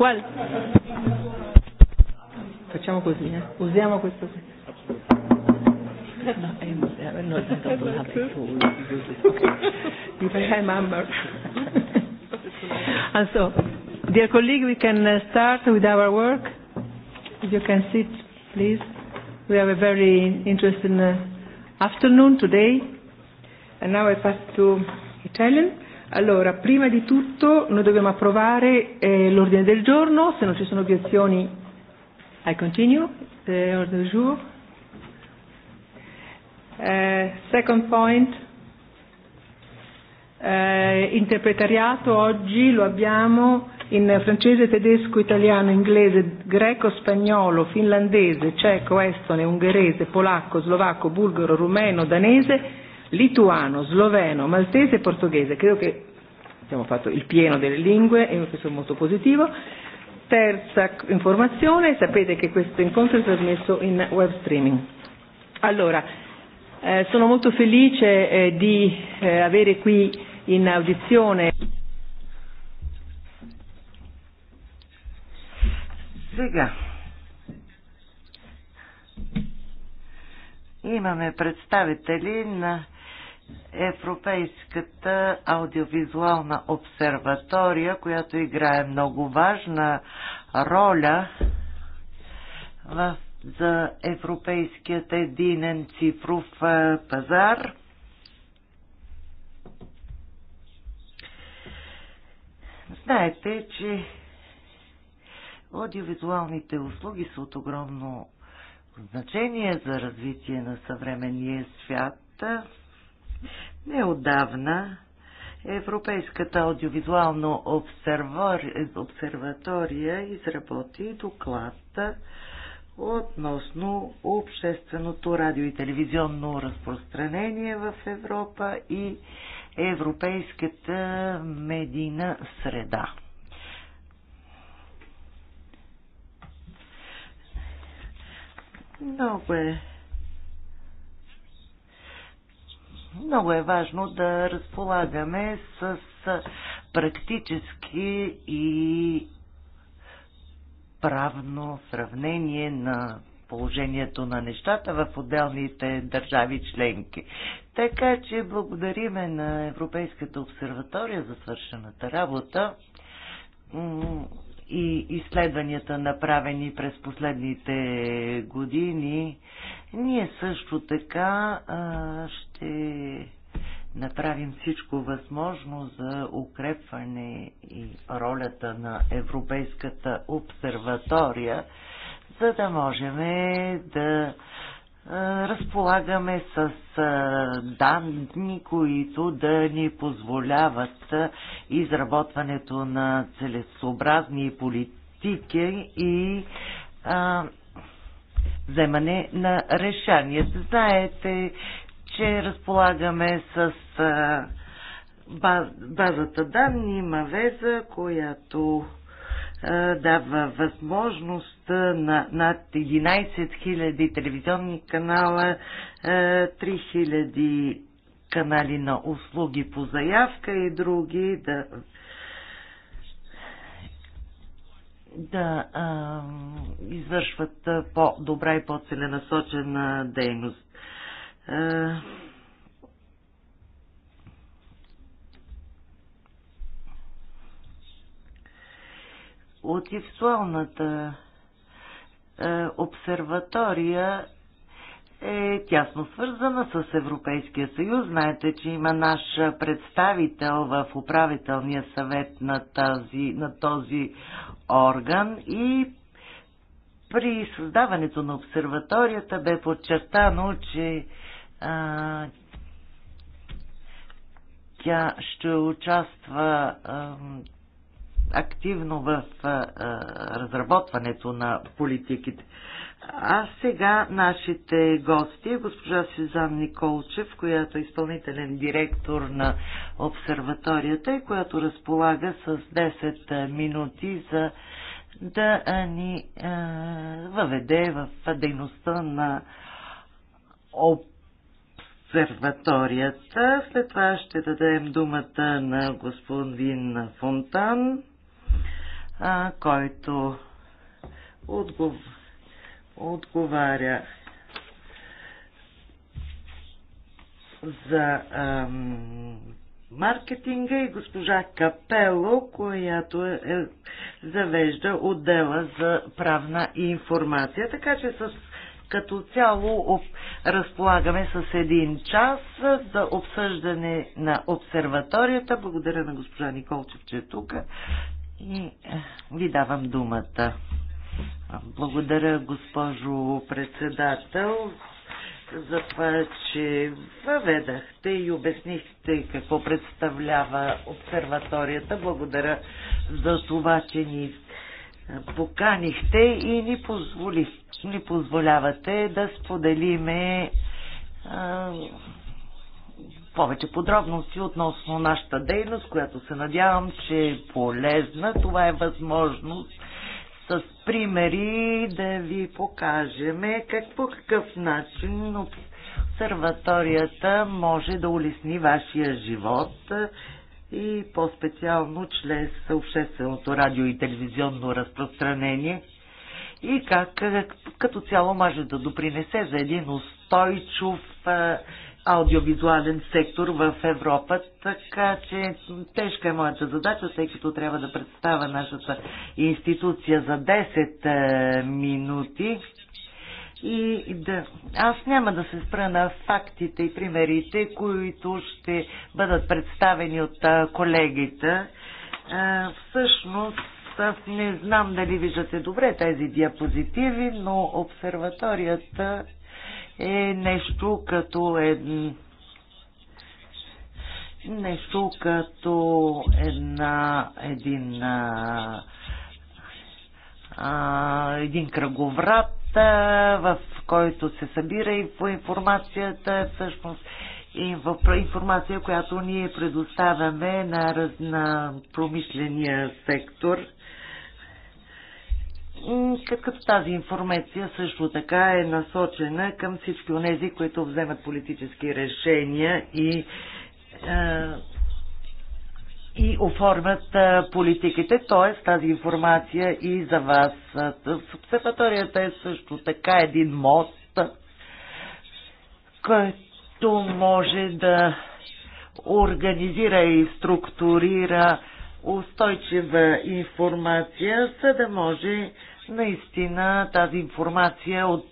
Qual? Facciamo così, eh? usiamo questo qui. No, I no, I don't and so, dear colleague, we can start with our work. If you can sit, please. We have a very interesting uh, afternoon today. And now I pass to Italian. Allora, prima di tutto noi dobbiamo approvare eh, l'ordine del giorno, se non ci sono obiezioni I continue, the ordine del giorno. Uh, second point, uh, interpretariato oggi lo abbiamo in francese, tedesco, italiano, inglese, greco, spagnolo, finlandese, ceco, estone, ungherese, polacco, slovacco, bulgaro, rumeno, danese, lituano, sloveno, maltese e portoghese. Credo che abbiamo fatto il pieno delle lingue e questo è molto positivo. Terza informazione, sapete che questo incontro è trasmesso in web streaming. Allora, eh, sono molto felice eh, di eh, avere qui in audizione. Сега. Имаме представители на Европейската аудиовизуална обсерватория, която играе много важна роля в, за европейският единен цифров пазар. Знаете, че аудиовизуалните услуги са от огромно значение за развитие на съвременния свят. Неодавна Европейската аудиовизуална обсерватория изработи доклад относно общественото радио и телевизионно разпространение в Европа и европейската медийна среда. Много е Много е важно да разполагаме с практически и правно сравнение на положението на нещата в отделните държави членки. Така че благодариме на Европейската обсерватория за свършената работа и изследванията направени през последните години, ние също така ще направим всичко възможно за укрепване и ролята на Европейската обсерватория, за да можем да разполагаме с данни, които да ни позволяват изработването на целесообразни политики и а, вземане на решения. Знаете, че разполагаме с а, базата данни, има веза, която дава възможност на над 11 000 телевизионни канала, 3000 канали на услуги по заявка и други да да а, извършват по-добра и по-целенасочена дейност. А, от сексуалната е, обсерватория е тясно свързана с Европейския съюз. Знаете, че има наш представител в управителния съвет на, тази, на този орган и при създаването на обсерваторията бе подчертано, че а, тя ще участва а, активно в разработването на политиките. А сега нашите гости, госпожа Сюзан Николчев, която е изпълнителен директор на обсерваторията и която разполага с 10 минути за да ни а, въведе в дейността на обсерваторията. След това ще дадем думата на господин Фонтан, а, който отгов... отговаря за ам, маркетинга и госпожа Капело, която е, е завежда отдела за правна и информация. Така че с, като цяло об, разполагаме с един час за обсъждане на обсерваторията. Благодаря на госпожа Николчев, че е тук. И е, ви давам думата. Благодаря, госпожо председател, за това, че въведахте и обяснихте какво представлява обсерваторията. Благодаря за това, че ни поканихте и ни, позволи, ни позволявате да споделиме повече подробности относно нашата дейност, която се надявам, че е полезна. Това е възможност с примери да ви покажем как по какъв начин обсерваторията може да улесни вашия живот и по-специално чрез общественото радио и телевизионно разпространение и как като цяло може да допринесе за един устойчив аудиовизуален сектор в Европа, така че тежка е моята задача, тъй като трябва да представя нашата институция за 10 е, минути. И да, аз няма да се спра на фактите и примерите, които ще бъдат представени от е, колегите. Е, всъщност, аз не знам дали виждате добре тези диапозитиви, но обсерваторията е нещо като една нещо като една, един, а, един кръговрат, а, в който се събира и по информацията, всъщност в информация, която ние предоставяме на, на промишления сектор като тази информация също така е насочена към всички онези, които вземат политически решения и, е, и оформят е, политиките, т.е. тази информация и за вас. Обсерваторията е също така един мост, който може да организира и структурира устойчива информация, за да може наистина тази информация от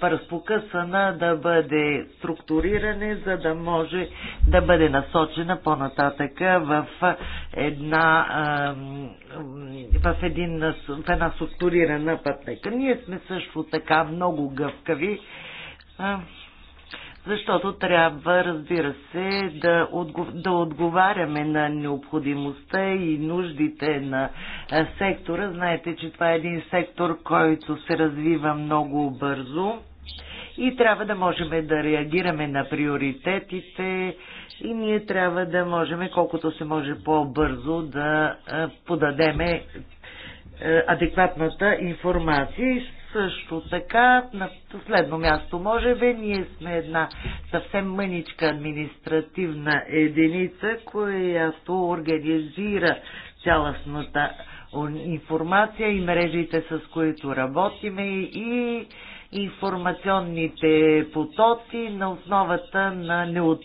пръстокъсана да бъде структурирана, за да може да бъде насочена по-нататъка в една в, един, в една структурирана пътека. Ние сме също така много гъвкави защото трябва, разбира се, да, отгов... да отговаряме на необходимостта и нуждите на сектора. Знаете, че това е един сектор, който се развива много бързо и трябва да можем да реагираме на приоритетите и ние трябва да можем колкото се може по-бързо да подадеме адекватната информация също така, на последно място, може би, ние сме една съвсем мъничка административна единица, която организира цялостната информация и мрежите, с които работиме и информационните потоци на основата на неот...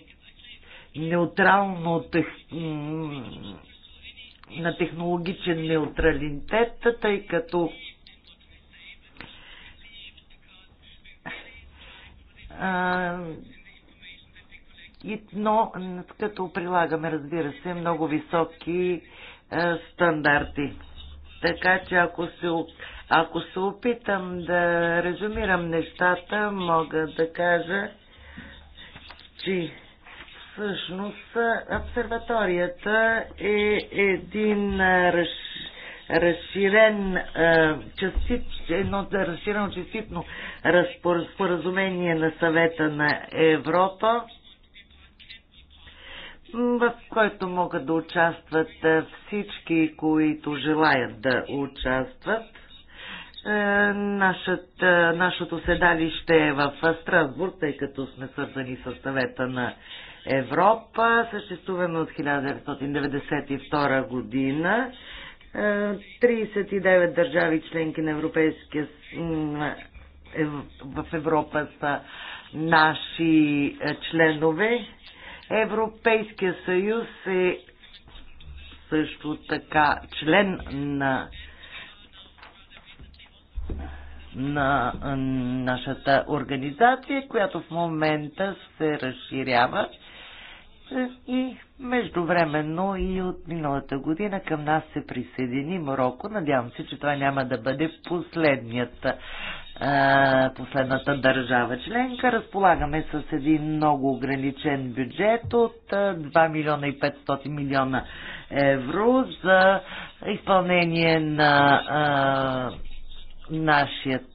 неутрално тех... на технологичен неутралитет, тъй като но като прилагаме, разбира се, много високи стандарти. Така че ако се, ако се опитам да резюмирам нещата, мога да кажа, че всъщност обсерваторията е един разширен разширен, е, частит, едно е разширено частитно споразумение на съвета на Европа, в който могат да участват е, всички, които желаят да участват. Нашата, нашето седалище е в Страсбург, тъй като сме свързани с съвета на Европа. Съществуваме от 1992 година. 39 държави членки на Европейския е, в Европа са наши е, членове. Европейския съюз е също така член на на е, нашата организация, която в момента се разширява и междувременно и от миналата година към нас се присъедини Мороко. Надявам се, че това няма да бъде последният, а, последната държава членка. Разполагаме с един много ограничен бюджет от 2 милиона и 500 милиона евро за изпълнение на а, нашият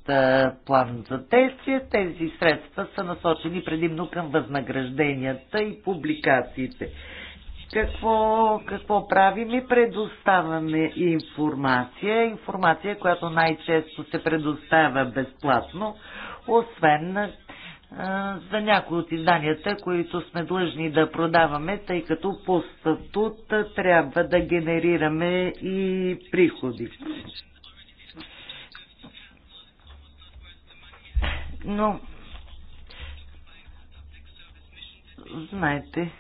план за действие. Тези средства са насочени предимно към възнагражденията и публикациите. Какво, какво правим? И предоставяме информация. Информация, която най-често се предоставя безплатно, освен за някои от изданията, които сме длъжни да продаваме, тъй като по статут трябва да генерираме и приходи. но знаете,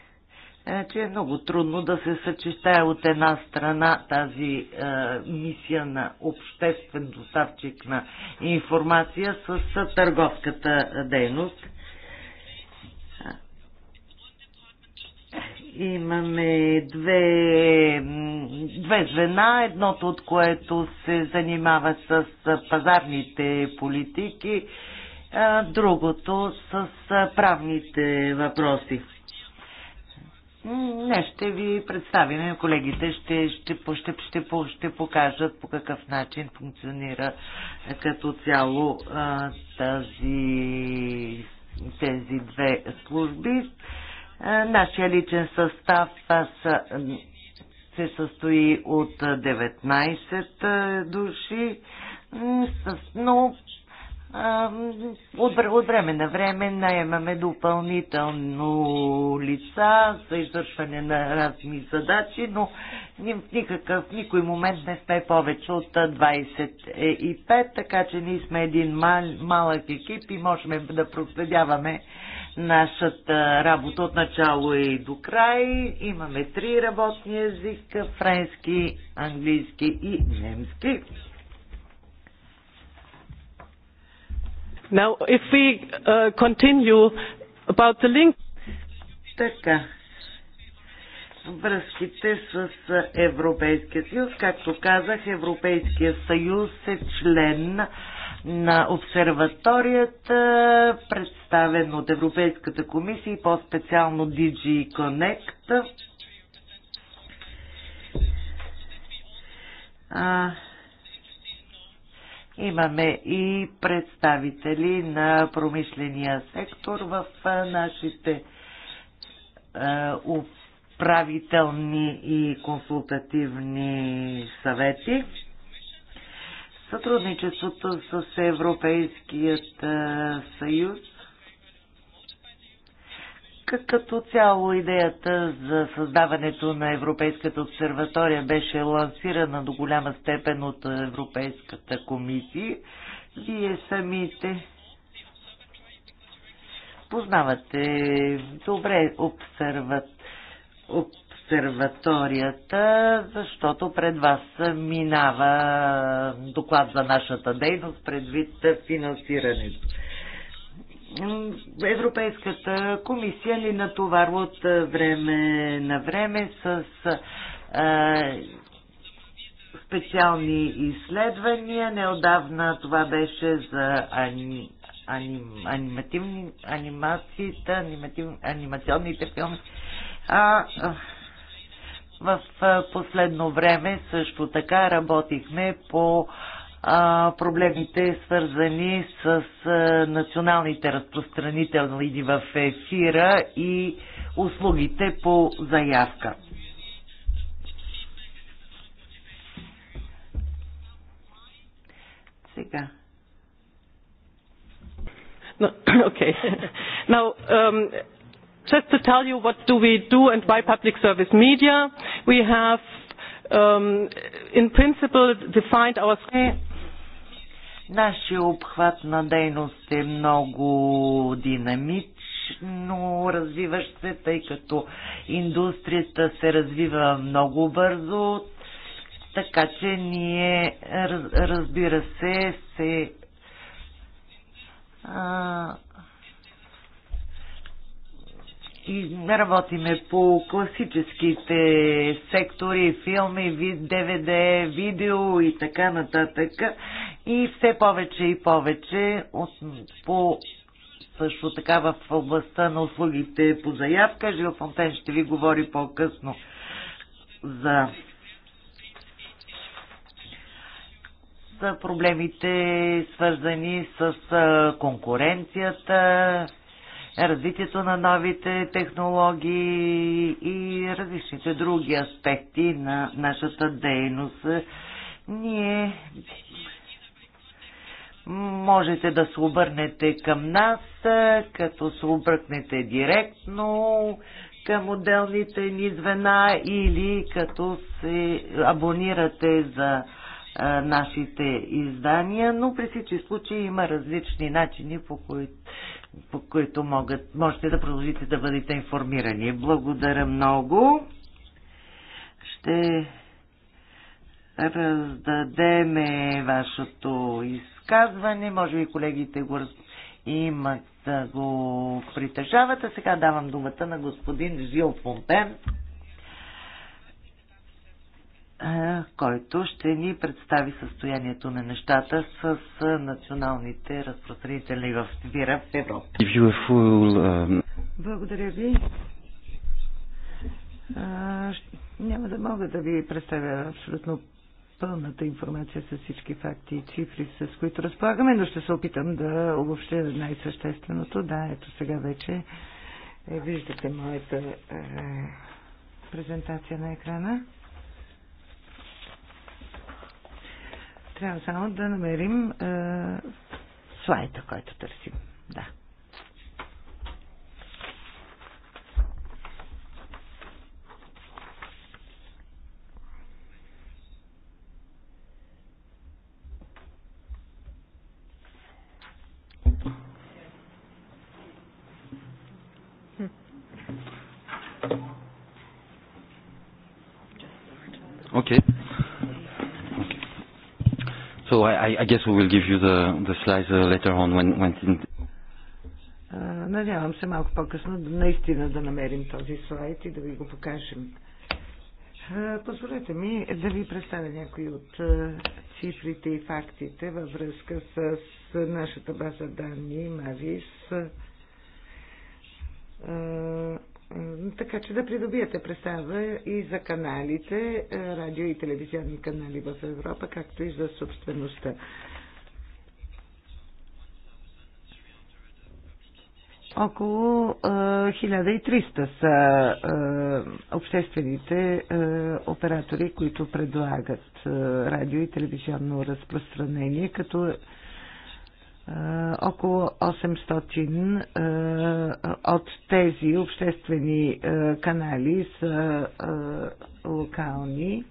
е, че е много трудно да се съчетая от една страна тази е, мисия на обществен доставчик на информация с, с търговската дейност. Имаме две, две звена, едното от което се занимава с пазарните политики, другото с правните въпроси. Не, ще ви представим, колегите ще, ще, ще, ще, ще покажат по какъв начин функционира като цяло а, тази, тези две служби. А, нашия личен състав а, са, се състои от 19 души, но от, от време на време наемаме допълнително лица за извършване на разни задачи, но в никакъв, в никой момент не сме повече от 25, така че ние сме един мал, малък екип и можем да проследяваме нашата работа от начало и до край. Имаме три работни езика, френски, английски и немски. Now, if we uh, continue about the link... Така. Връзките с Европейския съюз, както казах, Европейския съюз е член на обсерваторията, представен от Европейската комисия и по-специално DG Connect. А, Имаме и представители на промишления сектор в нашите управителни и консултативни съвети. Сътрудничеството с Европейският съюз като цяло идеята за създаването на Европейската обсерватория беше лансирана до голяма степен от Европейската комисия. Вие самите познавате добре обсерват, обсерваторията, защото пред вас минава доклад за нашата дейност предвид финансирането. Европейската комисия ни натоварва от време на време с специални изследвания. Неодавна това беше за ани, аним, анимативни, анимациите, аниматив, анимационните филми. А, в последно време също така работихме по а, а, проблемите, свързани с а, националните разпространителни в ефира и услугите по заявка. Сега. No, okay. Now, um, just to tell you what do we do and why public service media, we have um, in principle defined our... Нашия обхват на дейност е много динамично развиващ се, тъй като индустрията се развива много бързо, така че ние, разбира се, се а, и работиме по класическите сектори, филми, вид, DVD, видео и така нататък. И все повече и повече от, по също така в областта на услугите по заявка. Жил Фонтен ще ви говори по-късно за за проблемите свързани с конкуренцията, развитието на новите технологии и различните други аспекти на нашата дейност. Ние можете да се обърнете към нас, като се обръкнете директно към отделните ни звена или като се абонирате за нашите издания, но при всички случаи има различни начини, по които по които могат, можете да продължите да бъдете информирани. Благодаря много. Ще раздадеме вашето изказване. Може би колегите го имат, да го притежават. А сега давам думата на господин Жил Фонтен. Е, който ще ни представи състоянието на нещата с е, националните разпространители в вира в Европа. Е, Благодаря ви. няма да мога да ви представя абсолютно пълната информация с всички факти и цифри, с които разполагаме, но ще се опитам да обобщя най-същественото. Да, ето сега вече виждате моята презентация на екрана. Трябва само да намерим е, слайда, който търсим. Да. So I, I guess we will give you the, the slides uh, later on when, when in... Надявам се малко по-късно наистина да намерим този слайд и да ви го покажем. Позволете ми да ви представя някои от цифрите и фактите във връзка с нашата база данни Мавис така че да придобиете представа и за каналите, е, радио и телевизионни канали в Европа, както и за собствеността. Около 1300 е, са е, обществените оператори, които предлагат радио и телевизионно разпространение, като около 800 от тези обществени канали са локални.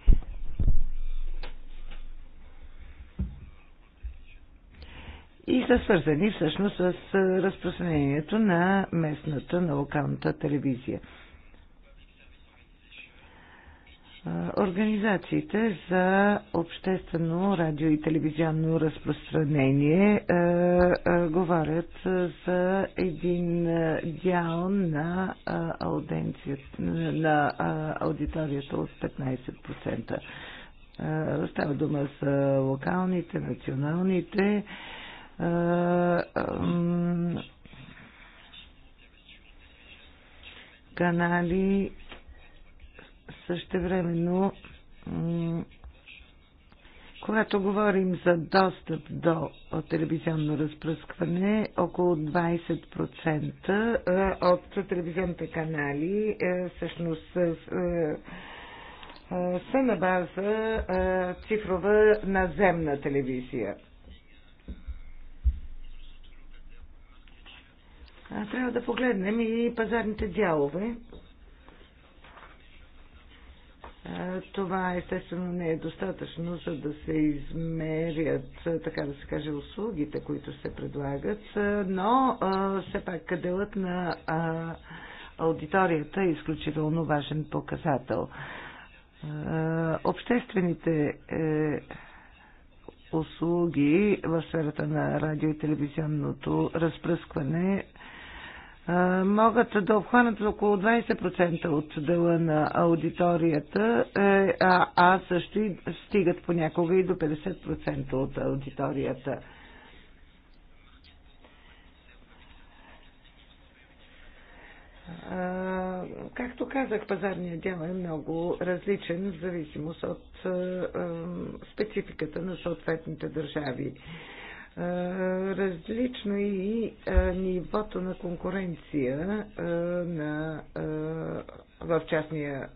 и са свързани всъщност с разпространението на местната, на локалната телевизия. Организациите за обществено радио и телевизионно разпространение е, е, говорят за един дял на, на аудиторията от 15%. Става дума за локалните, националните. канали но когато говорим за достъп до телевизионно разпръскване, около 20% от телевизионните канали е, всъщност е, е, са на база цифрова наземна телевизия. Трябва да погледнем и пазарните дялове е, това естествено не е достатъчно, за да се измерят, е, така да се каже, услугите, които се предлагат, е, но все пак делът на аудиторията е изключително важен показател. Обществените услуги в сферата на радио и телевизионното разпръскване могат да обхванат около 20% от дела на аудиторията, е, а също и стигат понякога и до 50% от аудиторията. Както казах, пазарният дял е много различен в зависимост от е, е, спецификата на съответните държави. Е, различно е и е, нивото на конкуренция на, в частния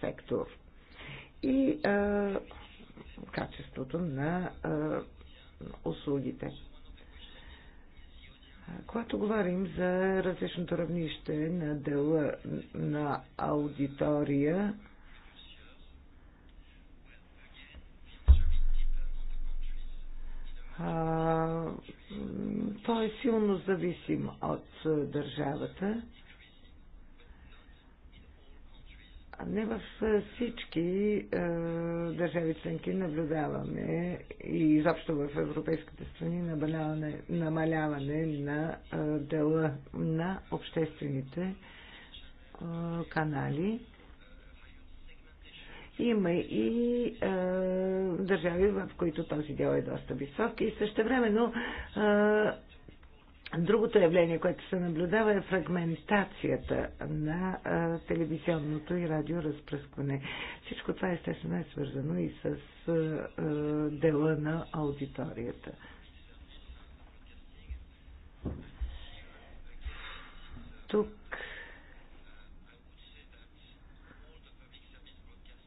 сектор и качеството на услугите. Когато говорим за различното равнище на дела на аудитория, То той е силно зависим от държавата. Не във всички е, държави членки наблюдаваме и изобщо в европейските страни намаляване, намаляване на е, дела на обществените е, канали. Има и е, държави, в които този дял е доста висок и същевременно е, Другото явление, което се наблюдава е фрагментацията на а, е, телевизионното и радиоразпръскване. Всичко това естествено е свързано и с а, е, а, е, дела на аудиторията. Тук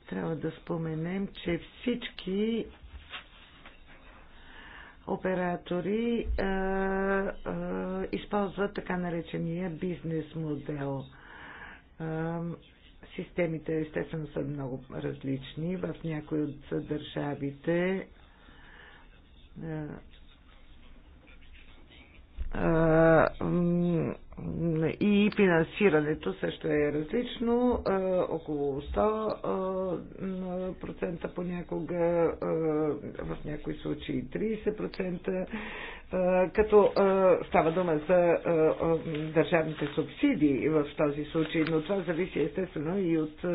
Трябва да споменем, че всички оператори а, а, използват така наречения бизнес модел. А, системите естествено са много различни. В някои от държавите а, а, и финансирането също е различно, е, около 100% е, понякога, е, в някои случаи 30%, като става дума за държавните субсидии в този случай, но това зависи естествено и от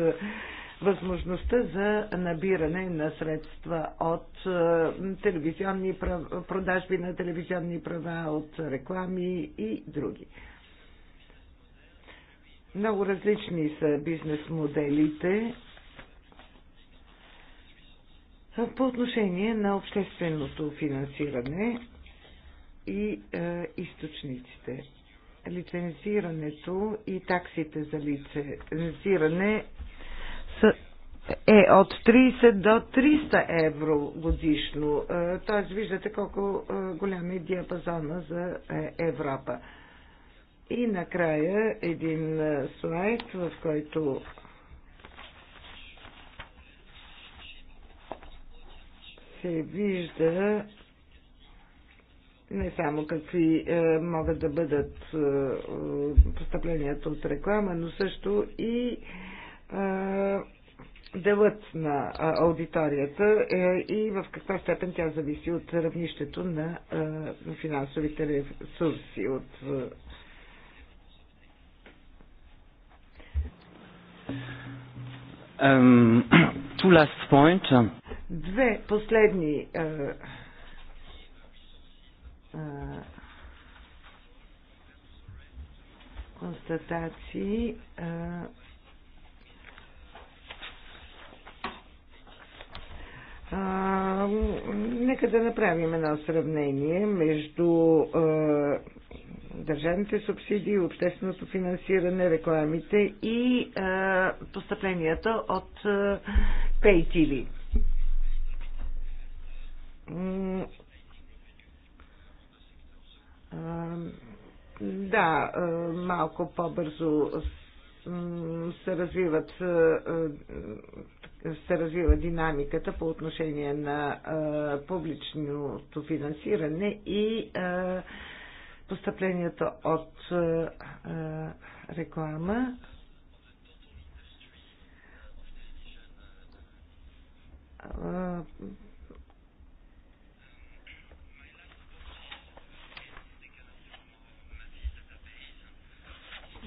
възможността за набиране на средства от телевизионни прав... продажби на телевизионни права, от реклами и други. Много различни са бизнес моделите по отношение на общественото финансиране и е, източниците. Лицензирането и таксите за лицензиране са е от 30 до 300 евро годишно. Т.е. виждате колко е, голям е диапазона за е, Европа. И накрая един слайд, в който се вижда не само какви е, могат да бъдат е, постъпленията от реклама, но също и е, делът на аудиторията е, и в каква степен тя зависи от равнището на е, финансовите ресурси, от е, Um, two last point. Две последни е, е, констатации. Е, нека да направим едно сравнение между държавните субсидии, общественото финансиране, рекламите и а, постъпленията от а, пейтили. Да, малко по-бързо се развиват се развива динамиката по отношение на публичното финансиране и постъпленията от е, е реклама.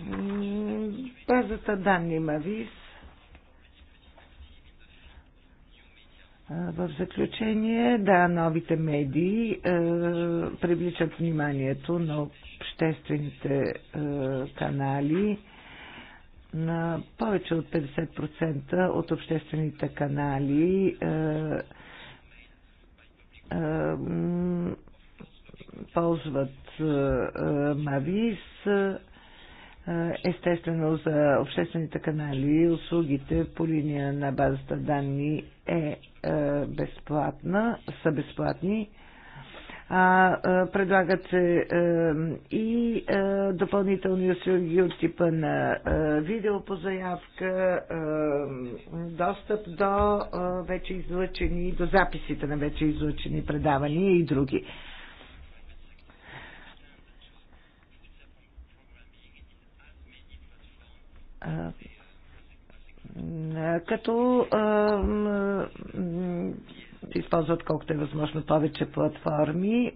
Е, базата данни Мавис В заключение, да, новите медии е, привличат вниманието на обществените е, канали. На повече от 50% от обществените канали е, е, ползват е, Мавис. Естествено, за обществените канали услугите по линия на базата данни е, е безплатна, са безплатни. А, а, предлагат се а, е, и а, е, допълнителни услуги от типа на а, е, видео по заявка, а, достъп до а, вече излъчени, до записите на вече излъчени предавания и други. А, като използват колкото е възможно повече платформи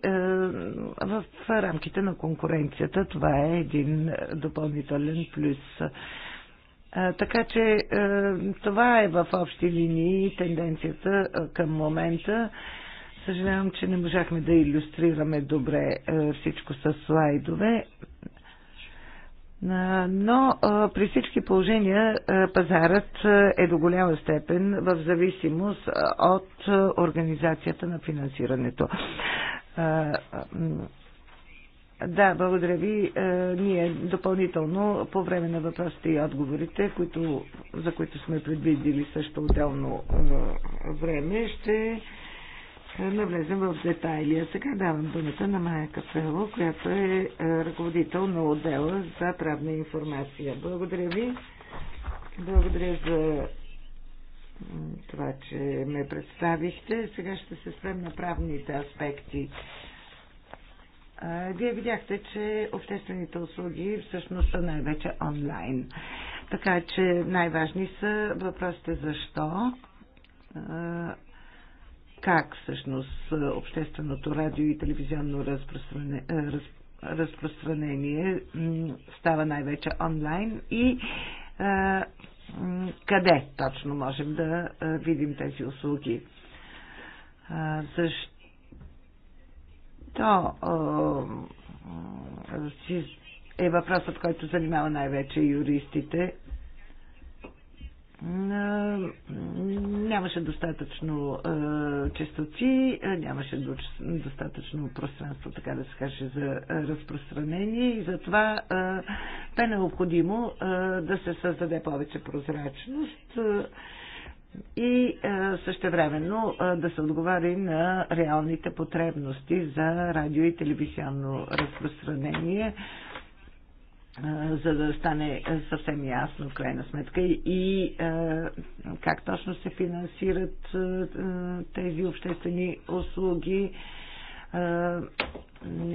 в рамките на конкуренцията. Това е един допълнителен плюс. Така че това е в общи линии тенденцията към момента. Съжалявам, че не можахме да иллюстрираме добре всичко с слайдове. Но при всички положения пазарът е до голяма степен в зависимост от организацията на финансирането. Да, благодаря ви. Ние допълнително по време на въпросите и отговорите, които, за които сме предвидили също отделно време, ще да влезем в детайли. А сега давам думата на Майя Капело, която е, е ръководител на отдела за правна информация. Благодаря ви. Благодаря за това, че ме представихте. Сега ще се спрем на правните аспекти. Вие видяхте, че обществените услуги всъщност са най-вече онлайн. Така че най-важни са въпросите защо как всъщност е, общественото радио и телевизионно е, разпространение, разпространение става най-вече онлайн и е, къде точно можем да видим тези услуги. Защо е въпросът, който занимава най-вече юристите нямаше достатъчно честоци, нямаше достатъчно пространство, така да се каже, за разпространение и затова бе необходимо да се създаде повече прозрачност и същевременно да се отговари на реалните потребности за радио и телевизионно разпространение за да стане съвсем ясно в крайна сметка и как точно се финансират тези обществени услуги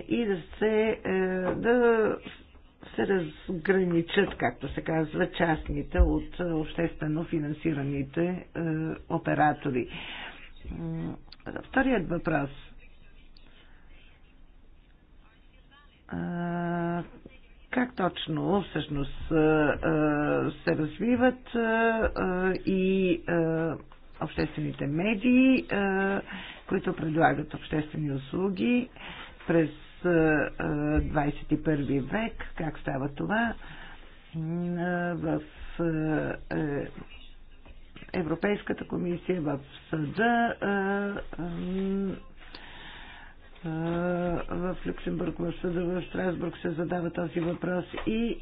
и да се, да се разграничат, както се казва, частните от обществено финансираните оператори. Вторият въпрос как точно всъщност се развиват и обществените медии, които предлагат обществени услуги през 21 век, как става това в е, Европейската комисия, в съда в Люксембург, в съда в Страсбург се задава този въпрос и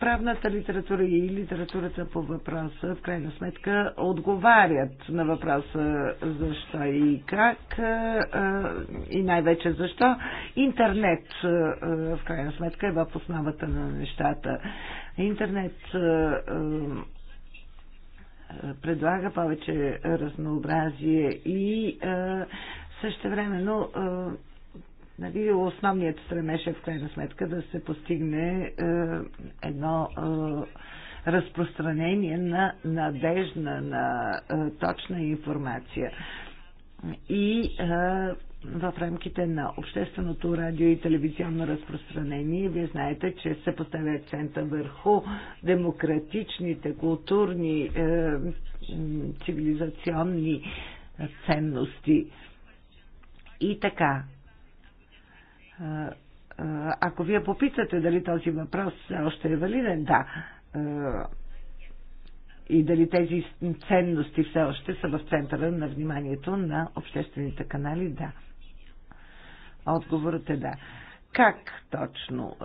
правната литература и литературата по въпроса в крайна сметка отговарят на въпроса защо и как и най-вече защо. Интернет в крайна сметка е в основата на нещата. Интернет предлага повече разнообразие и е, но е, нали, основният стремеж е в крайна сметка да се постигне е, едно разпространение на надежна, на точна информация. И в рамките на общественото радио и телевизионно разпространение. Вие знаете, че се поставя акцента върху демократичните, културни, е, цивилизационни ценности. И така, е, е, ако вие попитате дали този въпрос още е валиден, да. Е, и дали тези ценности все още са в центъра на вниманието на обществените канали, да. Отговорът е да. Как точно?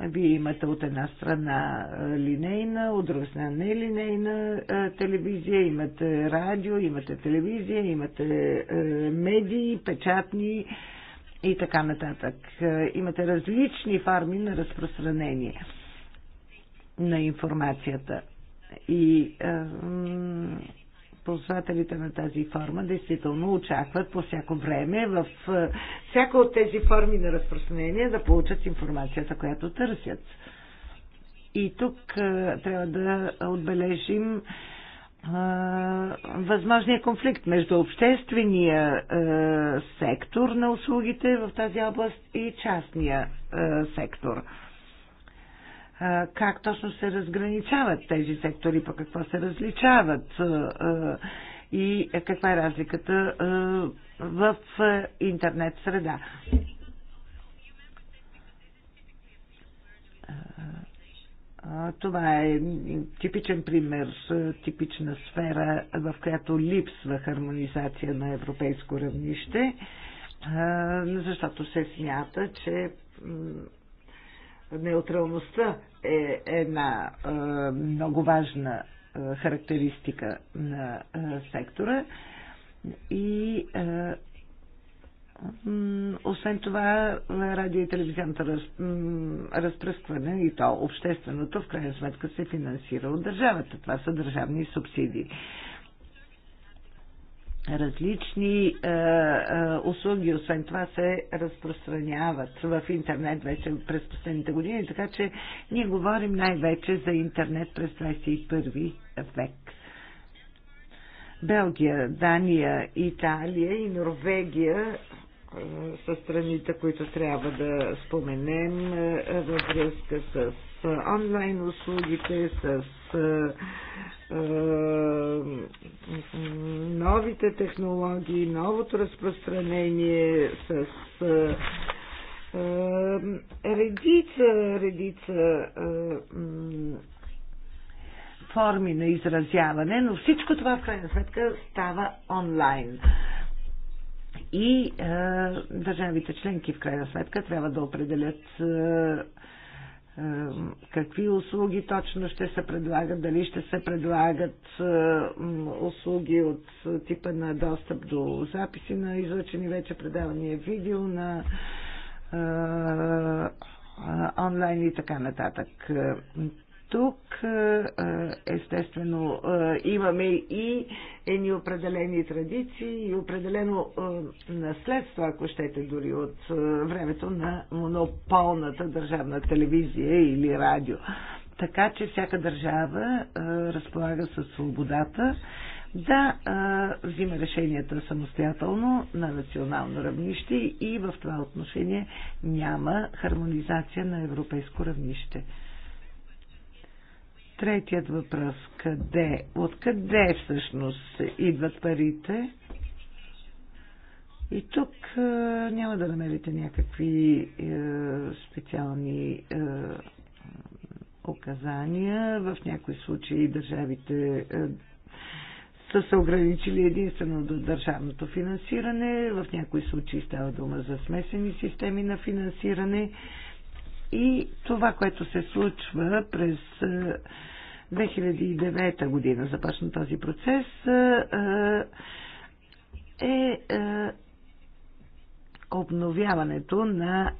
Вие имате от една страна линейна, от друга страна нелинейна телевизия, имате радио, имате телевизия, имате медии, печатни и така нататък. Имате различни форми на разпространение на информацията. И ползвателите на тази форма действително очакват по всяко време в е, всяка от тези форми на разпространение да получат информацията, която търсят. И тук е, трябва да отбележим е, възможния конфликт между обществения сектор на услугите в тази област и частния сектор как точно се разграничават тези сектори, по какво се различават и каква е разликата в интернет среда. Това е типичен пример, типична сфера, в която липсва хармонизация на европейско равнище, защото се смята, че Неутралността е една много важна характеристика на сектора и освен това, радио и телевизионното раз, разпръскване и то общественото, в крайна сметка, се финансира от държавата. Това са държавни субсидии различни е, е, услуги, освен това се разпространяват в интернет вече през последните години, така че ние говорим най-вече за интернет през 21 век. Белгия, Дания, Италия и Норвегия е, са страните, които трябва да споменем е, във връзка с е, онлайн услугите, с е, е, новите технологии, новото разпространение, с редица, редица форми на изразяване, но всичко това в крайна сметка става онлайн. И е, държавите членки в крайна сметка трябва да определят е, какви услуги точно ще се предлагат, дали ще се предлагат услуги от типа на достъп до записи на излъчени вече предавания видео, на е, е, онлайн и така нататък. Тук е, е, естествено е, имаме и едни определени традиции и определено наследство, ако щете дори от времето на монополната държавна телевизия или радио. Така че всяка държава разполага със свободата да а, взима решенията самостоятелно на национално равнище и в това отношение няма хармонизация на европейско равнище. Третият въпрос. Къде? Откъде всъщност идват парите? И тук е, няма да намерите някакви е, специални е, указания. В някои случаи държавите е, са се ограничили единствено до държавното финансиране. В някои случаи става дума за смесени системи на финансиране. Е, и това, което се случва през 2009 е, година започна този процес е, е, е обновяването на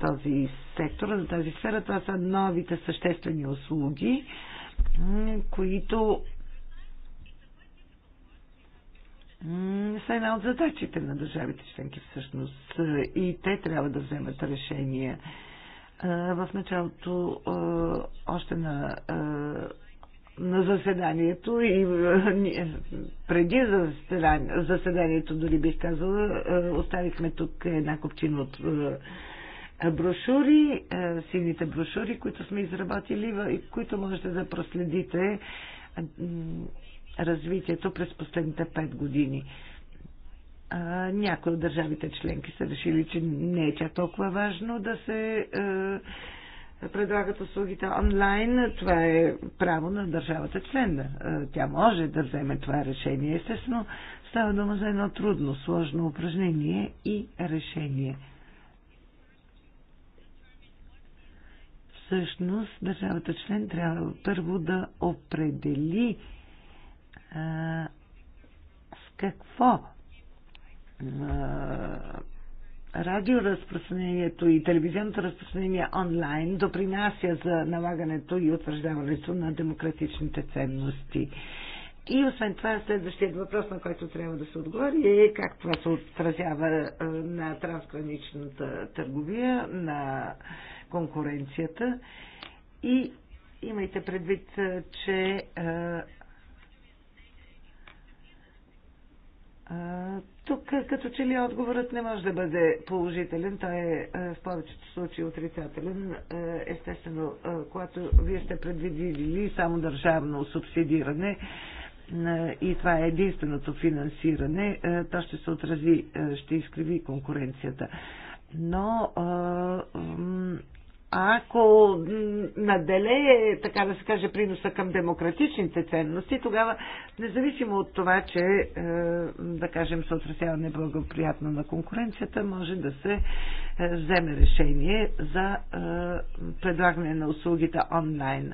този сектор, на тази сфера. Това са новите съществени услуги, които са една от задачите на държавите членки всъщност и те трябва да вземат решения. В началото още на, на заседанието и е, преди заседанието, дори бих казала, оставихме тук една копчина от брошури, сините брошури, които сме изработили и които можете да проследите развитието през последните 5 години. А, някои от държавите членки са решили, че не е тя толкова важно да се е, предлагат услугите онлайн. Това е право на държавата член. Е, тя може да вземе това решение. Естествено, става дума за едно трудно, сложно упражнение и решение. Всъщност, държавата член трябва първо да определи с какво радиоразпространението и телевизионното разпространение онлайн допринася за налагането и утвърждаването на демократичните ценности. И освен това, следващият въпрос, на който трябва да се отговори е как това се отразява на трансграничната търговия, на конкуренцията. И имайте предвид, че Тук като че ли отговорът не може да бъде положителен, той е в повечето случаи отрицателен. Естествено, когато вие сте предвидили само държавно субсидиране и това е единственото финансиране, то ще се отрази, ще изкриви конкуренцията. Но ако наделее, така да се каже, приноса към демократичните ценности, тогава, независимо от това, че, е, да кажем, се отразява неблагоприятно на конкуренцията, може да се е, вземе решение за е, предлагане на услугите онлайн.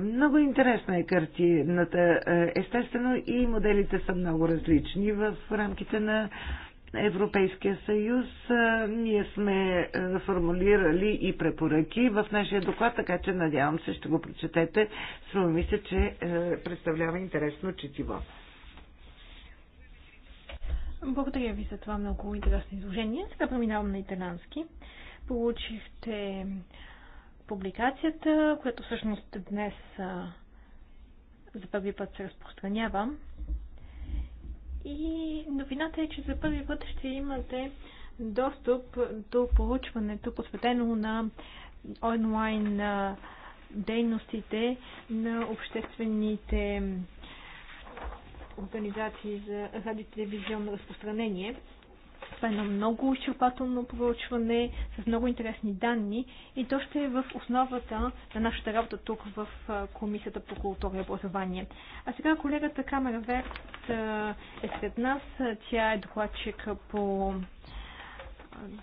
Много интересна е картината. Естествено и моделите са много различни в рамките на Европейския съюз. Ние сме формулирали и препоръки в нашия доклад, така че надявам се ще го прочетете. Струва мисля, че представлява интересно четиво. Благодаря ви за това много интересно изложение. Сега преминавам на италянски. Получихте публикацията, която всъщност днес за първи път се разпространява. И новината е, че за първи път ще имате достъп до проучването, посветено на онлайн дейностите на обществените организации за радиотелевизионно разпространение. Това е едно много изчерпателно проучване с много интересни данни и то ще е в основата на нашата работа тук в Комисията по култура и образование. А сега колегата Камера Верт е сред нас. Тя е докладчик по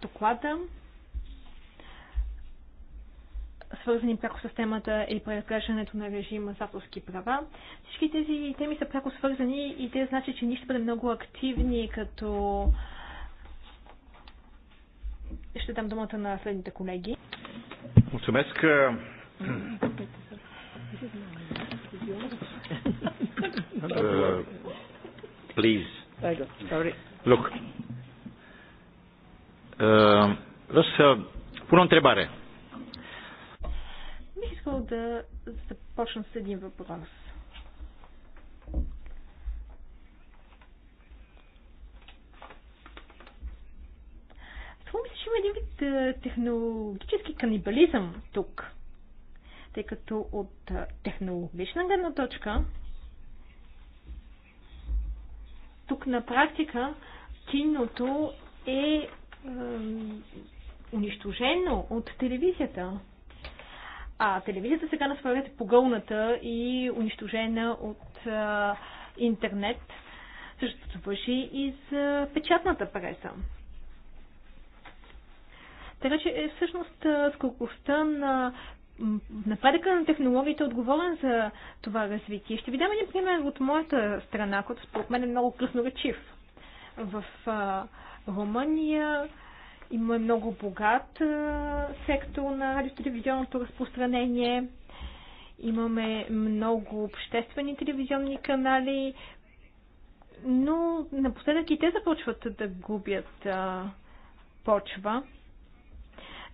доклада свързани пряко с темата и преразглеждането на режима за авторски права. Всички тези теми са пряко свързани и те значи, че ние ще бъдем много активни като ще дам думата на следните колеги. Mulțumesc. Uh, е, please. Look. întrebare. Е, е, Бих искал да започна с един въпрос. има един вид е, технологически канибализъм тук, тъй като от е, технологична гледна точка тук на практика киното е, е унищожено от телевизията. А телевизията сега на своя е погълната и унищожена от е, интернет. Същото върши и за печатната преса. Така че е, всъщност скоростта на напредъка на технологията е отговорен за това развитие. Ще ви дам един пример от моята страна, който според мен е много красноречив. В а, Румъния има много богат а, сектор на радиотелевизионното разпространение. Имаме много обществени телевизионни канали, но напоследък и те започват да губят а, почва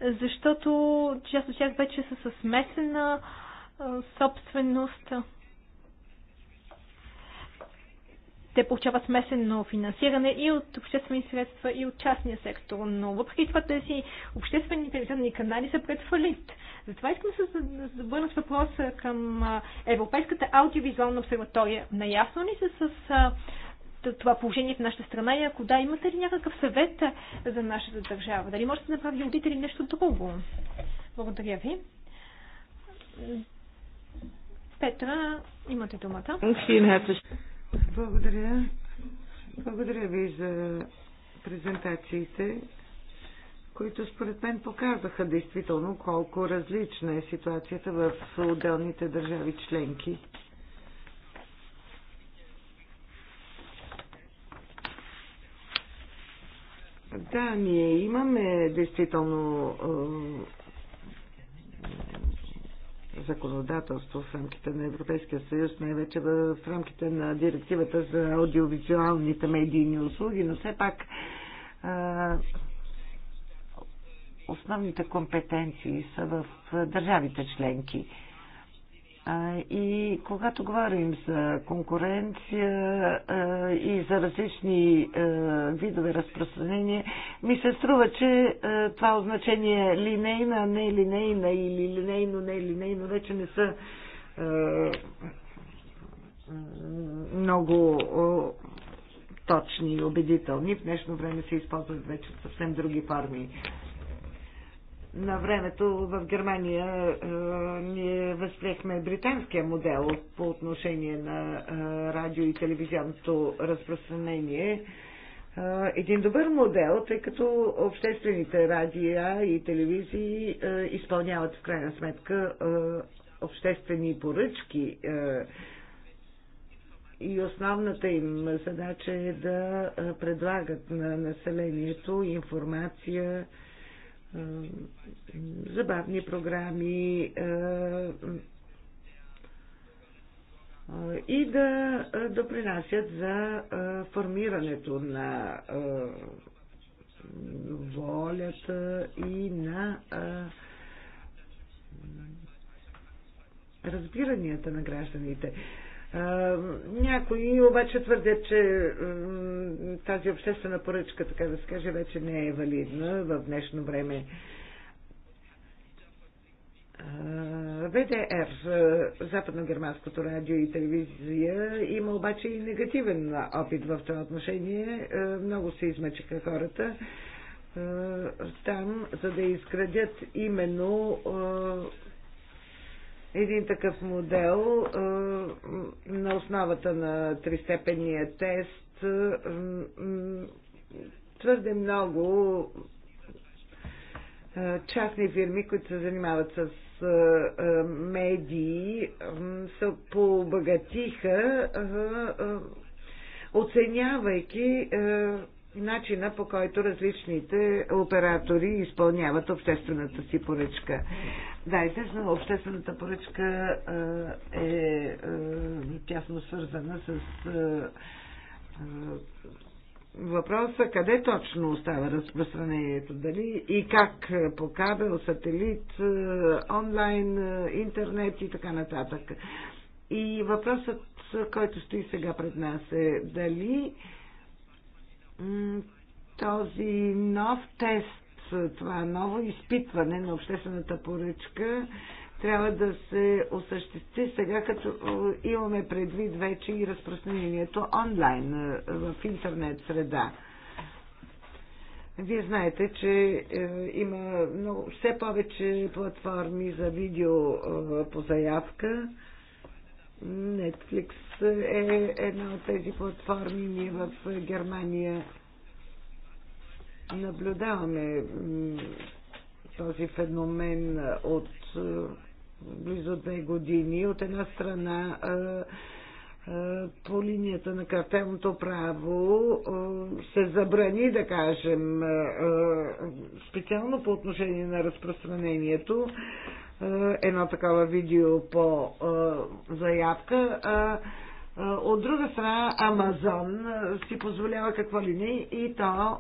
защото част от тях вече са със смесена собственост. Те получават смесено финансиране и от обществени средства, и от частния сектор. Но въпреки това тези обществени телевизионни канали са пред фалит. Затова искам да се върна с въпроса към Европейската аудиовизуална обсерватория. Наясно ли са с това положение в нашата страна и ако да, имате ли някакъв съвет за нашата държава? Дали може да направи аудит или нещо друго? Благодаря ви. Петра, имате думата. Благодаря. Благодаря ви за презентациите, които според мен показаха действително колко различна е ситуацията в отделните държави членки. Да, ние имаме действително законодателство в рамките на Европейския съюз, най-вече в рамките на директивата за аудиовизуалните медийни услуги, но все пак основните компетенции са в държавите членки. И когато говорим за конкуренция и за различни видове разпространение, ми се струва, че това означение линейна, не линейна или линейно, не линейно вече не са много точни и убедителни. В днешно време се използват вече съвсем други форми на времето в Германия е, ние възприехме британския модел по отношение на е, радио и телевизионното разпространение. Е, един добър модел, тъй като обществените радиа и телевизии изпълняват в крайна сметка обществени поръчки и основната им задача е да предлагат на населението информация, забавни програми и да допринасят за формирането на волята и на разбиранията на гражданите. Някои обаче твърдят, че тази обществена поръчка, така да се каже, вече не е валидна в днешно време. ВДР, Западно-германското радио и телевизия, има обаче и негативен опит в това отношение. Много се измъчиха хората там, за да изградят именно един такъв модел на основата на тристепенния тест твърде много частни фирми, които се занимават с медии, се побогатиха оценявайки начина по който различните оператори изпълняват обществената си поръчка. Да, естествено, обществената поръчка е, е тясно свързана с е, е въпроса къде точно остава разпространението, дали и как по кабел, сателит, е, онлайн, е, интернет и така нататък. И въпросът, който стои сега пред нас е дали е, този нов тест, това ново изпитване на обществената поръчка трябва да се осъществи сега, като имаме предвид вече и разпространението онлайн е, в интернет среда. Вие знаете, че е, има много, все повече платформи за видео е, по заявка. Netflix е една от тези платформи. Ние в Германия наблюдаваме този феномен от близо две години. От една страна по линията на картелното право се забрани, да кажем, специално по отношение на разпространението едно такава видео по заявка от друга страна, Амазон си позволява какво ли не и то,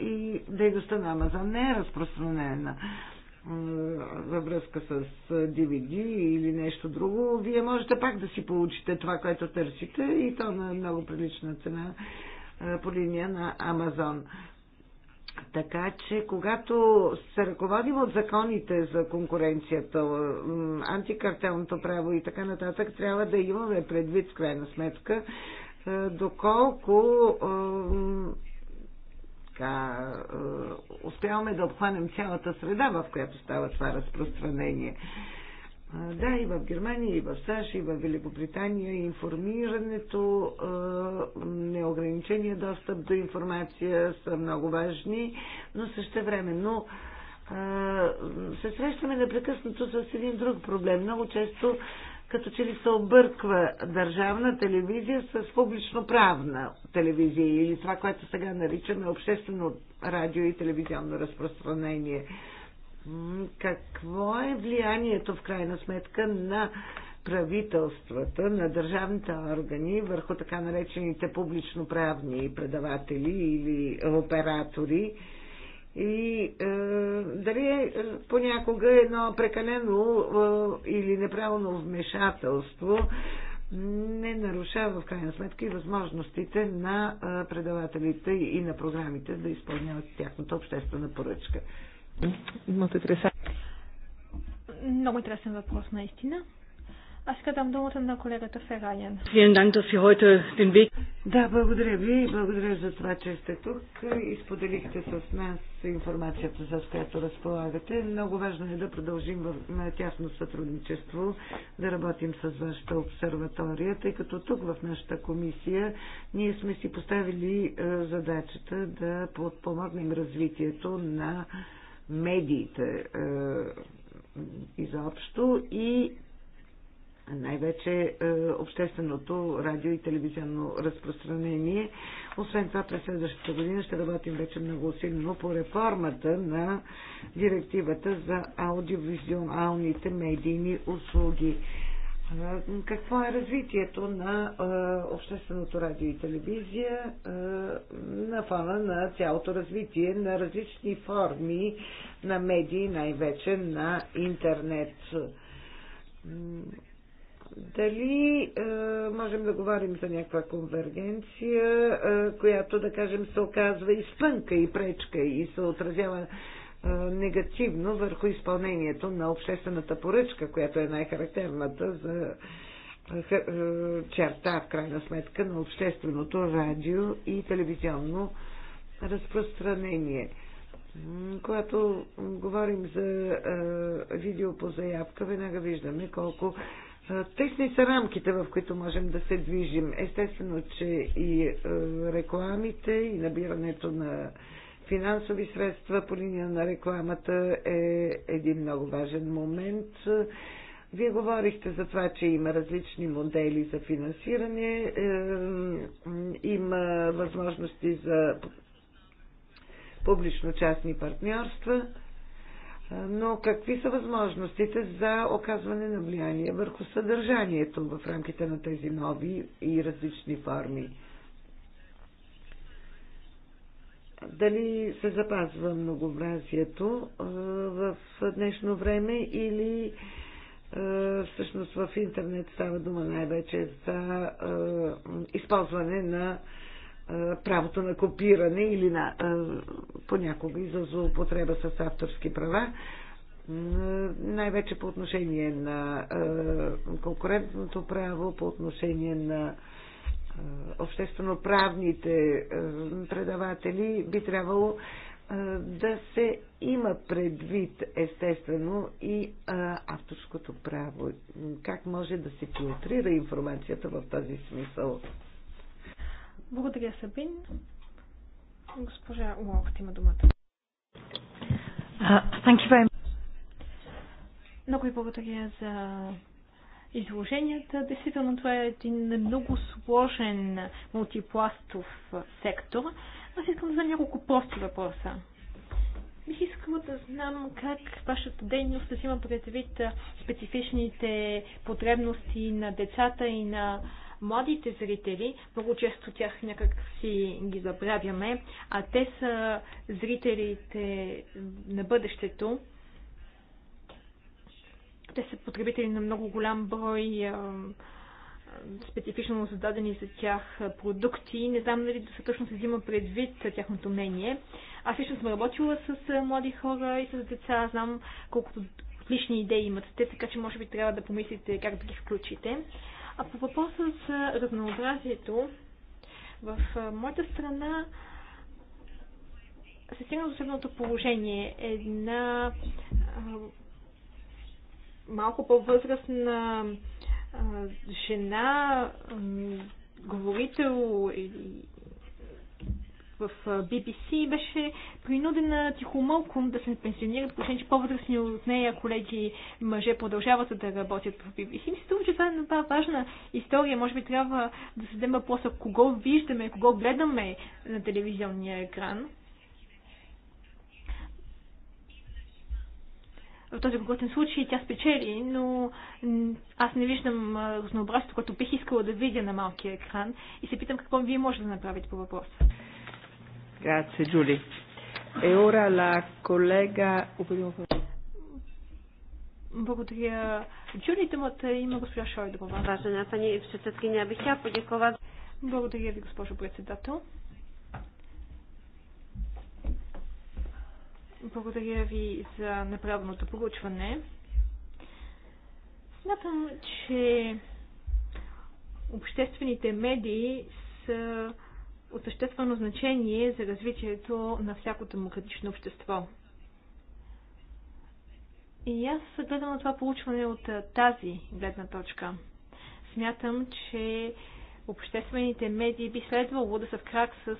и дейността на Амазон не е разпространена във връзка с DVD или нещо друго. Вие можете пак да си получите това, което търсите и то на много прилична цена по линия на Амазон. Така че, когато се ръководим от законите за конкуренцията, антикартелното право и така нататък, трябва да имаме предвид, в крайна сметка, е, доколко е, така, е, успяваме да обхванем цялата среда, в която става това разпространение. Да, и в Германия, и в САЩ, и в Великобритания информирането, неограничения достъп до информация са много важни, но Но се срещаме непрекъснато с един друг проблем. Много често като че ли се обърква държавна телевизия с публично-правна телевизия или това, което сега наричаме обществено радио и телевизионно разпространение какво е влиянието в крайна сметка на правителствата, на държавните органи върху така наречените публично-правни предаватели или оператори. И е, дали е, понякога едно прекалено е, или неправилно вмешателство не нарушава в крайна сметка и възможностите на е, предавателите и на програмите да изпълняват тяхната обществена поръчка. Имате треса. Много интересен въпрос, наистина. Аз ще дам думата на колегата Фераян. Да, благодаря ви. Благодаря за това, че сте тук и споделихте с нас информацията, за която разполагате. Много важно е да продължим в тясно сътрудничество, да работим с вашата обсерватория, тъй като тук в нашата комисия ние сме си поставили е, задачата да подпомогнем развитието на медиите е, изобщо и най-вече е, общественото радио и телевизионно разпространение. Освен това, през следващата година ще работим вече много усилено по реформата на директивата за аудиовизуалните медийни услуги. Е, какво е развитието на е, общественото радио и телевизия е, на фона на цялото развитие на различни форми на медии, най-вече на интернет? Дали е, можем да говорим за някаква конвергенция, е, която, да кажем, се оказва и спънка, и пречка, и се отразява негативно върху изпълнението на обществената поръчка, която е най-характерната за черта, в крайна сметка, на общественото радио и телевизионно разпространение. Когато говорим за видео по заявка, веднага виждаме колко Тесни са рамките, в които можем да се движим. Естествено, че и рекламите, и набирането на финансови средства по линия на рекламата е един много важен момент. Вие говорихте за това, че има различни модели за финансиране, има възможности за публично-частни партньорства, но какви са възможностите за оказване на влияние върху съдържанието в рамките на тези нови и различни форми? дали се запазва многообразието в днешно време или всъщност в интернет става дума най-вече за използване на правото на копиране или на, понякога и за злоупотреба с авторски права, най-вече по отношение на конкурентното право, по отношение на е, обществено-правните е, предаватели би трябвало е, да се има предвид естествено и авторското право. Как може да се филтрира информацията в този смисъл? Благодаря, Сабин. Госпожа Лох, има думата. Uh, thank you very much. Много ви благодаря за изложенията. Действително това е един много сложен мултипластов сектор. Аз искам да знам няколко прости въпроса. Бих искала да знам как вашата дейност да взима предвид специфичните потребности на децата и на младите зрители. Много често тях някак си ги забравяме, а те са зрителите на бъдещето. Те са потребители на много голям брой специфично зададени за тях продукти. Не знам дали достатъчно се взима предвид тяхното мнение. Аз лично съм работила с млади хора и с деца. Знам колкото отлични идеи имат те, така че може би трябва да помислите как да ги включите. А по въпроса за разнообразието, в моята страна се стигна до следното положение. Една малко по-възрастна жена, говорител или в BBC, беше принудена тихомълком да се пенсионира, защото че по-възрастни от нея колеги мъже продължават да работят в BBC. Мисля, че това е една важна история. Може би трябва да зададем въпроса кого виждаме, кого гледаме на телевизионния екран. в този конкретен случай тя спечели, но аз не виждам разнообразието, което бих искала да видя на малкия екран и се питам какво вие можете да направите по въпроса. Грация, Джули. E ora la collega... Благодаря. Джули думата има госпожа Шойдова. Важена пани председателя, бих тя подякова. Благодаря ви, госпожо председател. Благодаря ви за направеното проучване. Смятам, че обществените медии са от съществено значение за развитието на всяко демократично общество. И аз гледам на това получване от тази гледна точка. Смятам, че обществените медии би следвало да са в крак с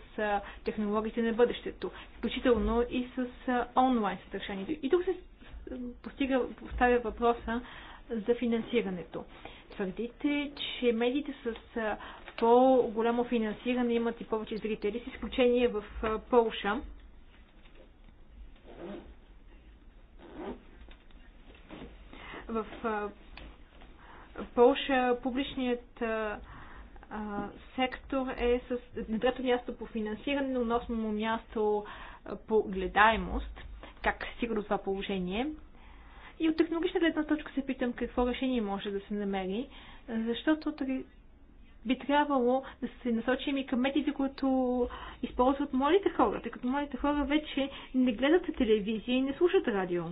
технологиите на бъдещето, включително и с онлайн съдържанието. И тук се постига, поставя въпроса за финансирането. Твърдите, че медиите с по-голямо финансиране имат и повече зрители, с изключение в Полша. В Полша публичният сектор е с, на трето място по финансиране, но на място по гледаемост. Как стига до това положение? И от технологична гледна точка се питам какво решение може да се намери, защото би трябвало да се насочим и към медиите, които използват младите хора, тъй като младите хора вече не гледат телевизия и не слушат радио.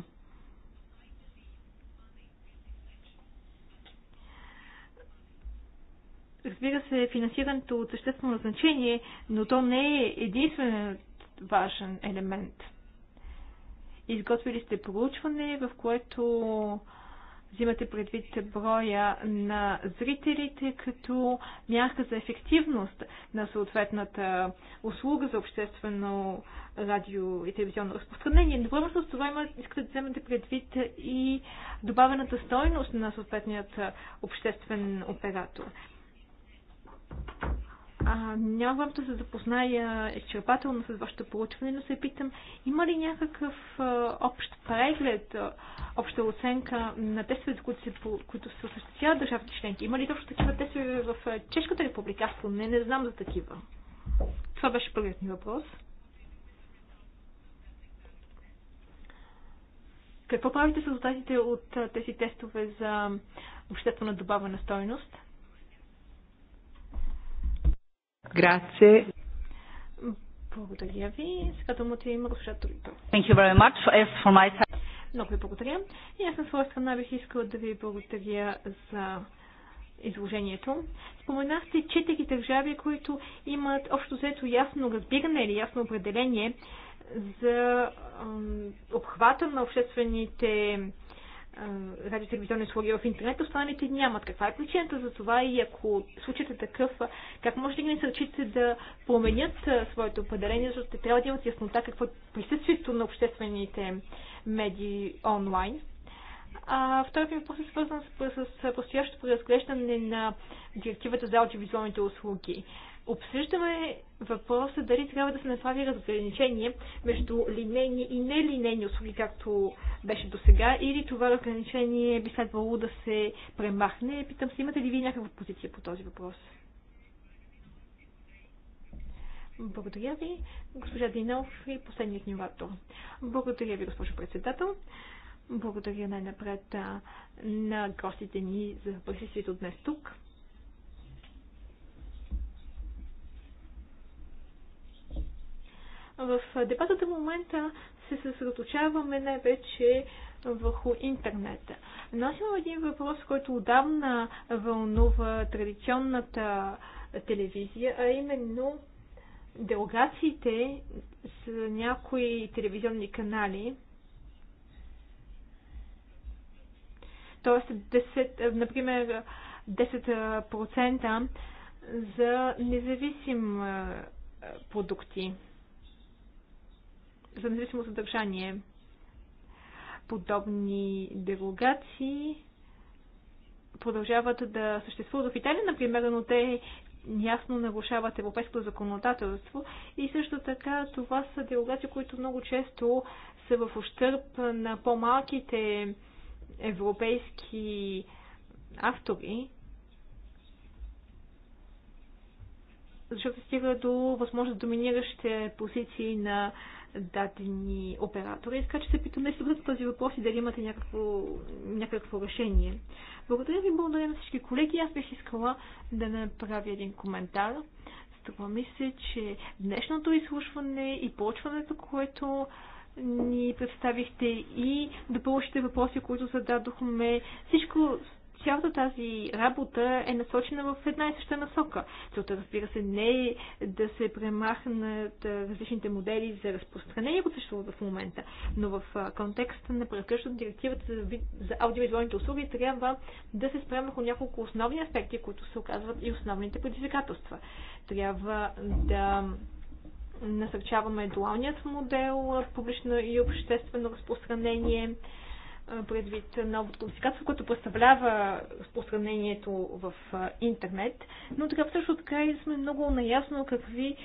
Разбира се, финансирането от съществено значение, но то не е единственият важен елемент. Изготвили сте проучване, в което взимате предвид броя на зрителите като мярка за ефективност на съответната услуга за обществено радио и телевизионно разпространение. но с това има, искате да вземете предвид и добавената стойност на съответният обществен оператор. А, няма време да се запозная изчерпателно с вашето проучване, но се питам, има ли някакъв а, общ преглед, а, обща оценка на тестовете, които се, които се осъществяват държавите членки? Има ли точно такива тестове в Чешката република? Аз поне не знам за такива. Това беше първият ми въпрос. Какво правите с резултатите от тези тестове за обществена добавена стойност? Grazie. Благодаря ви. Сега думата има госпожа Турито. Thank you very much. As for my side... Много ви благодаря. И аз на своя страна бих искала да ви благодаря за изложението. Споменахте четири държави, които имат общо взето ясно разбиране или ясно определение за обхвата на обществените радиотелевизионни услуги в интернет, останалите нямат. Каква е причината за това и ако случаят е такъв, как може да ги насърчите да променят своето определение, защото те трябва да имат яснота какво е присъствието на обществените медии онлайн? А, вторият ми въпрос е свързан с, с, с преразглеждане на директивата за аудиовизуалните услуги обсъждаме въпроса дали трябва да се направи разграничение между линейни и нелинейни услуги, както беше до сега, или това разграничение би следвало да се премахне. Питам се, имате ли ви някаква позиция по този въпрос? Благодаря ви, госпожа Динов и последният ни оратор. Благодаря ви, госпожо председател. Благодаря най-напред на гостите ни за присъствието днес тук. В дебатата в момента се съсредоточаваме най-вече върху интернета. Но аз имам един въпрос, който отдавна вълнува традиционната телевизия, а именно делегациите с някои телевизионни канали, т.е. 10, например 10% за независим продукти за независимо съдържание. Подобни дерогации продължават да съществуват в Италия, например, но те ясно нарушават европейското законодателство и също така това са дерогации, които много често са в ущърп на по-малките европейски автори, защото стига до възможно доминиращите позиции на дадени оператори. Така че се питам нещо за този въпрос и дали имате някакво, някакво решение. Благодаря ви, благодаря на всички колеги. Аз бих искала да направя един коментар. Струва ми се, че днешното изслушване и почването, което ни представихте и допълващите въпроси, които зададохме. Всичко цялата тази работа е насочена в една и съща насока. Целта, разбира се, не е да се премахнат различните модели за разпространение, които съществуват в момента, но в контекста на прекъщата директивата за, за аудиовизуалните услуги трябва да се спрем върху няколко основни аспекти, които се оказват и основните предизвикателства. Трябва да насърчаваме дуалният модел, публично и обществено разпространение, предвид новото класификация, което представлява разпространението в интернет, но така също така и сме много наясно какви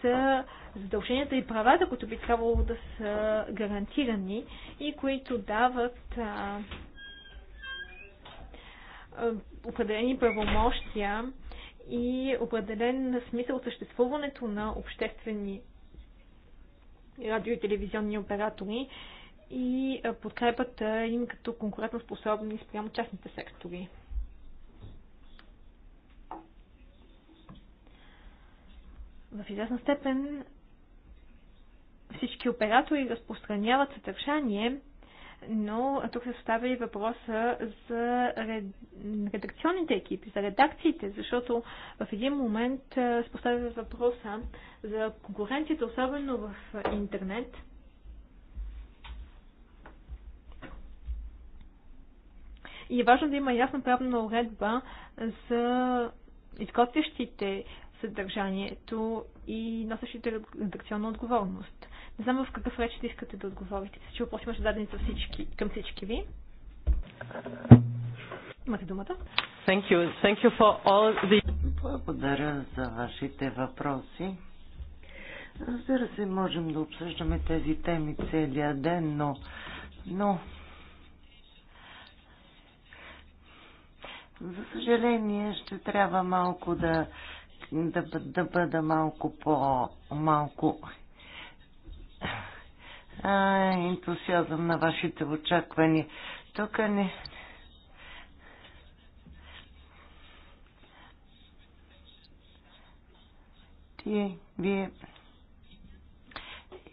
са задълженията и правата, които би трябвало да са гарантирани и които дават а, определени правомощия и определен смисъл съществуването на обществени радио и телевизионни оператори и подкрепата им като конкурентоспособни спрямо частните сектори. В известна степен всички оператори разпространяват съдържание, но тук се оставя и въпроса за редакционните екипи, за редакциите, защото в един момент се поставя въпроса за конкуренцията, особено в интернет – И е важно да има ясна правна уредба за изготвящите съдържанието и носещите редакционна отговорност. Не знам в какъв реч да искате да отговорите. Че въпроси имаше дадени всички, към всички ви. Имате думата. Thank you. Thank you for all the... Благодаря за вашите въпроси. Разбира се, можем да обсъждаме тези теми целия ден, но, но За съжаление, ще трябва малко да, да, да бъда малко по... малко а, ентусиазъм на вашите очаквания. Тук не... Ти, вие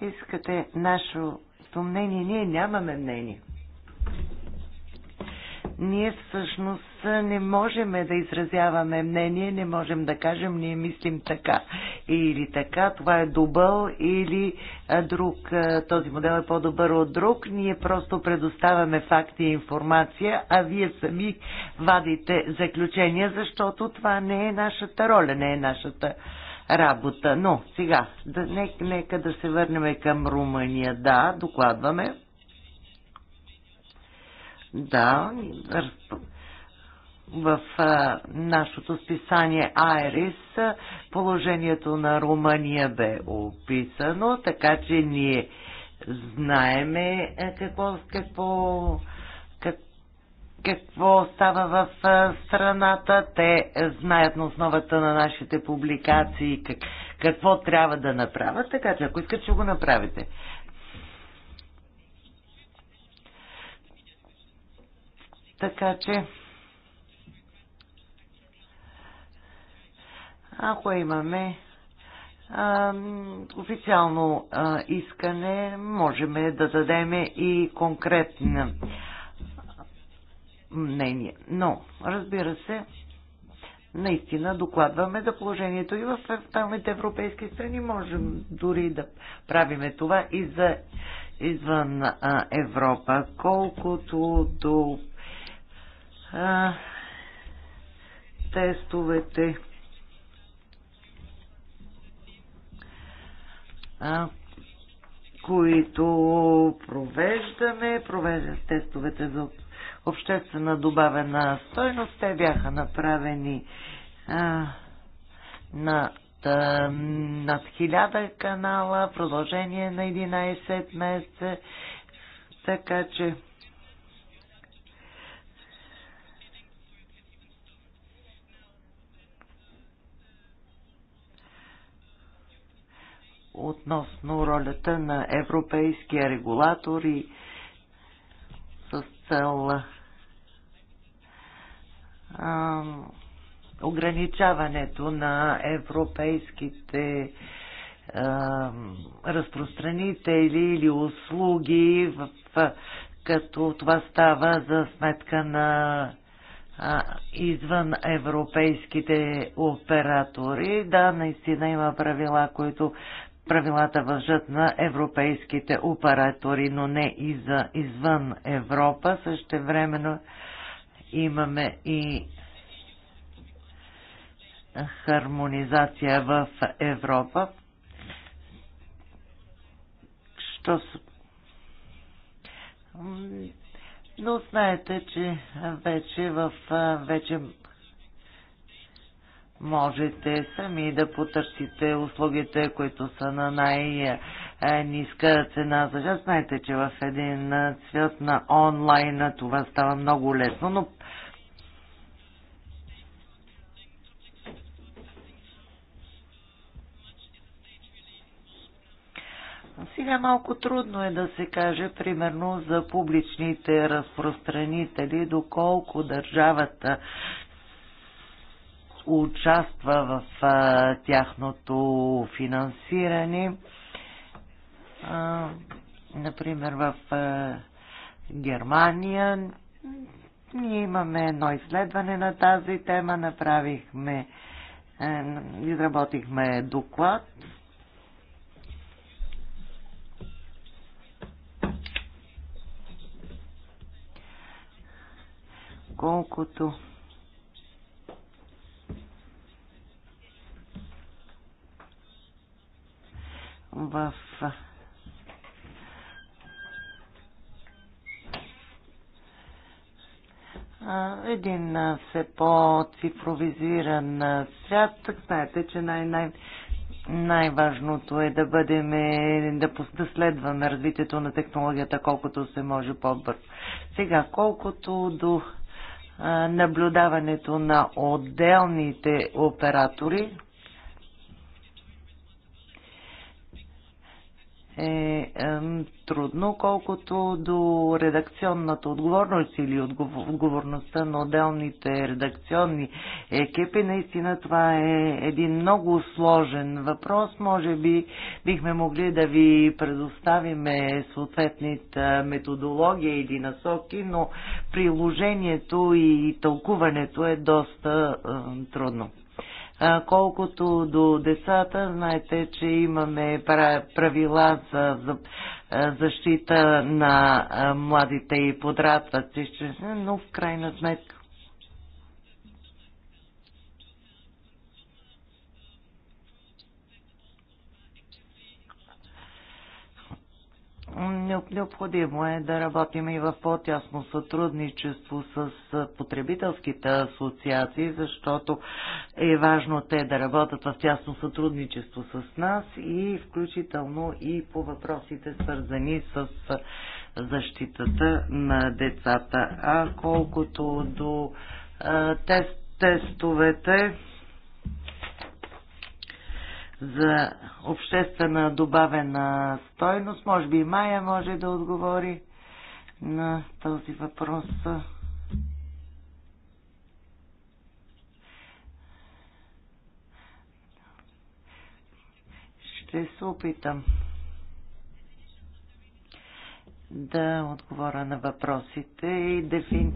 искате нашето мнение. Ние нямаме мнение ние всъщност не можем да изразяваме мнение, не можем да кажем ние мислим така или така, това е добъл или друг, този модел е по-добър от друг, ние просто предоставяме факти и информация, а вие сами вадите заключения, защото това не е нашата роля, не е нашата работа. Но сега, да, нека, нека да се върнем към Румъния. Да, докладваме. Да, в а, нашото списание Айрис положението на Румъния бе описано, така че ние знаеме какво, какво, как, какво става в страната. Те знаят на основата на нашите публикации как, какво трябва да направят, така че ако искате, ще го направите. Така че, ако имаме официално искане, можем да дадем и конкретно мнение. Но, разбира се, наистина докладваме за положението и в останалите европейски страни. Можем дори да правиме това и за извън Европа. Колкото до а, тестовете. А, които провеждаме, провеждат тестовете за обществена добавена стойност. Те бяха направени а, на а, над 1000 канала, продължение на 11 месеца, така че относно ролята на европейския регулатор и с цел а, ограничаването на европейските а, разпространители или услуги, в, в, като това става за сметка на а, извън европейските оператори. Да, наистина има правила, които правилата въжат на европейските оператори, но не и за извън Европа. Също времено имаме и хармонизация в Европа. Що с... Но знаете, че вече в вече можете сами да потърсите услугите, които са на най-ниска цена. Защото знаете, че в един свят на онлайн това става много лесно, но Сега малко трудно е да се каже, примерно, за публичните разпространители, доколко държавата участва в а, тяхното финансиране. А, например, в а, Германия ние имаме едно изследване на тази тема, направихме, а, е, изработихме доклад. Колкото в един все по-цифровизиран свят. Знаете, че най- най- най-важното е да бъдем, да, да следваме развитието на технологията колкото се може по-бързо. Сега, колкото до наблюдаването на отделните оператори, е, трудно, колкото до редакционната отговорност или отговорността на отделните редакционни екипи. Наистина това е един много сложен въпрос. Може би бихме могли да ви предоставиме съответните методология или насоки, но приложението и тълкуването е доста е, трудно. Колкото до децата, знаете, че имаме правила за, за защита на младите и подрастващи, но в крайна сметка Необходимо е да работим и в по-тясно сътрудничество с потребителските асоциации, защото е важно те да работят в тясно сътрудничество с нас и включително и по въпросите свързани с защитата на децата. А колкото до тест, тестовете, за обществена добавена стойност. Може би и Майя може да отговори на този въпрос. Ще се опитам да отговоря на въпросите и дефи...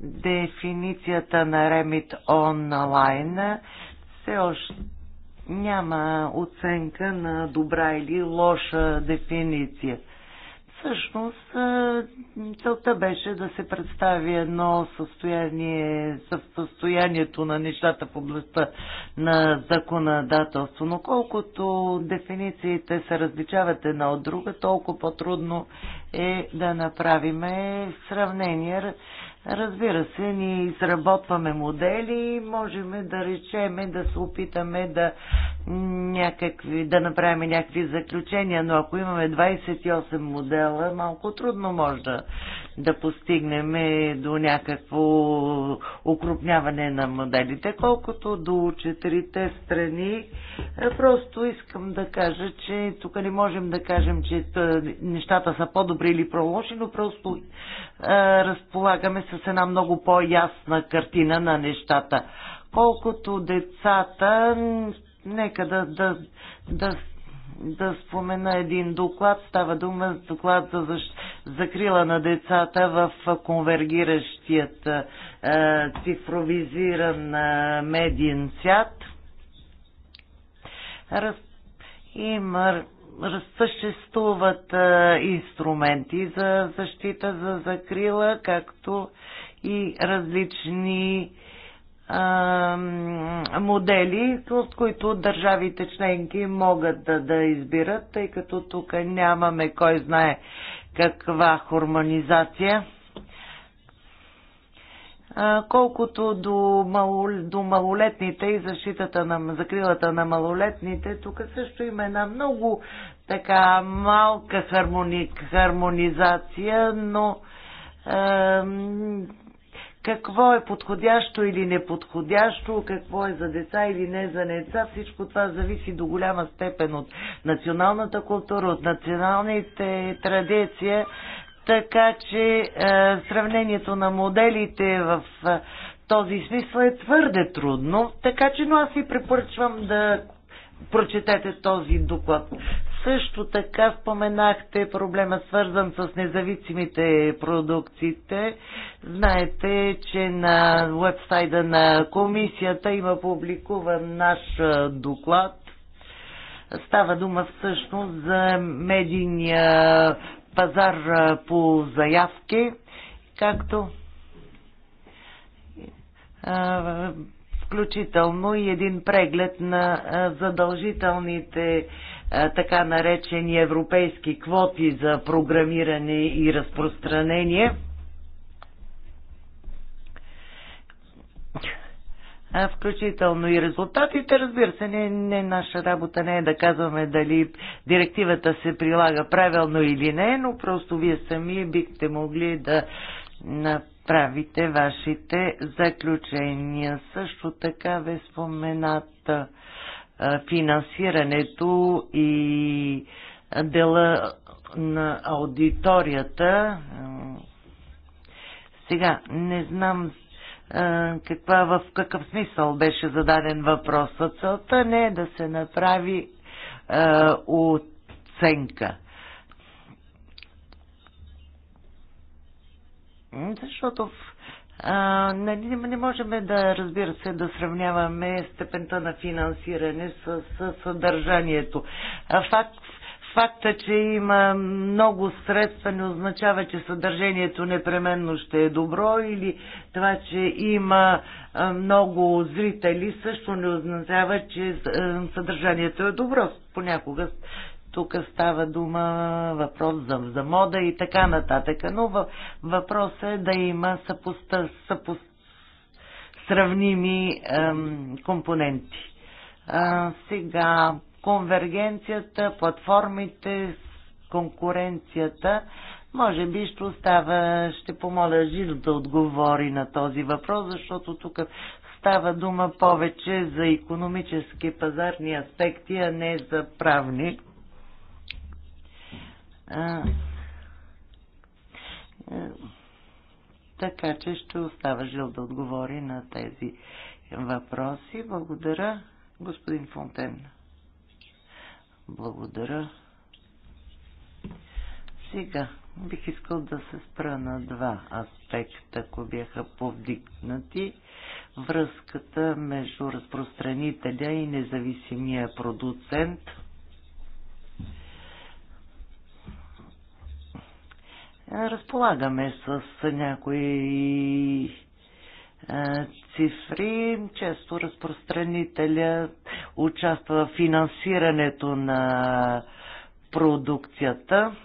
дефиницията на Remit онлайн все още няма оценка на добра или лоша дефиниция. Всъщност целта беше да се представи едно състояние, състоянието на нещата в областта на законодателство. Но колкото дефинициите се различават една от друга, толкова по-трудно е да направиме сравнение. Разбира се, ние изработваме модели и можем да речеме, да се опитаме да, някакви, да направим някакви заключения, но ако имаме 28 модела, малко трудно може да да постигнем до някакво укрупняване на моделите. Колкото до четирите страни, просто искам да кажа, че тук не можем да кажем, че нещата са по-добри или по-лоши, но просто разполагаме с една много по-ясна картина на нещата. Колкото децата, нека да, да, да да спомена един доклад. Става дума за доклад за закрила на децата в конвергиращият е, цифровизиран е, медиен свят. Раз, има, съществуват е, инструменти за защита, за закрила, както и различни е, модели, от които държавите членки могат да, да избират, тъй като тук нямаме кой знае каква хормонизация. Колкото до, мало, до малолетните и защитата на закрилата на малолетните, тук също има една много така малка хармони, хармонизация, но какво е подходящо или неподходящо, какво е за деца или не за деца. Всичко това зависи до голяма степен от националната култура, от националните традиции. Така че е, сравнението на моделите в е, този смисъл е твърде трудно. Така че, но аз ви препоръчвам да прочетете този доклад. Също така споменахте проблема свързан с независимите продукциите. Знаете, че на вебсайда на комисията има публикуван наш доклад. Става дума всъщност за медийния пазар по заявки, както включително и един преглед на задължителните така наречени европейски квоти за програмиране и разпространение. включително и резултатите. Разбира се, не, не наша работа не е да казваме дали директивата се прилага правилно или не, но просто вие сами бихте могли да направите вашите заключения. Също така бе спомената финансирането и дела на аудиторията. Сега, не знам каква, в какъв смисъл беше зададен въпросът. Целта не е да се направи оценка. Защото в а, нали, не, не можем да, разбира се, да сравняваме степента на финансиране с, с съдържанието. А, факт, факта, че има много средства не означава, че съдържанието непременно ще е добро или това, че има много зрители също не означава, че съдържанието е добро. Понякога тук става дума въпрос за, за мода и така нататък. Но въпросът е да има съпоста, съпост, сравними ем, компоненти. А, сега конвергенцията, платформите, конкуренцията. Може би ще остава, ще помоля Жил да отговори на този въпрос, защото тук става дума повече за економически пазарни аспекти, а не за правни. А, е, така че ще остава Жил да отговори на тези въпроси. Благодаря, господин Фонтен. Благодаря. Сега бих искал да се спра на два аспекта, ако бяха повдигнати. Връзката между разпространителя и независимия продуцент – разполагаме с някои цифри. Често разпространителя участва в финансирането на продукцията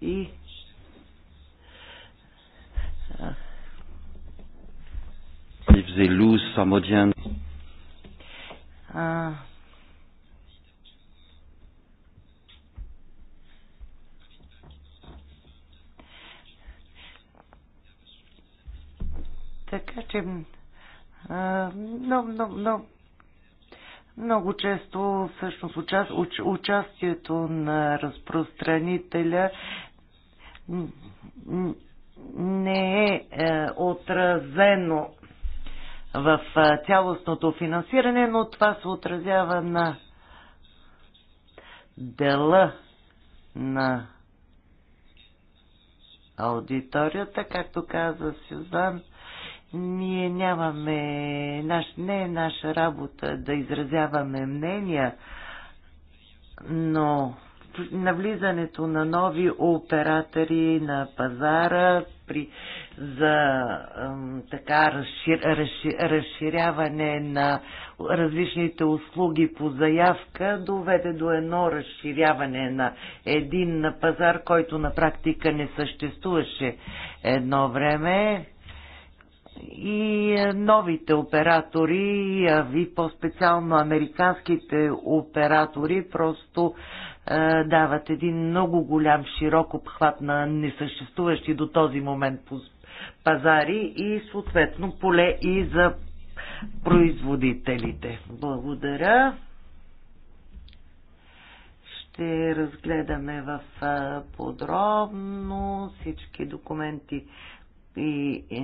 и If Самодян. Така че много, много, много, много често всъщност участ, уч, участието на разпространителя не е, е отразено в е, цялостното финансиране, но това се отразява на дела на аудиторията, както каза Сюзан ние нямаме, наш, не е наша работа да изразяваме мнения, но навлизането на нови оператори на пазара при, за така разшир, разшир, разширяване на различните услуги по заявка доведе до едно разширяване на един пазар, който на практика не съществуваше едно време и е, новите оператори, и по-специално американските оператори, просто е, дават един много голям широк обхват на несъществуващи до този момент пазари и съответно поле и за производителите. Благодаря. Ще разгледаме в е, подробно всички документи и е,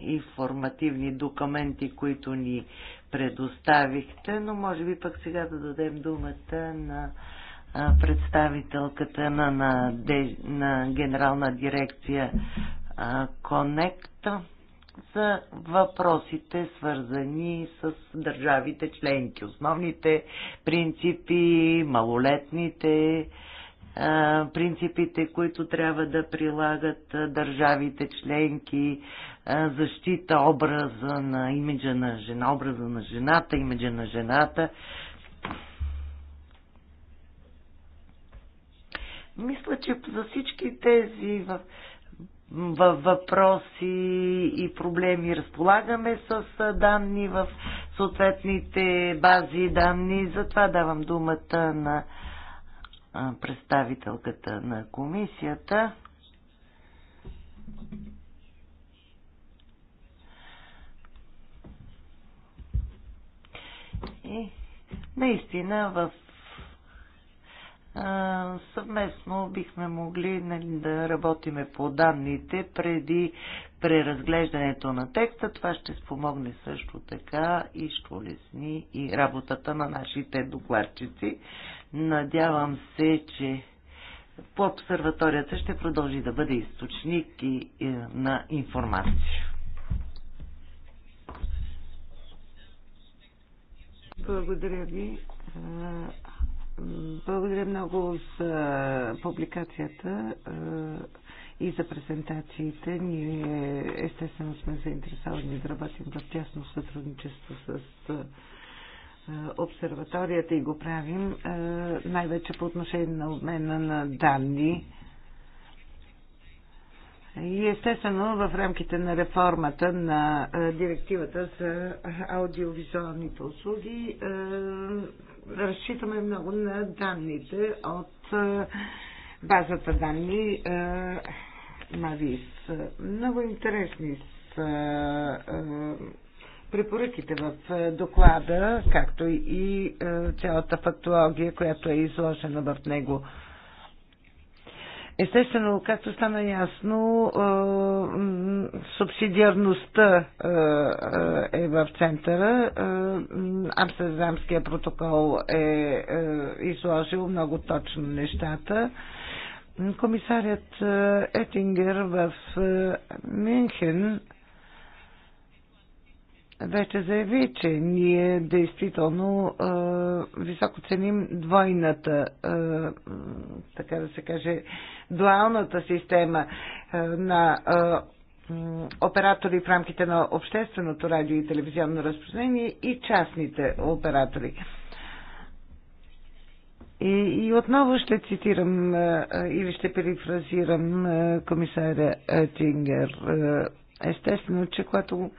информативни документи, които ни предоставихте, но може би пък сега да дадем думата на представителката на, на, на генерална дирекция Конекта за въпросите, свързани с държавите членки, основните принципи, малолетните, принципите, които трябва да прилагат държавите членки, защита образа на имиджа на жена, образа на жената, имиджа на жената. Мисля, че за всички тези въпроси и проблеми разполагаме с данни в съответните бази данни. Затова давам думата на представителката на комисията. И наистина в а, съвместно бихме могли нали, да работиме по данните преди преразглеждането на текста. Това ще спомогне също така и ще улесни и работата на нашите докладчици. Надявам се, че по обсерваторията ще продължи да бъде източник и, и, на информация. Благодаря ви. Благодаря много за публикацията и за презентациите. Ние естествено сме заинтересовани да работим в тясно сътрудничество с обсерваторията и го правим е, най-вече по отношение на обмена на данни. И естествено в рамките на реформата на е, директивата за аудиовизуалните услуги е, разчитаме много на данните от базата данни Мавис. Много интересни са препоръките в е, доклада, както и е, цялата фактология, която е изложена в него. Естествено, както стана ясно, е, субсидиарността е в центъра. Амстердамския протокол е изложил много точно нещата. Комисарят Етингер в Мюнхен вече заяви, че ние действително а, високо ценим двойната, а, така да се каже, дуалната система а, на а, оператори в рамките на общественото радио и телевизионно разпространение и частните оператори. И, и отново ще цитирам а, или ще перифразирам а, комисаря Тингер. Естествено, че когато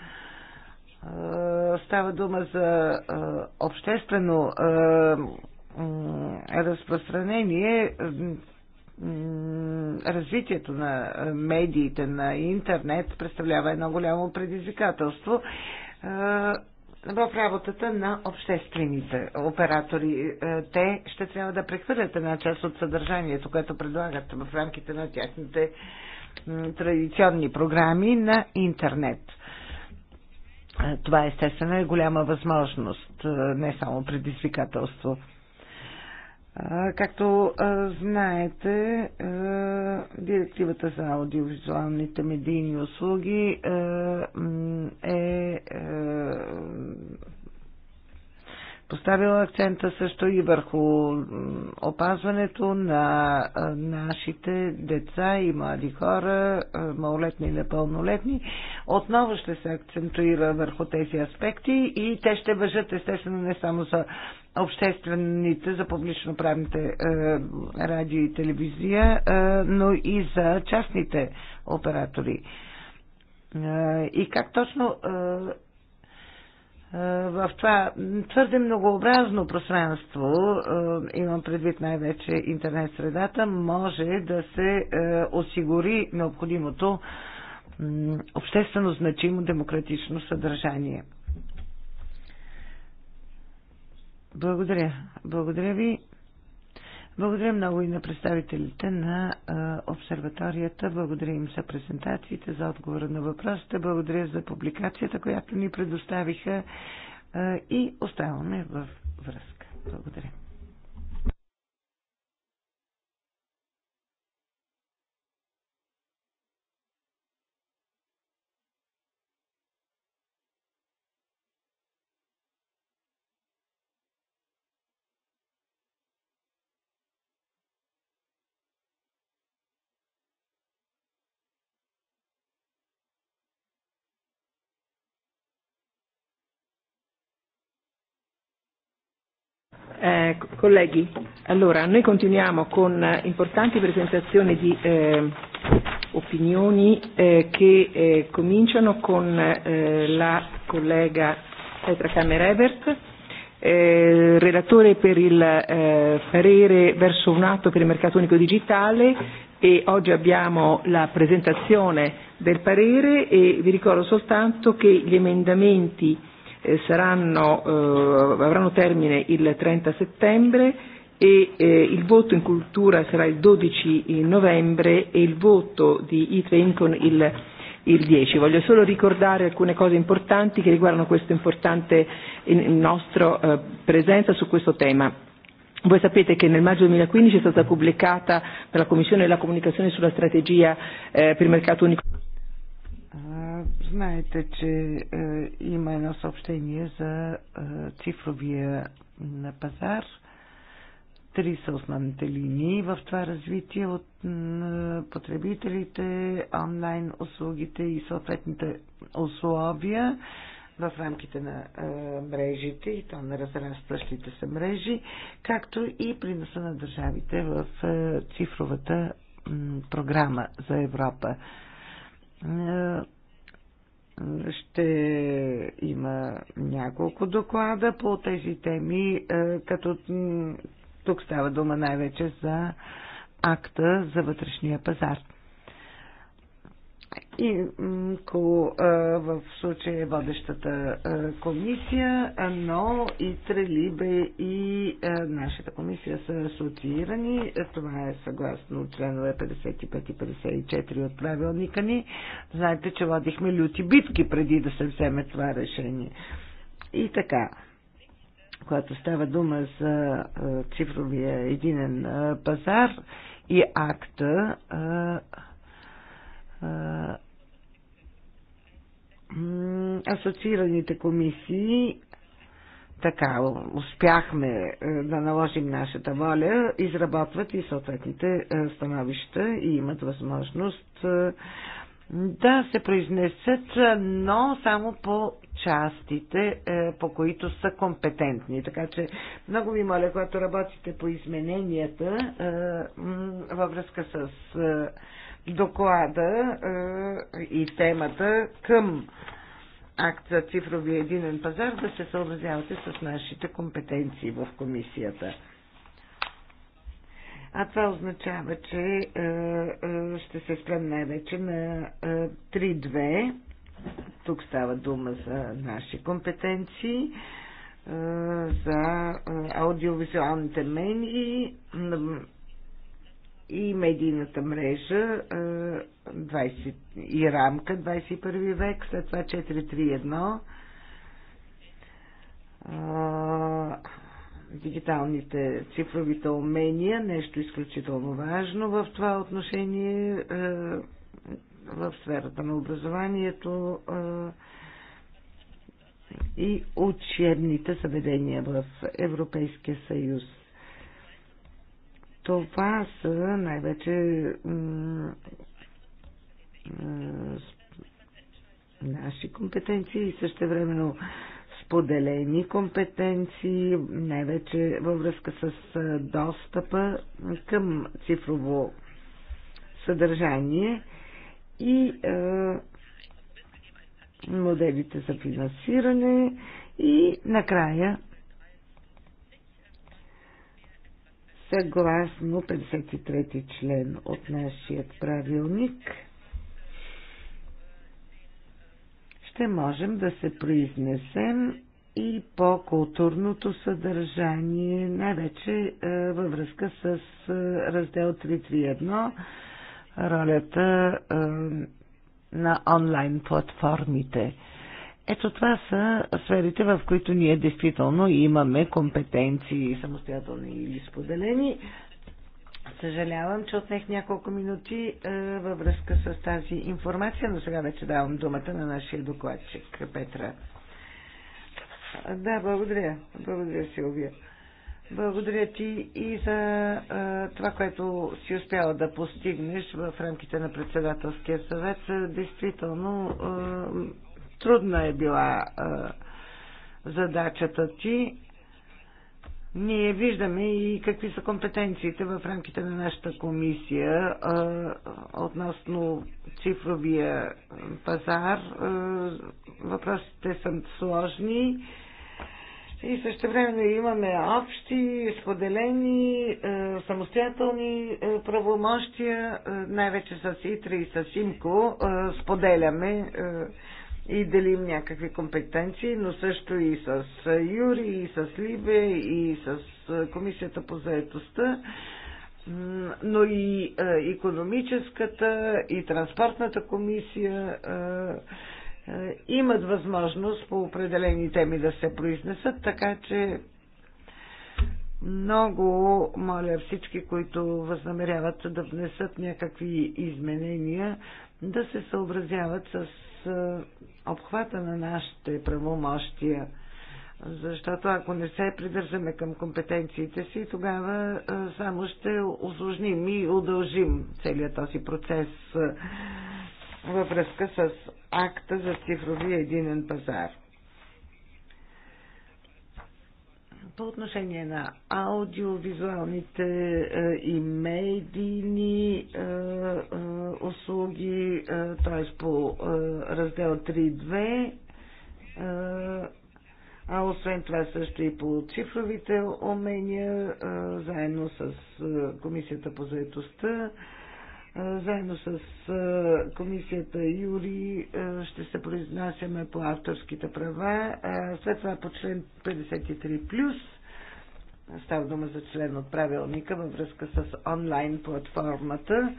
Става дума за обществено разпространение, развитието на медиите, на интернет представлява едно голямо предизвикателство в работата на обществените оператори. Те ще трябва да прехвърлят една част от съдържанието, което предлагат в рамките на тяхните традиционни програми на интернет. Е, това естествено е голяма възможност, е, не само предизвикателство. Е, както знаете, директивата за аудиовизуалните медийни услуги е поставила акцента също и върху опазването на нашите деца и млади хора, малолетни и непълнолетни. Отново ще се акцентуира върху тези аспекти и те ще въжат естествено не само за обществените, за публично-правните е, радио и телевизия, е, но и за частните оператори. Е, и как точно е, е, в това твърде многообразно пространство, е, имам предвид най-вече интернет средата, може да се е, осигури необходимото обществено значимо демократично съдържание. Благодаря. Благодаря ви. Благодаря много и на представителите на обсерваторията. Благодаря им за презентациите, за отговора на въпросите. Благодаря за публикацията, която ни предоставиха и оставаме в връзка. Благодаря. Eh, colleghi, allora noi continuiamo con importanti presentazioni di eh, opinioni eh, che eh, cominciano con eh, la collega Petra Kammer-Ebert, eh, relatore per il eh, parere verso un atto per il mercato unico digitale e oggi abbiamo la presentazione del parere e vi ricordo soltanto che gli emendamenti saranno, eh, avranno termine il 30 settembre e eh, il voto in cultura sarà il 12 novembre e il voto di ITRE Incon il, il 10. Voglio solo ricordare alcune cose importanti che riguardano questa importante nostra eh, presenza su questo tema. Voi sapete che nel maggio 2015 è stata pubblicata dalla Commissione la comunicazione sulla strategia eh, per il mercato unico Знаете, че е, има едно съобщение за е, цифровия на пазар. Три са основните линии в това развитие от е, потребителите, онлайн услугите и съответните условия в рамките на е, мрежите и то на разрастващите се мрежи, както и приноса на държавите в е, цифровата е, програма за Европа е, ще има няколко доклада по тези теми, е, като тук става дума най-вече за акта за вътрешния пазар. И в случая е водещата комисия, но и Трелибе и нашата комисия са асоциирани. Това е съгласно членове 55 и 54 от правилника ни. Знаете, че водихме люти битки преди да се вземе това решение. И така, когато става дума за цифровия единен пазар и акта, асоциираните комисии така успяхме да наложим нашата воля, изработват и съответните становища и имат възможност да се произнесат, но само по частите, по които са компетентни. Така че много ви моля, когато работите по измененията във връзка с доклада и темата към акция цифрови единен пазар да се съобразявате с нашите компетенции в комисията. А това означава, че е, е, ще се спрем най-вече на е, 3-2. Тук става дума за наши компетенции, е, за аудиовизуалните медии, и медийната мрежа 20, и рамка 21 век, след това 431 дигиталните цифровите умения, нещо изключително важно в това отношение в сферата на образованието и учебните съведения в Европейския съюз. Това са най-вече наши компетенции и времено споделени компетенции, най-вече във връзка с достъпа към цифрово съдържание и моделите за финансиране и накрая съгласно 53-ти член от нашия правилник ще можем да се произнесем и по културното съдържание, най-вече е, във връзка с е, раздел 331, ролята е, на онлайн платформите. Ето това са сферите, в които ние действително имаме компетенции, самостоятелни или споделени. Съжалявам, че отнех няколко минути е, във връзка с тази информация, но сега вече давам думата на нашия докладчик Петра. Да, благодаря. Благодаря, Силвия. Благодаря ти и за е, това, което си успяла да постигнеш в рамките на председателския съвет. Е, действително. Е, трудна е била задачата ти. Ние виждаме и какви са компетенциите в рамките на нашата комисия а, относно цифровия пазар. А, въпросите са сложни и също време имаме общи, споделени, а, самостоятелни а, правомощия, най-вече с ИТРА и с ИМКО а, споделяме. А, и делим някакви компетенции, но също и с Юри, и с Либе, и с Комисията по заедостта, но и економическата, и транспортната комисия имат възможност по определени теми да се произнесат, така че много моля всички, които възнамеряват да внесат някакви изменения, да се съобразяват с е, обхвата на нашите правомощия. Защото ако не се придържаме към компетенциите си, тогава е, само ще осложним и удължим целият този процес е, във връзка с акта за цифровия единен пазар. по отношение на аудиовизуалните е, и медийни е, е, услуги, т.е. по раздел 3.2, а освен това също и по цифровите умения, заедно с Комисията по заедостта заедно с комисията Юри ще се произнасяме по авторските права. След това по член 53+, плюс, става дума за член от правилника във връзка с онлайн платформата,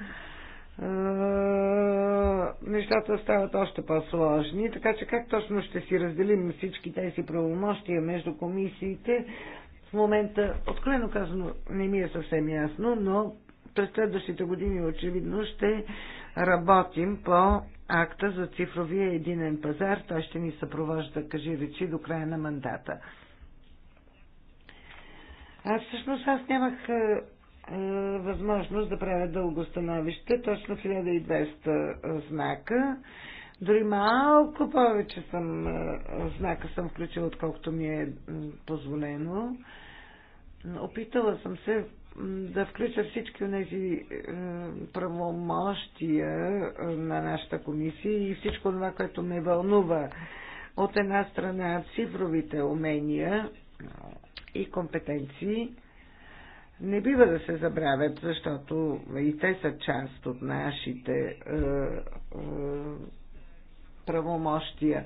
нещата стават още по-сложни, така че как точно ще си разделим всички тези правомощия между комисиите, в момента, откровено казано, не ми е съвсем ясно, но през следващите години очевидно ще работим по акта за цифровия единен пазар. Той ще ни съпровожда, кажи речи, до края на мандата. А всъщност аз нямах е, възможност да правя дълго становище, точно 1200 знака. Дори малко повече съм, е, знака съм включила, отколкото ми е позволено. Опитала съм се да включа всички от тези е, правомощия е, на нашата комисия и всичко това, което ме вълнува. От една страна цифровите умения е, и компетенции не бива да се забравят, защото и те са част от нашите е, е, правомощия.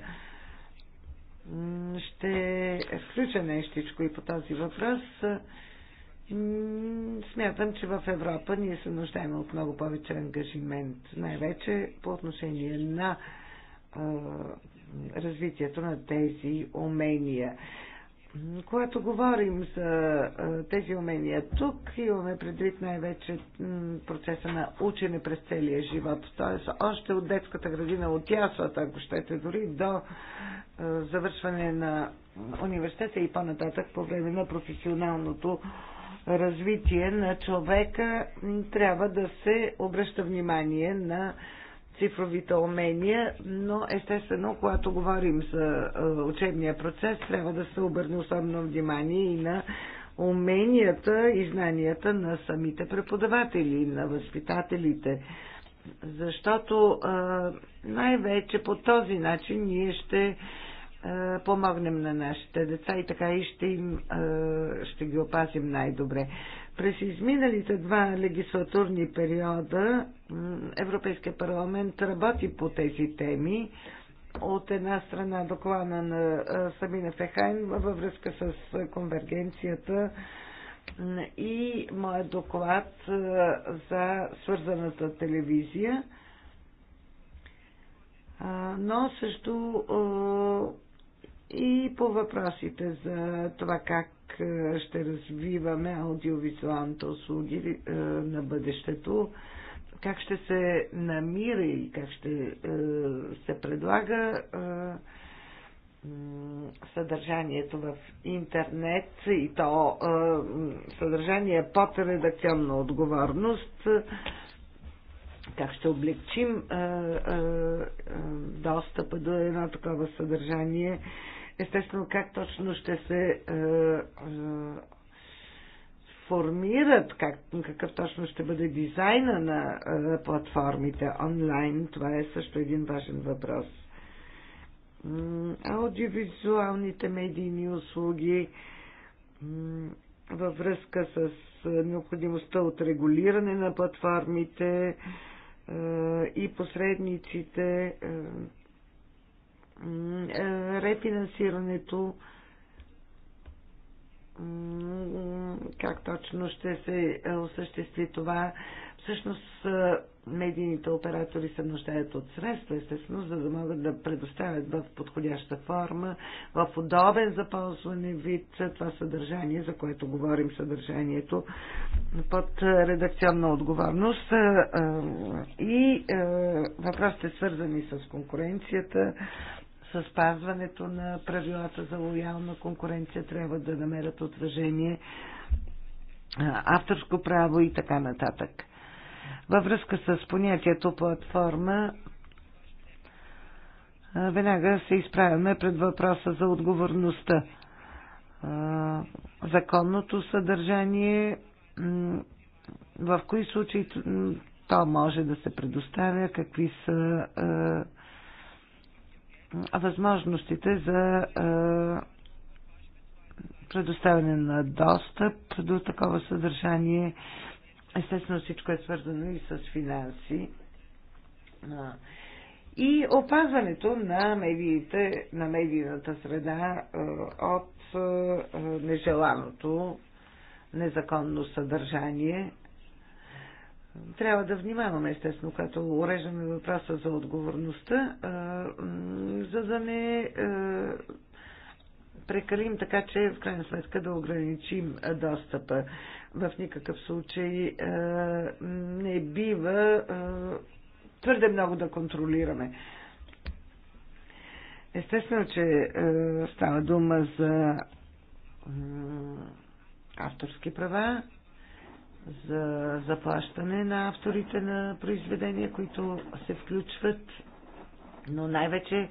Ще включа нещичко и по този въпрос. Смятам, че в Европа ние се нуждаем от много повече ангажимент, най-вече по отношение на развитието на тези умения. Когато говорим за тези умения тук, имаме предвид най-вече процеса на учене през целия живот. Т.е. още от детската градина, от ясата, ако щете, дори до завършване на университета и по-нататък по време на професионалното развитие на човека трябва да се обръща внимание на цифровите умения, но естествено, когато говорим за учебния процес, трябва да се обърне особено внимание и на уменията и знанията на самите преподаватели, на възпитателите. Защото най-вече по този начин ние ще е, помогнем на нашите деца и така и ще, им, е, ще ги опазим най-добре. През изминалите два легислатурни периода Европейския парламент работи по тези теми. От една страна доклада на е, Сабина Фехайн във връзка с конвергенцията и моят доклад за свързаната телевизия но също и по въпросите за това как е, ще развиваме аудиовизуалните услуги е, на бъдещето, как ще се намира и как ще е, се предлага съдържанието в интернет и то съдържание под редакционна отговорност, как ще облегчим достъпа до едно такова съдържание Естествено, как точно ще се е, е, формират, как, какъв точно ще бъде дизайна на е, платформите онлайн, това е също един важен въпрос. Аудиовизуалните медийни услуги във връзка с необходимостта от регулиране на платформите и посредниците. Е, рефинансирането, как точно ще се е, осъществи това. Всъщност е, медийните оператори се нуждаят от средства, естествено, за да могат да предоставят в подходяща форма, в удобен за ползване вид това съдържание, за което говорим съдържанието под редакционна отговорност и въпросите свързани с конкуренцията, с спазването на правилата за лоялна конкуренция трябва да намерят отражение авторско право и така нататък. Във връзка с понятието платформа, веднага се изправяме пред въпроса за отговорността. Законното съдържание, в кои случаи то може да се предоставя, какви са възможностите за предоставяне на достъп до такова съдържание. Естествено всичко е свързано и с финанси. И опазването на медиите, на медийната среда от нежеланото незаконно съдържание трябва да внимаваме, естествено, когато уреждаме въпроса за отговорността, за да не прекалим така, че в крайна сметка да ограничим достъпа. В никакъв случай не бива твърде много да контролираме. Естествено, че става дума за авторски права, за заплащане на авторите на произведения, които се включват, но най-вече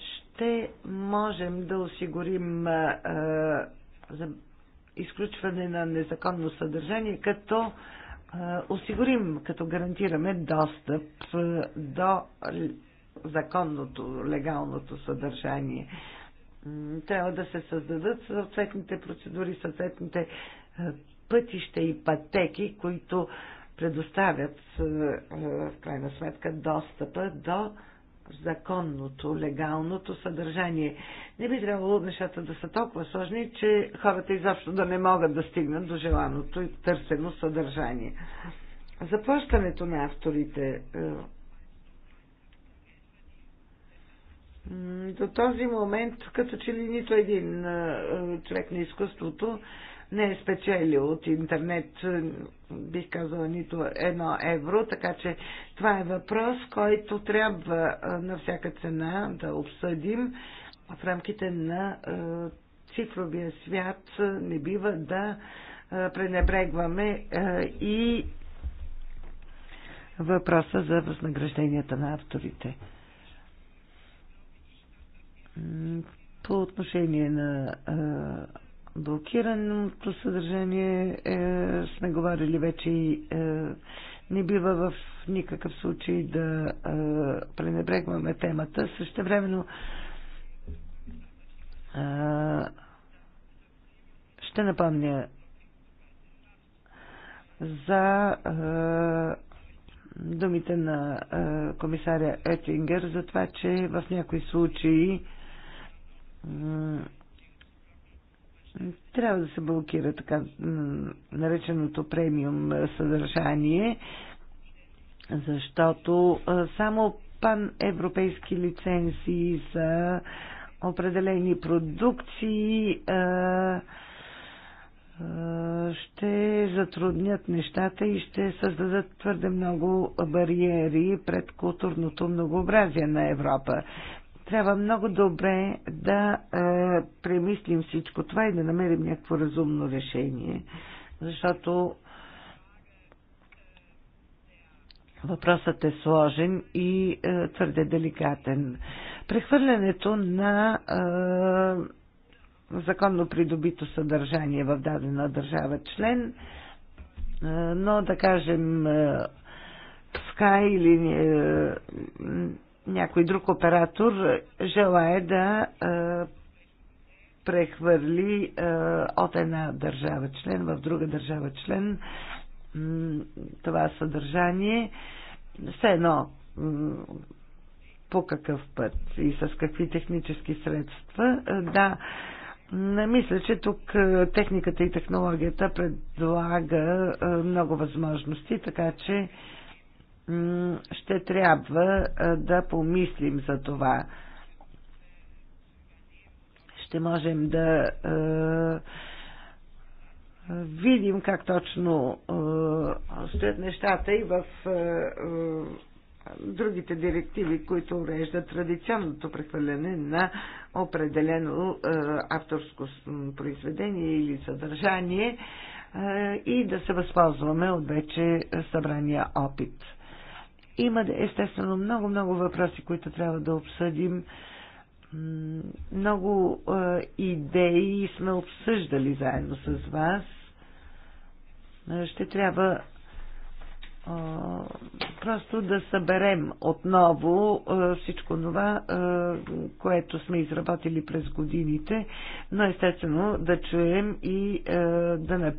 ще можем да осигурим а, за изключване на незаконно съдържание, като а, осигурим, като гарантираме достъп а, до законното, легалното съдържание. Трябва да се създадат съответните процедури, съответните пътища и пътеки, които предоставят е, е, в крайна сметка достъпа до законното, легалното съдържание. Не би трябвало нещата да са толкова сложни, че хората изобщо да не могат да стигнат до желаното и търсено съдържание. Заплащането на авторите е, до този момент, като че ли нито един човек на изкуството не е спечелил от интернет, бих казала, нито едно евро, така че това е въпрос, който трябва на всяка цена да обсъдим в рамките на цифровия свят. Не бива да пренебрегваме и въпроса за възнагражденията на авторите. По отношение на блокираното съдържание е, сме говорили вече и е, не бива в никакъв случай да е, пренебрегваме темата. Също времено е, ще напомня за е, думите на е, комисаря Етингер за това, че в някои случаи е, трябва да се блокира така нареченото премиум съдържание, защото само паневропейски лицензии за определени продукции ще затруднят нещата и ще създадат твърде много бариери пред културното многообразие на Европа. Трябва много добре да е, премислим всичко това и да намерим някакво разумно решение, защото въпросът е сложен и е, твърде деликатен. Прехвърлянето на е, законно придобито съдържание в дадена държава член, е, но да кажем. Е, Sky или е, някой друг оператор желае да прехвърли от една държава член в друга държава член това съдържание, все едно по какъв път и с какви технически средства. Да, мисля, че тук техниката и технологията предлага много възможности, така че ще трябва да помислим за това. Ще можем да видим как точно стоят нещата и в другите директиви, които уреждат традиционното прехвърляне на определено авторско произведение или съдържание и да се възползваме от вече събрания опит. Има естествено много-много въпроси, които трябва да обсъдим. Много идеи сме обсъждали заедно с вас. Ще трябва просто да съберем отново всичко това, което сме изработили през годините, но естествено да чуем и да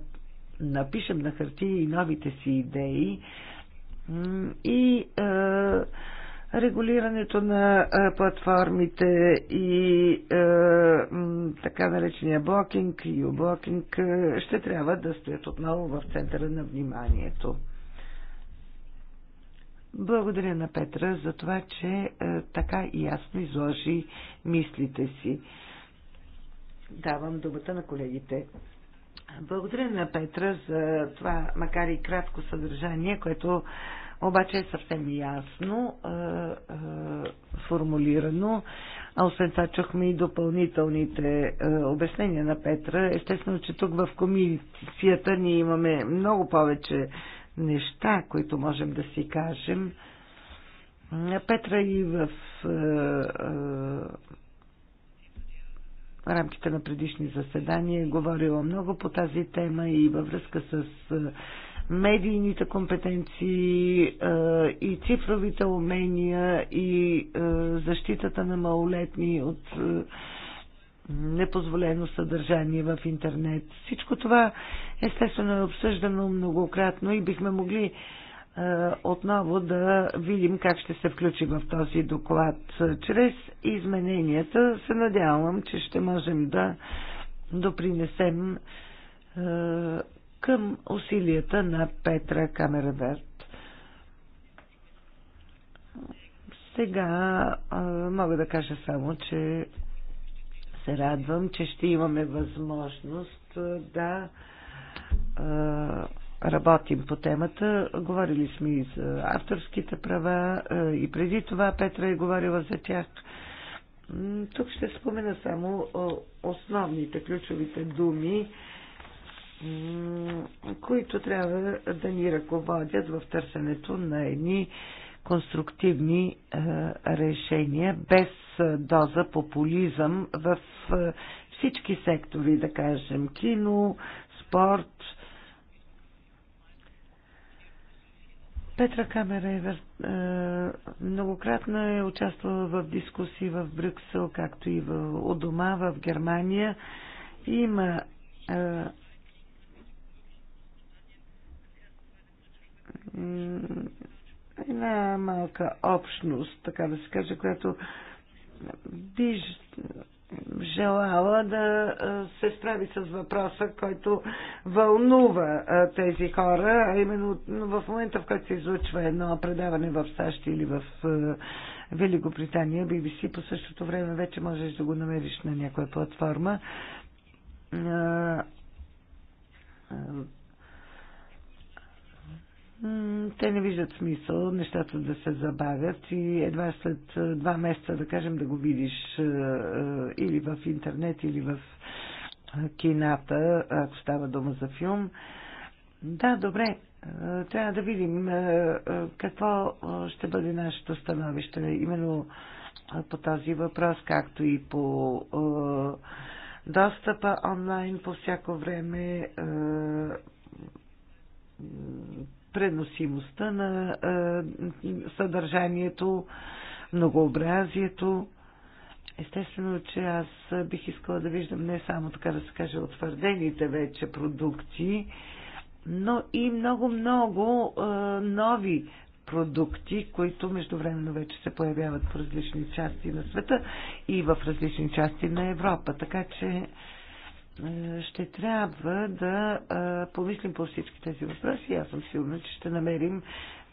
напишем на хартия и новите си идеи, и регулирането на платформите и така наречения блокинг и блокинг ще трябва да стоят отново в центъра на вниманието. Благодаря на Петра за това, че е, така и ясно изложи мислите си. Давам думата на колегите. Благодаря на Петра за това, макар и кратко съдържание, което обаче е съвсем ясно е, е, формулирано. А освен това чухме и допълнителните е, обяснения на Петра. Естествено, че тук в комисията ние имаме много повече неща, които можем да си кажем. Петра и в е, е, рамките на предишни заседания е говорила много по тази тема и във връзка с медийните компетенции и цифровите умения и защитата на малолетни от непозволено съдържание в интернет. Всичко това естествено е обсъждано многократно и бихме могли е, отново да видим как ще се включи в този доклад. Чрез измененията се надявам, че ще можем да допринесем е, към усилията на Петра Камераверт. Сега е, мога да кажа само, че се радвам, че ще имаме възможност да работим по темата. Говорили сме и за авторските права, е, и преди това Петра е говорила за тях. Тук ще спомена само основните, ключовите думи, които трябва да ни ръководят в търсенето на едни конструктивни е, решения, без е, доза популизъм в всички сектори, да кажем кино, спорт, Петра Камера е, е, многократно е участвала в дискусии в Брюксел, както и в, у дома в Германия. И има е, една малка общност, така да се каже, която виж, желала да се справи с въпроса, който вълнува тези хора, а именно в момента, в който се излучва едно предаване в САЩ или в Великобритания, BBC, по същото време вече можеш да го намериш на някоя платформа те не виждат смисъл нещата да се забавят и едва след два месеца, да кажем, да го видиш или в интернет, или в кината, ако става дума за филм. Да, добре. Трябва да видим какво ще бъде нашето становище именно по този въпрос, както и по достъпа онлайн по всяко време преносимостта на съдържанието, многообразието. Естествено, че аз бих искала да виждам не само, така да се каже, утвърдените вече продукти, но и много-много нови продукти, които междувременно вече се появяват в различни части на света и в различни части на Европа. Така че е, ще трябва да е, помислим по всички тези въпроси. Аз съм сигурна, че ще намерим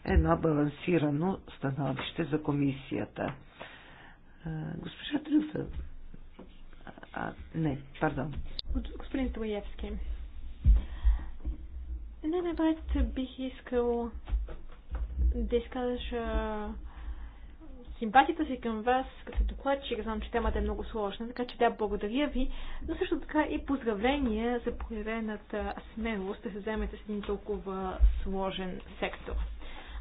едно балансирано становище за комисията. Е, госпожа Трюса. А, не, пардон. Господин Троевски. Най-напред бих искал да изкажа симпатията си към вас като докладчик, знам, че темата е много сложна, така че да, благодаря ви, но също така и поздравления за проявената смелост да се вземете с един толкова сложен сектор.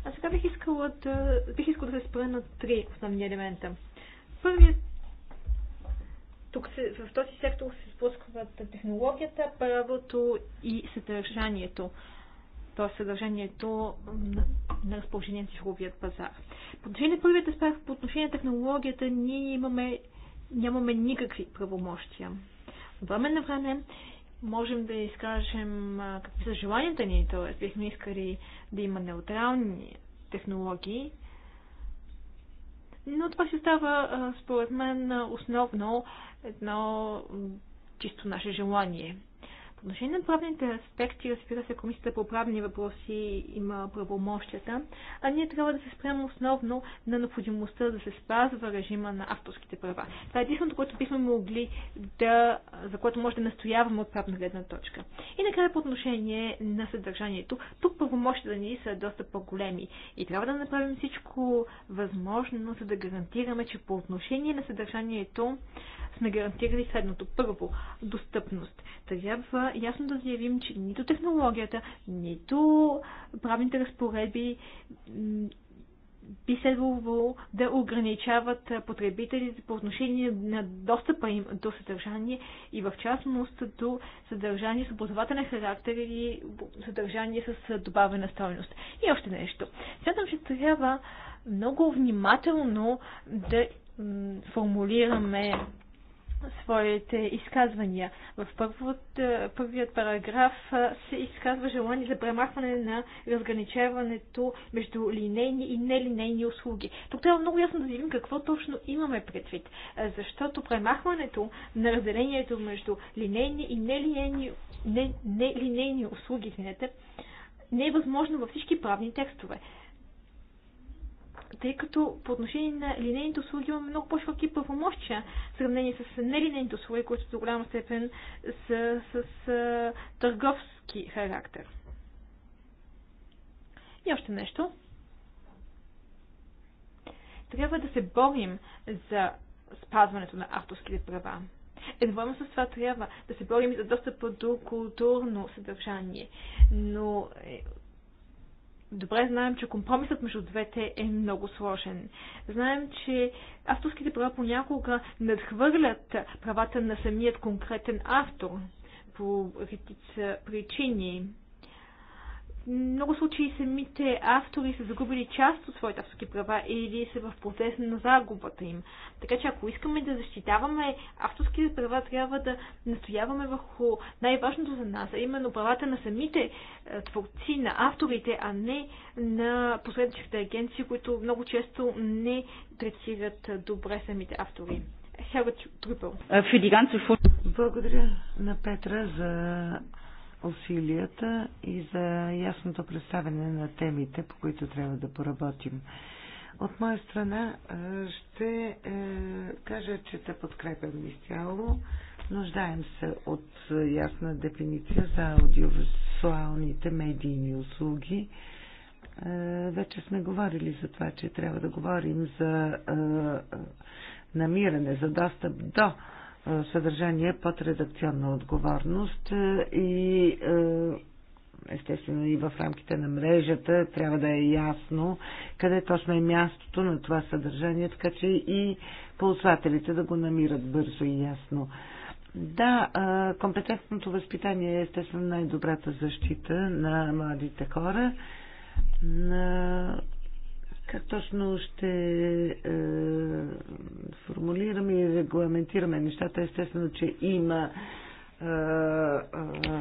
А сега бих искала да, бих искала да се спра на три основни елемента. Първият тук се, в този сектор се сблъскват технологията, правото и съдържанието т.е. съдържанието на разположение на цифровият пазар. По отношение на първият аспект, по отношение на технологията, ние имаме, нямаме никакви правомощия. От време на време можем да изкажем какви са желанията ни, т.е. бихме искали да има неутрални технологии, но това си става, според мен, основно едно чисто наше желание – отношение на правните аспекти, разбира се, Комисията по правни въпроси има правомощията, а ние трябва да се спрем основно на необходимостта да се спазва режима на авторските права. Това е единственото, което бихме могли да, за което може да настояваме от правна гледна точка. И накрая по отношение на съдържанието. Тук правомощията ни са доста по-големи и трябва да направим всичко възможно, за да гарантираме, че по отношение на съдържанието сме гарантирали следното. Първо, достъпност. Трябва ясно да заявим, че нито технологията, нито правните разпоредби би следвало да ограничават потребителите по отношение на достъпа им до съдържание и в частност до съдържание с образователен характер или съдържание с добавена стойност. И още нещо. Смятам, че трябва много внимателно да формулираме своите изказвания. В първот, е, първият параграф е, се изказва желание за премахване на разграничаването между линейни и нелинейни услуги. Тук трябва много ясно да видим какво точно имаме предвид, е, защото премахването на разделението между линейни и нелинейни, не, нелинейни услуги извинете, не е възможно във всички правни текстове тъй като по отношение на линейните услуги имаме много по-широки правомощия в сравнение с нелинейните услуги, които до голяма степен са с, с търговски характер. И още нещо. Трябва да се борим за спазването на авторските права. Едновременно с това трябва да се борим за достъпа до културно съдържание. Но е, добре знаем, че компромисът между двете е много сложен. Знаем, че авторските права понякога надхвърлят правата на самият конкретен автор по редица причини много случаи самите автори са загубили част от своите авторски права или са в процес на загубата им. Така че ако искаме да защитаваме авторските права, трябва да настояваме върху най-важното за нас, а именно правата на самите е, творци, на авторите, а не на посредничните агенции, които много често не третират добре самите автори. Е, Благодаря на Петра за усилията и за ясното представяне на темите, по които трябва да поработим. От моя страна е, ще е, кажа, че те подкрепям изцяло. Нуждаем се от ясна дефиниция за аудиовизуалните медийни услуги. Е, вече сме говорили за това, че трябва да говорим за намиране, за достъп до съдържание под редакционна отговорност е, и е, естествено и в рамките на мрежата трябва да е ясно къде точно е мястото на това съдържание, така че и ползвателите да го намират бързо и ясно. Да, е, компетентното възпитание е естествено най-добрата защита на младите хора. На как точно ще е, формулираме и регламентираме нещата? Естествено, че има е, е,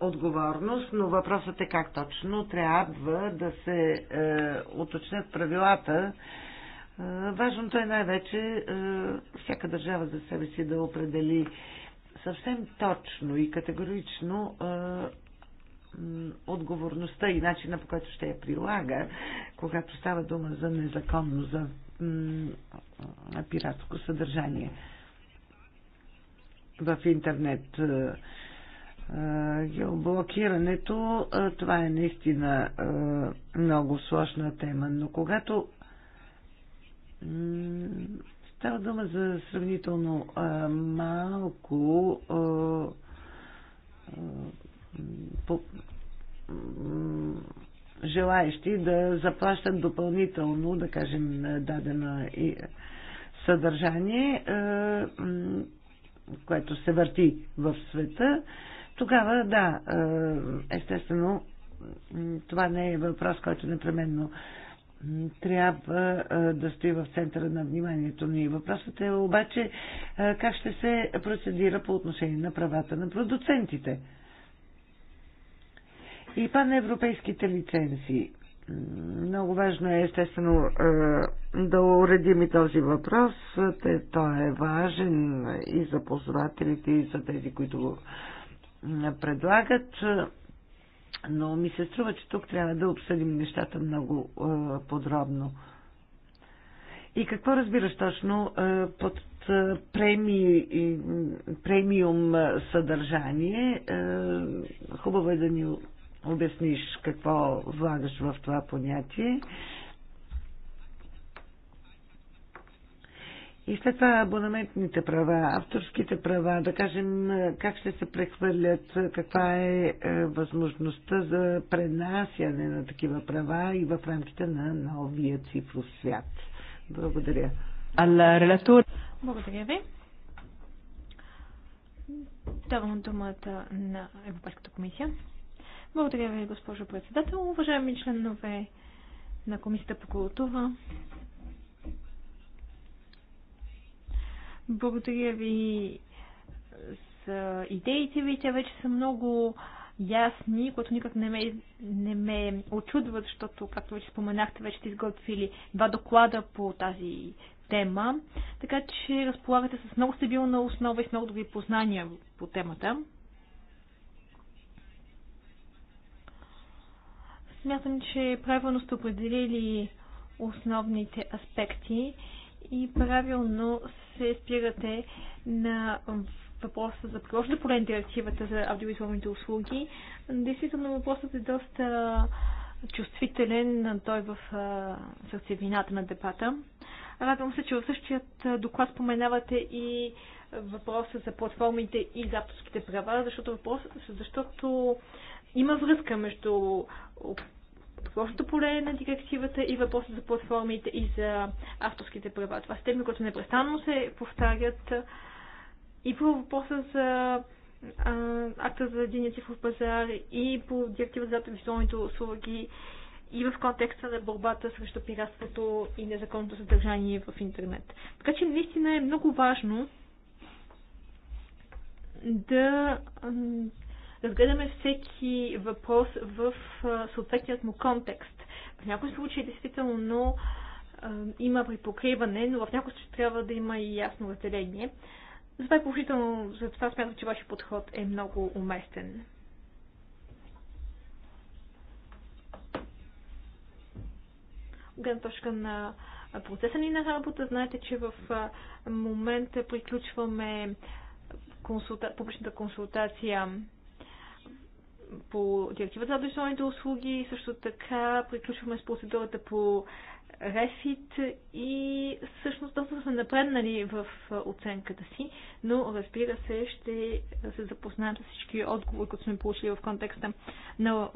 отговорност, но въпросът е как точно трябва да се е, уточнят правилата. Е, важното е най-вече е, всяка държава за себе си да определи съвсем точно и категорично е, отговорността и начина по който ще я прилага, когато става дума за незаконно, за пиратско съдържание в интернет. Е, е, геоблокирането, е, това е наистина много сложна тема, но когато става дума за сравнително малко по, желаещи да заплащат допълнително, да кажем, дадено и е, съдържание, е, което се върти в света, тогава да, е, естествено, това не е въпрос, който непременно трябва да стои в центъра на вниманието ни. Въпросът е обаче как ще се процедира по отношение на правата на продуцентите. И паневропейските лицензии. Много важно е, естествено, е, да уредим и този въпрос. Той е важен и за ползвателите, и за тези, които го предлагат. Но ми се струва, че тук трябва да обсъдим нещата много е, подробно. И какво разбираш точно е, под преми, премиум съдържание? Хубаво е да ни обясниш какво влагаш в това понятие. И след това абонаментните права, авторските права, да кажем как ще се прехвърлят, каква е, е възможността за пренасяне на такива права и в рамките на новия цифров свят. Благодаря. Благодаря ви. Давам думата на Европейската комисия. Благодаря ви, госпожо председател. Уважаеми членове на Комисията по култура, благодаря ви за идеите ви. Те вече са много ясни, което никак не ме, не ме очудват, защото, както вече споменахте, вече сте изготвили два доклада по тази тема. Така че разполагате с много стабилна основа и с много добри познания по темата. Смятам, че правилно сте определили основните аспекти и правилно се спирате на въпроса за приложно поле на директивата за аудиовизуалните услуги. Действително въпросът е доста чувствителен, той е в сърцевината на дебата. Радвам се, че в същият доклад споменавате и въпроса за платформите и за авторските права, защото, въпрос, защото има връзка между Сложното поле на директивата и въпроса за платформите и за авторските права. Това са теми, които непрестанно се повтарят и по въпроса за а, акта за един цифров пазар и по директива за визуалните услуги и в контекста на борбата срещу пиратството и незаконното съдържание в интернет. Така че наистина е много важно да разгледаме всеки въпрос в съответният му контекст. В някои случаи действително има припокриване, но в някои случаи трябва да има и ясно разделение. Затова е положително, затова смятам, че вашия подход е много уместен. гледна точка на процеса ни на работа. Знаете, че в момента приключваме консулта... публичната консултация по директивата за адресованите услуги. Също така приключваме с процедурата по Рефит и всъщност доста сме напреднали в оценката си, но разбира се ще се запознаем с всички отговори, които сме получили в контекста на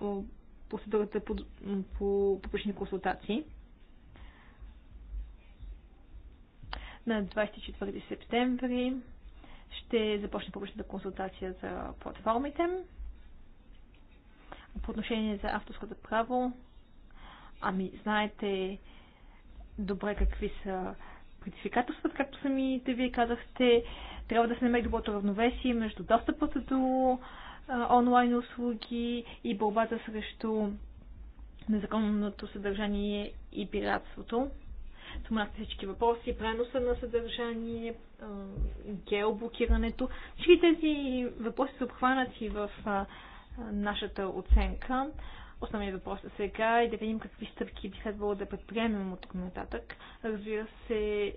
процедурата по, по публични консултации. На 24 септември ще започне публичната консултация за платформите по отношение за авторското право, ами знаете добре какви са предизвикателствата, както самите вие казахте, трябва да се намери доброто равновесие между достъпът до онлайн услуги и борбата срещу незаконното съдържание и пиратството. Споменахте всички въпроси, преноса на съдържание, геоблокирането. Всички тези въпроси са обхванати в нашата оценка. Основният въпрос е сега и да видим какви стъпки би следвало да предприемем от тук нататък. Разбира се,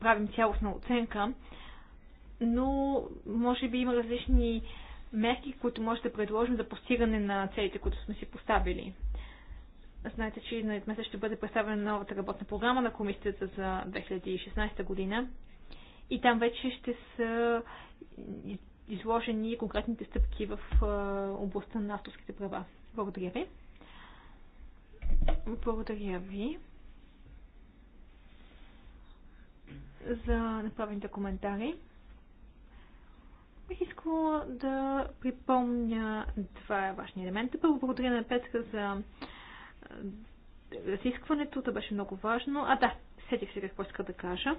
правим цялостна оценка, но може би има различни мерки, които може да предложим за постигане на целите, които сме си поставили. Знаете, че на месец ще бъде представена новата работна програма на комисията за 2016 година. И там вече ще са изложени конкретните стъпки в областта на авторските права. Благодаря ви. Благодаря ви за направените коментари. Бих искала да припомня два важни елемента. Първо, благодаря на Петка за разискването, Това беше много важно. А да, сетих се какво иска да кажа.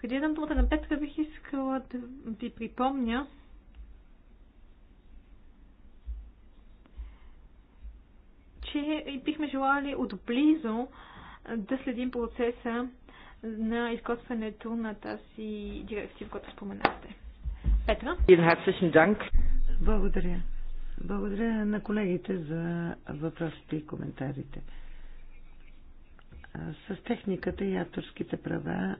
Преди да дам думата на Петра, бих искала да ви припомня, че бихме желали отблизо да следим процеса на изготвянето на тази директива, която споменахте. Петра? Благодаря. Благодаря на колегите за въпросите и коментарите. С техниката и авторските права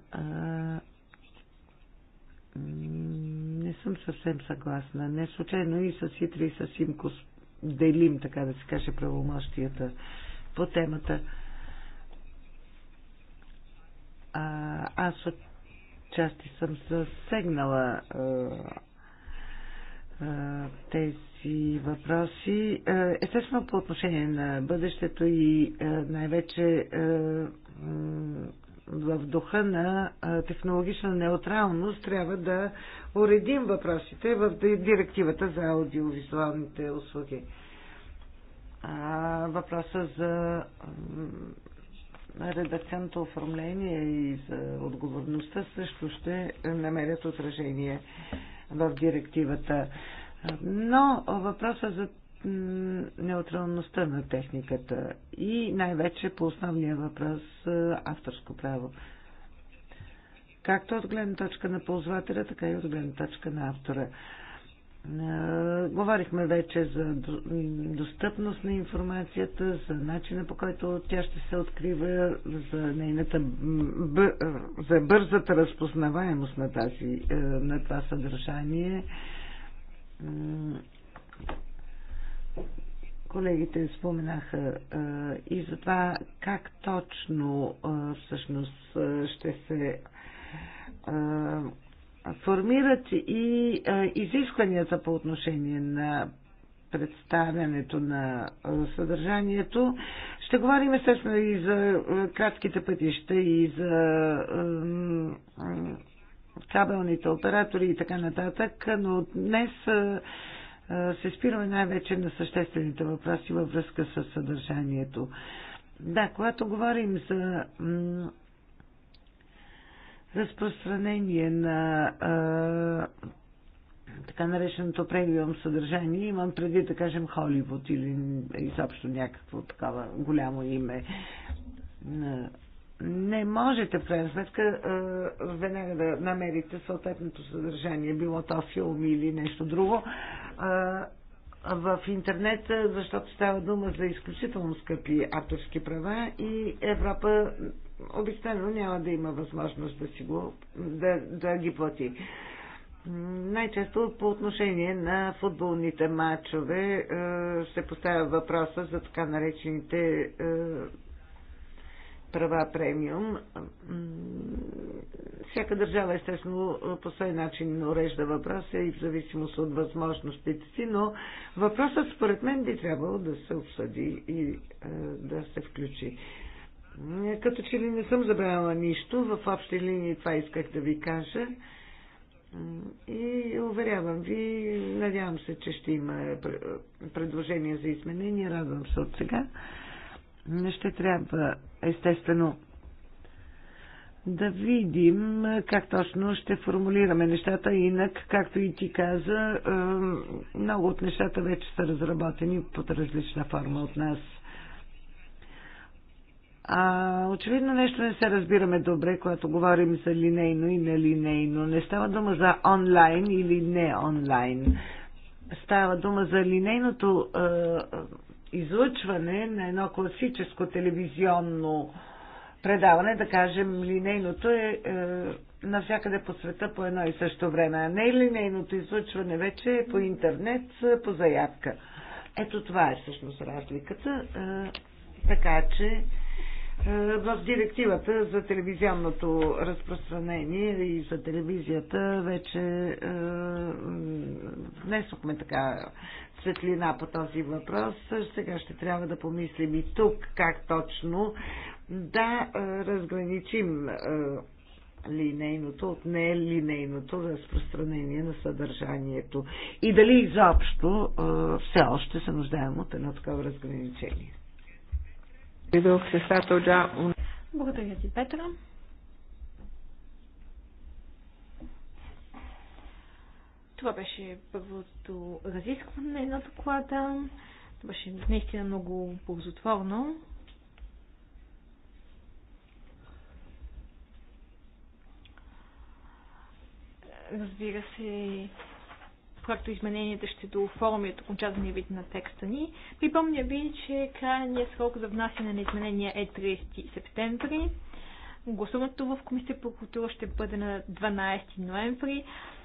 не съм съвсем съгласна. Не случайно и с Итри и с Имко делим, така да се каже, правомощията по темата. А, аз от части съм засегнала а, а, тези въпроси. Естествено по отношение на бъдещето и най-вече в духа на технологична неутралност трябва да уредим въпросите в директивата за аудиовизуалните услуги. А, въпроса за редакционното оформление и за отговорността също ще намерят отражение в директивата. Но въпроса за неутралността на техниката и най-вече по основния въпрос авторско право. Както от гледна точка на ползвателя, така и от гледна точка на автора. Говорихме вече за достъпност на информацията, за начина по който тя ще се открива, за нейната за бързата разпознаваемост на, тази, е, на това съдържание Колегите споменаха и за това как точно всъщност ще се формират и изискванията по отношение на представянето на съдържанието. Ще говорим естествено и за кратките пътища и за кабелните оператори и така нататък, но днес се спираме най-вече на съществените въпроси във връзка с съдържанието. Да, когато говорим за разпространение на а, така нареченото премиум съдържание, имам преди да кажем Холивуд или изобщо някакво такава голямо име. на не можете в крайна сметка веднага да намерите съответното съдържание, било то филм или нещо друго в интернет, защото става дума за изключително скъпи авторски права и Европа обикновено няма да има възможност да, си го, да, да ги плати. Най-често по отношение на футболните матчове се поставя въпроса за така наречените права премиум. Всяка държава, естествено, по свой начин урежда въпроса и в зависимост от възможностите си, но въпросът според мен би трябвало да се обсъди и е, да се включи. Като че ли не съм забравила нищо, в общи линии това исках да ви кажа. И уверявам ви, надявам се, че ще има предложения за изменения. Радвам се от сега не ще трябва, естествено, да видим е, как точно ще формулираме нещата. Инак, както и ти каза, е, много от нещата вече са разработени под различна форма от нас. А, очевидно нещо не се разбираме добре, когато говорим за линейно и нелинейно. Не става дума за онлайн или не онлайн. Става дума за линейното е, излъчване на едно класическо телевизионно предаване, да кажем, линейното е, е навсякъде по света по едно и също време, а не линейното излъчване вече е по интернет, е, по заявка. Ето това е всъщност разликата. Е, така че е, в директивата за телевизионното разпространение и за телевизията вече е, внесохме така светлина по този въпрос. Сега ще трябва да помислим и тук как точно да е, разграничим е, линейното от нелинейното разпространение на съдържанието и дали изобщо е, все още се нуждаем от едно такова разграничение. Благодаря ти, Петра. Това беше първото разискване на доклада. Това беше наистина много ползотворно. Разбира се, както измененията ще дооформят окончателния вид на текста ни. Припомня ви, че крайният срок за внасяне на изменения е 30 септември. Гласуването в Комисия по култура ще бъде на 12 ноември,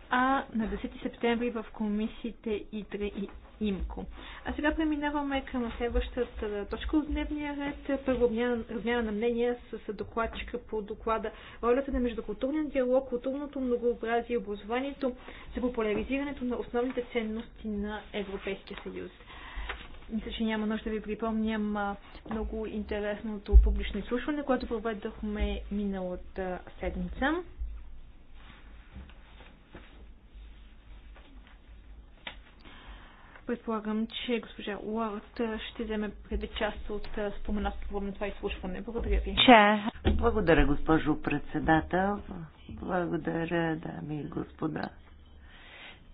а на 10 септември в комисиите ИТРЕ и ИМКО. А сега преминаваме към следващата точка от дневния ред. Първо размяна на мнения с докладчика по доклада Ролята на междукултурния диалог, културното многообразие и образованието за популяризирането на основните ценности на Европейския съюз. Мисля, че няма нужда да ви припомням много интересното публично изслушване, което проведохме миналата седмица. Предполагам, че госпожа Уарт ще вземе преди част от споменатото време, на това изслушване. Благодаря ви. Че. Благодаря, госпожо председател. Благодаря, дами и господа,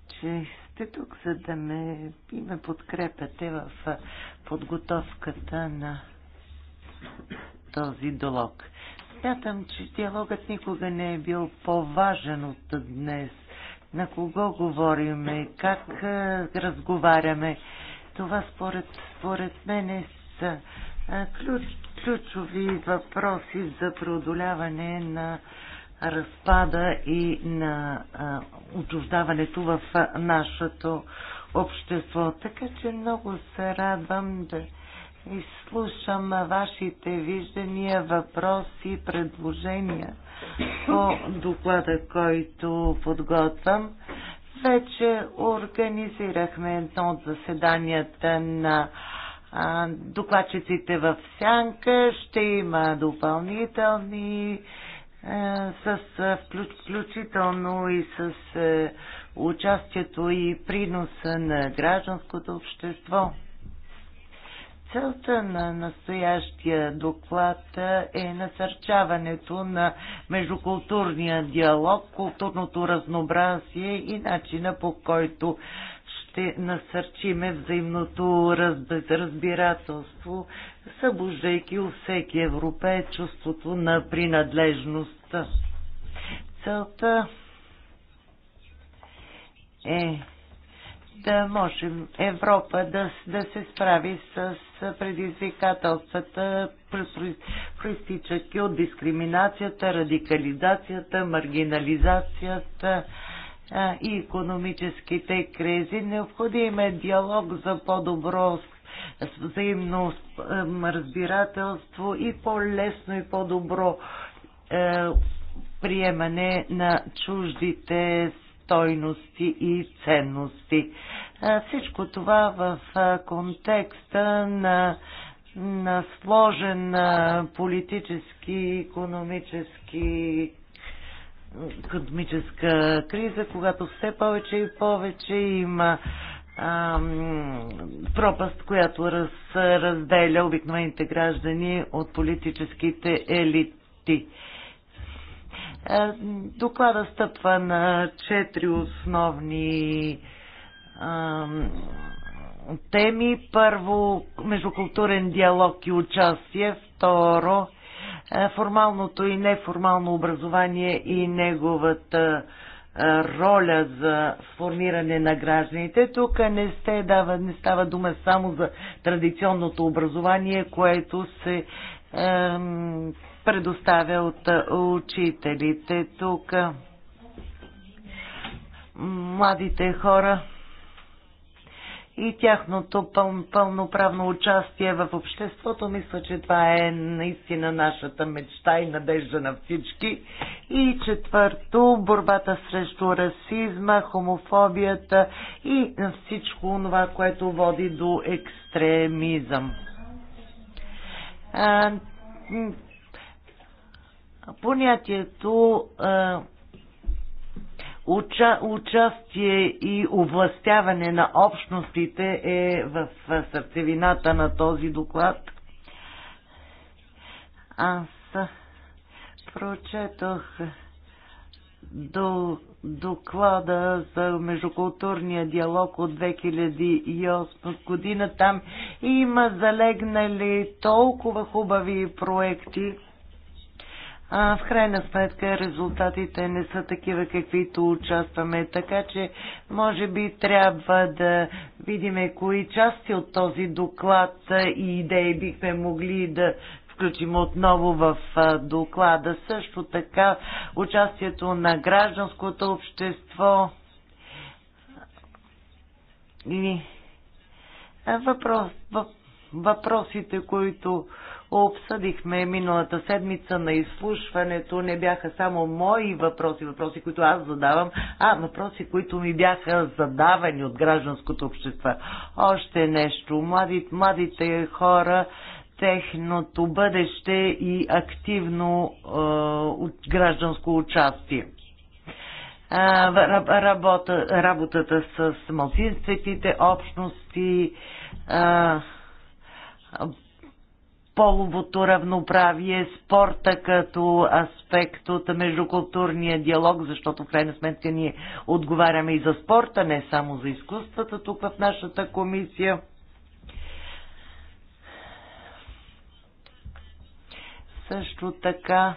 че сте тук, за да ме, и ме подкрепяте в подготовката на този долог. Смятам, че диалогът никога не е бил по-важен от днес на кого говориме, как разговаряме. Това според, според мен са ключ, ключови въпроси за преодоляване на разпада и на а, отчуждаването в нашето общество. Така че много се радвам да изслушам вашите виждания, въпроси, предложения по доклада, който подготвям. Вече организирахме едно от заседанията на докладчиците в сянка. Ще има допълнителни с включително и с участието и приноса на гражданското общество. Целта на настоящия доклад е насърчаването на междукултурния диалог, културното разнообразие и начина по който ще насърчиме взаимното разбирателство, събуждайки у всеки европеец чувството на принадлежност. Целта е да можем Европа да, да се справи с предизвикателствата, проистичащи от дискриминацията, радикализацията, маргинализацията и економическите кризи. Необходим е диалог за по-добро взаимно разбирателство и по-лесно и по-добро е, приемане на чуждите стойности и ценности. Всичко това в контекста на, на сложен политически, економически економическа криза, когато все повече и повече има пропаст, която раз, разделя обикновените граждани от политическите елити. Е, доклада стъпва на четири основни теми. Първо, междукултурен диалог и участие. Второ, е, формалното и неформално образование и неговата е, роля за формиране на гражданите. Тук не, сте, дава, не става дума само за традиционното образование, което се предоставя от е, учителите. Тук младите хора и тяхното пъл, пълноправно участие в обществото. Мисля, че това е наистина нашата мечта и надежда на всички. И четвърто, борбата срещу расизма, хомофобията и всичко това, което води до екстремизъм. А, понятието уча, участие и овластяване на общностите е в сърцевината на този доклад. Аз прочетох до доклада за междукултурния диалог от 2008 година. Там има залегнали толкова хубави проекти, а, в крайна сметка резултатите не са такива, каквито участваме. Така че, може би трябва да видим кои части от този доклад и идеи бихме могли да включим отново в доклада. Също така участието на гражданското общество и въпрос, въпросите, които обсъдихме миналата седмица на изслушването. Не бяха само мои въпроси, въпроси, които аз задавам, а въпроси, които ми бяха задавани от гражданското общество. Още нещо. Млади, младите хора техното бъдеще и активно е, от гражданско участие. работа, работата с малцинствените общности, половото равноправие, спорта като аспект от междукултурния диалог, защото в крайна сметка ние отговаряме и за спорта, не само за изкуствата тук в нашата комисия. Също така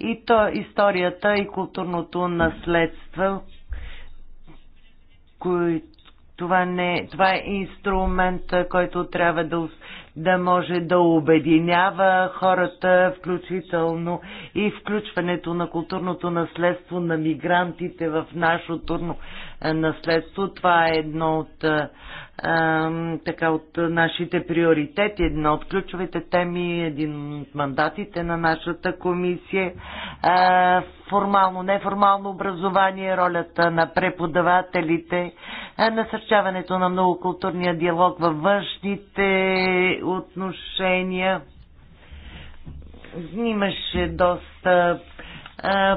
и то историята и културното наследство, кои, това, не, това е инструмент, който трябва да да може да обединява хората, включително и включването на културното наследство на мигрантите в нашето наследство. Това е едно от така от нашите приоритети, една от ключовите теми, един от мандатите на нашата комисия, формално, неформално образование, ролята на преподавателите, насърчаването на многокултурния диалог във външните отношения. Имаше доста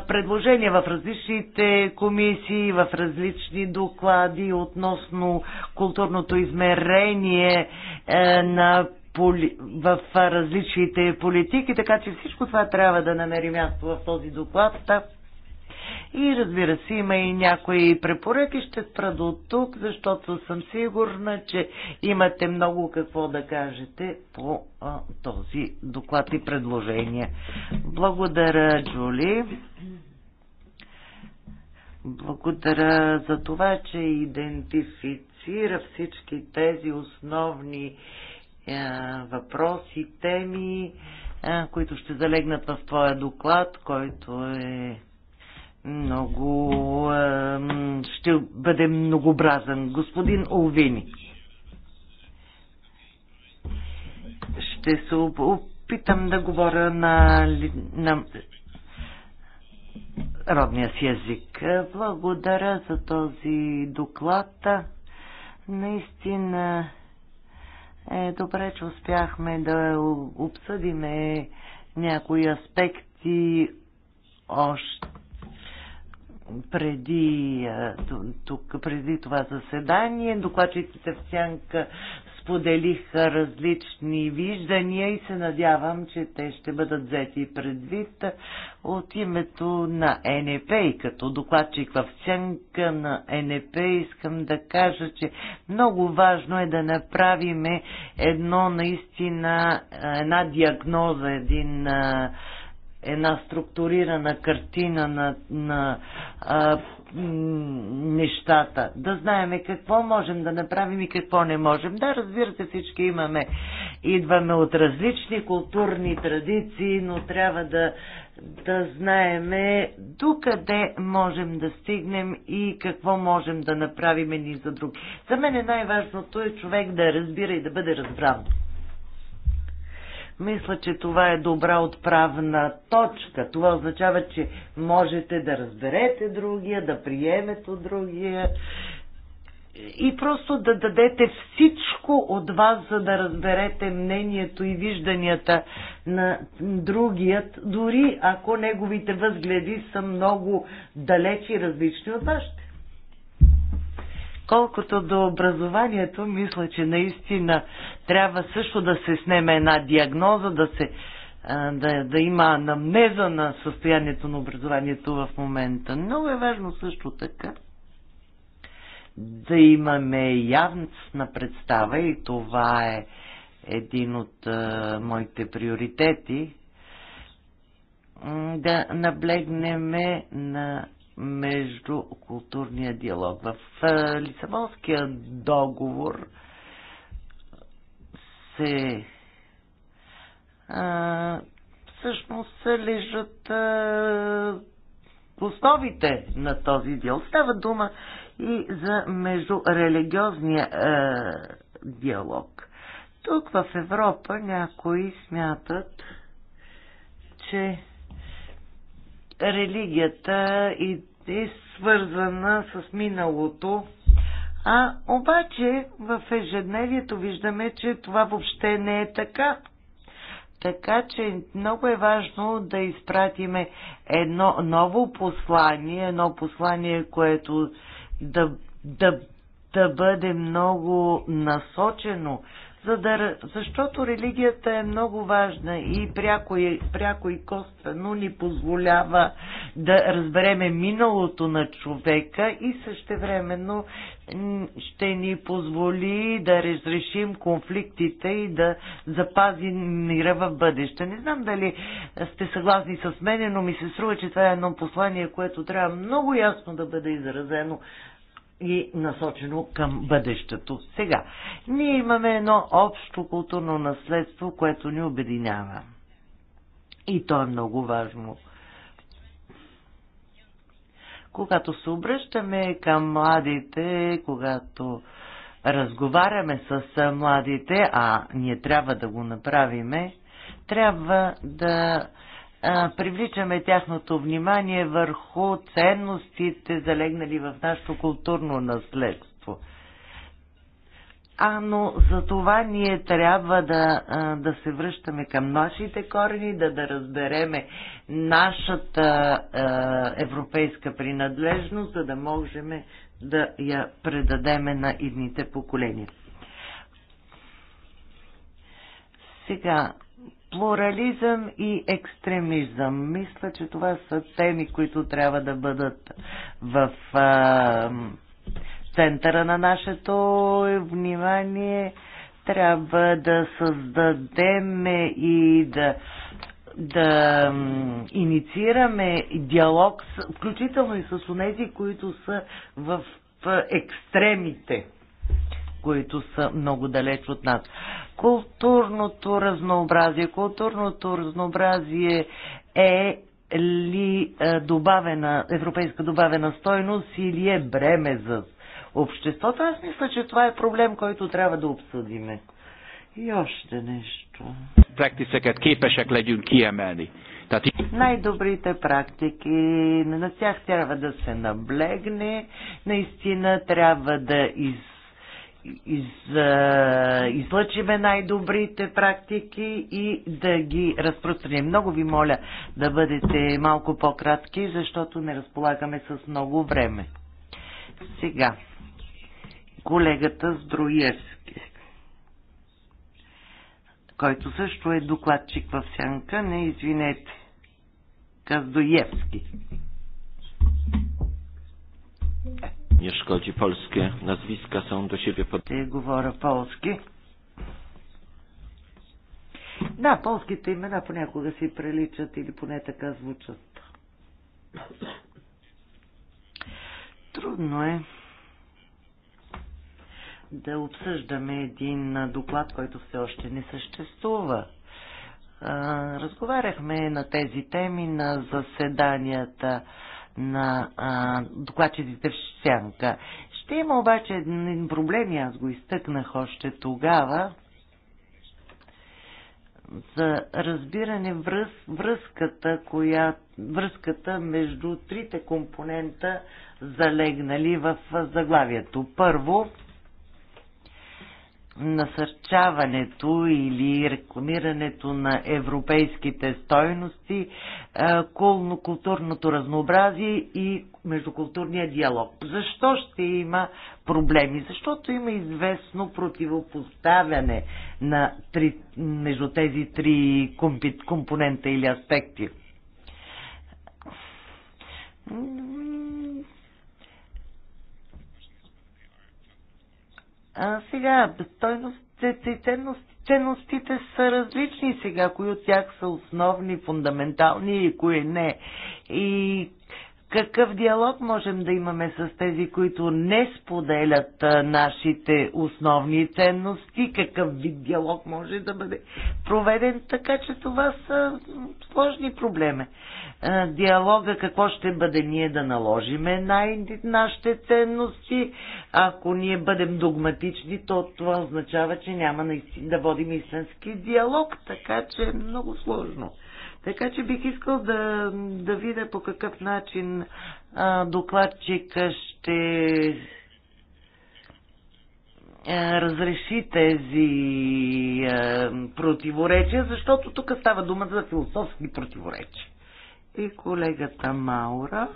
предложения в различните комисии, в различни доклади относно културното измерение на поли... в различните политики, така че всичко това трябва да намери място в този доклад. И разбира се, има и някои препоръки. Ще спра до тук, защото съм сигурна, че имате много какво да кажете по а, този доклад и предложение. Благодаря, Джули. Благодаря за това, че идентифицира всички тези основни а, въпроси, теми, а, които ще залегнат в твоя доклад, който е много... ще бъде многообразен. Господин Олвини. Ще се опитам да говоря на, на родния си език. Благодаря за този доклад. Наистина е добре, че успяхме да обсъдиме някои аспекти още преди, тук, преди това заседание. Докладчиците в Сянка споделиха различни виждания и се надявам, че те ще бъдат взети предвид от името на НП. И като докладчик в сянка на НП искам да кажа, че много важно е да направим едно наистина, една диагноза, един една структурирана картина на, на а, нещата. Да знаеме какво можем да направим и какво не можем. Да, разбира се, всички имаме. Идваме от различни културни традиции, но трябва да, да знаеме докъде можем да стигнем и какво можем да направим ни за друг. За мен е най-важното е човек да разбира и да бъде разбран. Мисля, че това е добра отправна точка. Това означава, че можете да разберете другия, да приемете от другия и просто да дадете всичко от вас, за да разберете мнението и вижданията на другият, дори ако неговите възгледи са много далечи и различни от вашите. Колкото до образованието, мисля, че наистина трябва също да се снеме една диагноза, да, се, да, да има намнеза на състоянието на образованието в момента. Много е важно също така да имаме явна представа и това е един от а, моите приоритети да наблегнеме на между културния диалог. В Лисабонския договор се а, всъщност се лежат а, основите на този дел. Става дума и за междурелигиозния а, диалог. Тук в Европа някои смятат, че религията и е свързана с миналото. А обаче в ежедневието виждаме, че това въобще не е така. Така че много е важно да изпратиме едно ново послание, едно послание, което да, да, да бъде много насочено за да, защото религията е много важна и пряко, и, пряко и коствено ни позволява да разбереме миналото на човека и същевременно ще ни позволи да разрешим конфликтите и да запазим мира в бъдеще. Не знам дали сте съгласни с мене, но ми се струва, че това е едно послание, което трябва много ясно да бъде изразено и насочено към бъдещето. Сега, ние имаме едно общо културно наследство, което ни обединява. И то е много важно. Когато се обръщаме към младите, когато разговаряме с младите, а ние трябва да го направиме, трябва да привличаме тяхното внимание върху ценностите, залегнали в нашето културно наследство. А, но за това ние трябва да, да се връщаме към нашите корени, да, да разбереме нашата е, европейска принадлежност, за да можем да я предадеме на идните поколения. Сега, плурализъм и екстремизъм. Мисля, че това са теми, които трябва да бъдат в а, центъра на нашето внимание. Трябва да създадем и да, да инициираме диалог, включително и с тези, които са в екстремите които са много далеч от нас. Културното разнообразие. Културното разнообразие е ли е, добавена, европейска добавена стойност или е бреме за обществото. Аз мисля, че това е проблем, който трябва да обсъдиме. И още нещо. Най-добрите практики, на тях трябва да се наблегне, наистина трябва да из из, излъчиме най-добрите практики и да ги разпространим. Много ви моля да бъдете малко по-кратки, защото не разполагаме с много време. Сега, колегата Здруевски, който също е докладчик в Сянка, не извинете, Каздоевски. Yeah nie szkodzi. Polskie nazwiska są do siebie pod... Говоря полски. Да, полските имена понякога си приличат или поне така звучат. Трудно е да обсъждаме един доклад, който все още не съществува. Разговаряхме на тези теми на заседанията на а, докладчиците в сянка. Ще има обаче един проблем и аз го изтъкнах още тогава за разбиране връз, връзката, коя, връзката между трите компонента залегнали в заглавието. Първо, насърчаването или рекламирането на европейските стойности, е, културното разнообразие и междукултурния диалог. Защо ще има проблеми? Защото има известно противопоставяне на три, между тези три компонента или аспекти. А сега, стойностите, ценности, ценностите са различни сега, кои от тях са основни, фундаментални и кои не. И какъв диалог можем да имаме с тези, които не споделят нашите основни ценности? Какъв вид диалог може да бъде проведен? Така че това са сложни проблеми. Диалога какво ще бъде ние да наложиме нашите ценности? Ако ние бъдем догматични, то това означава, че няма да водим истински диалог, така че е много сложно. Така че бих искал да, да видя по какъв начин а, докладчика ще а, разреши тези а, противоречия, защото тук става дума за философски противоречия. И колегата Маура.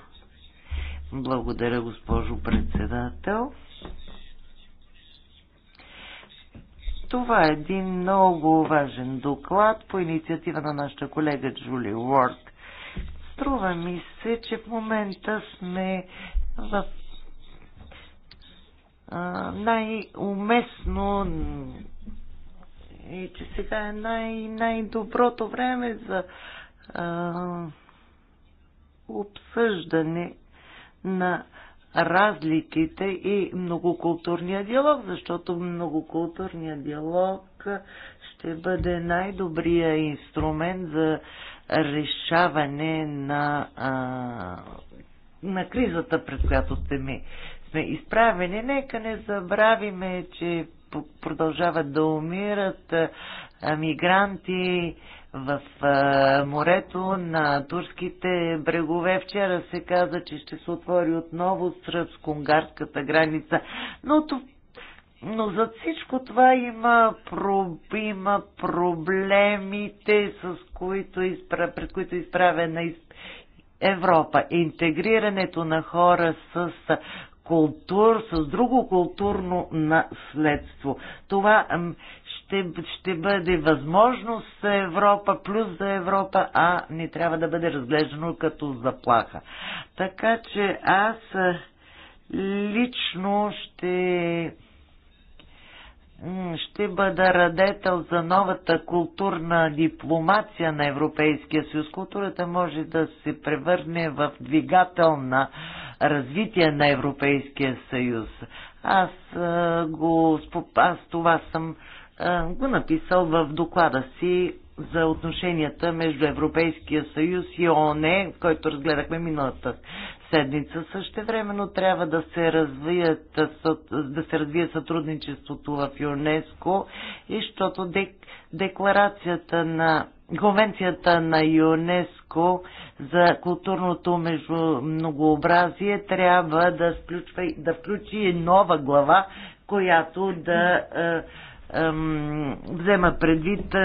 Благодаря, госпожо председател. Това е един много важен доклад по инициатива на нашата колега Джули Уорд. Струва ми се, че в момента сме в най-уместно и че сега е най- най-доброто време за а, обсъждане на разликите и многокултурния диалог, защото многокултурния диалог ще бъде най-добрия инструмент за решаване на, а, на кризата, пред която сте ми, сме изправени. Нека не забравиме, че продължават да умират мигранти, в морето на турските брегове. Вчера се каза, че ще се отвори отново сръбско-унгарската граница, но, но за всичко това има, проб, има проблемите, с които изпра, пред които е изправена из... Европа. Интегрирането на хора с култур, с друго културно наследство. Това ще, ще бъде възможност за Европа, плюс за Европа, а не трябва да бъде разглеждано като заплаха. Така че аз лично ще ще бъда радетел за новата културна дипломация на Европейския съюз. Културата може да се превърне в двигател на развитие на Европейския съюз. Аз, го, аз това съм го написал в доклада си за отношенията между Европейския съюз и ООН, който разгледахме миналата седмица. Също времено трябва да се, развият, да се развие сътрудничеството в ЮНЕСКО и защото декларацията на Конвенцията на ЮНЕСКО за културното между многообразие трябва да, включва, да включи нова глава, която да е, взема предвид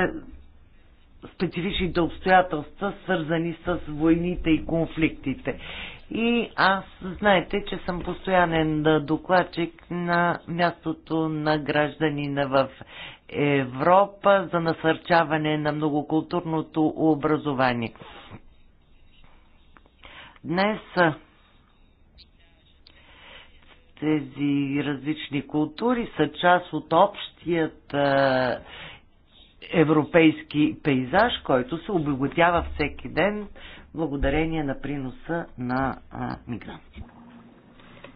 специфичните обстоятелства, свързани с войните и конфликтите. И аз знаете, че съм постоянен докладчик на мястото на гражданина в Европа за насърчаване на многокултурното образование. Днес тези различни култури са част от общият а, европейски пейзаж, който се обогатява всеки ден благодарение на приноса на а, мигранти.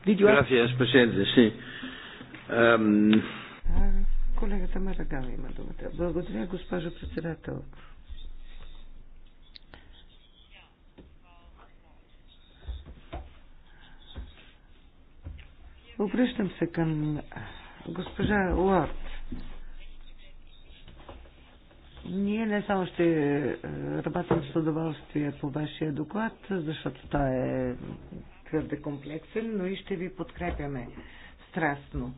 Gracias, presidente. Sí. Um... Колегата Марагал има думата. Благодаря, госпожо председател. Обръщам се към госпожа Лорд. Ние не само ще работим с удоволствие по вашия доклад, защото той е твърде комплексен, но и ще ви подкрепяме страстно.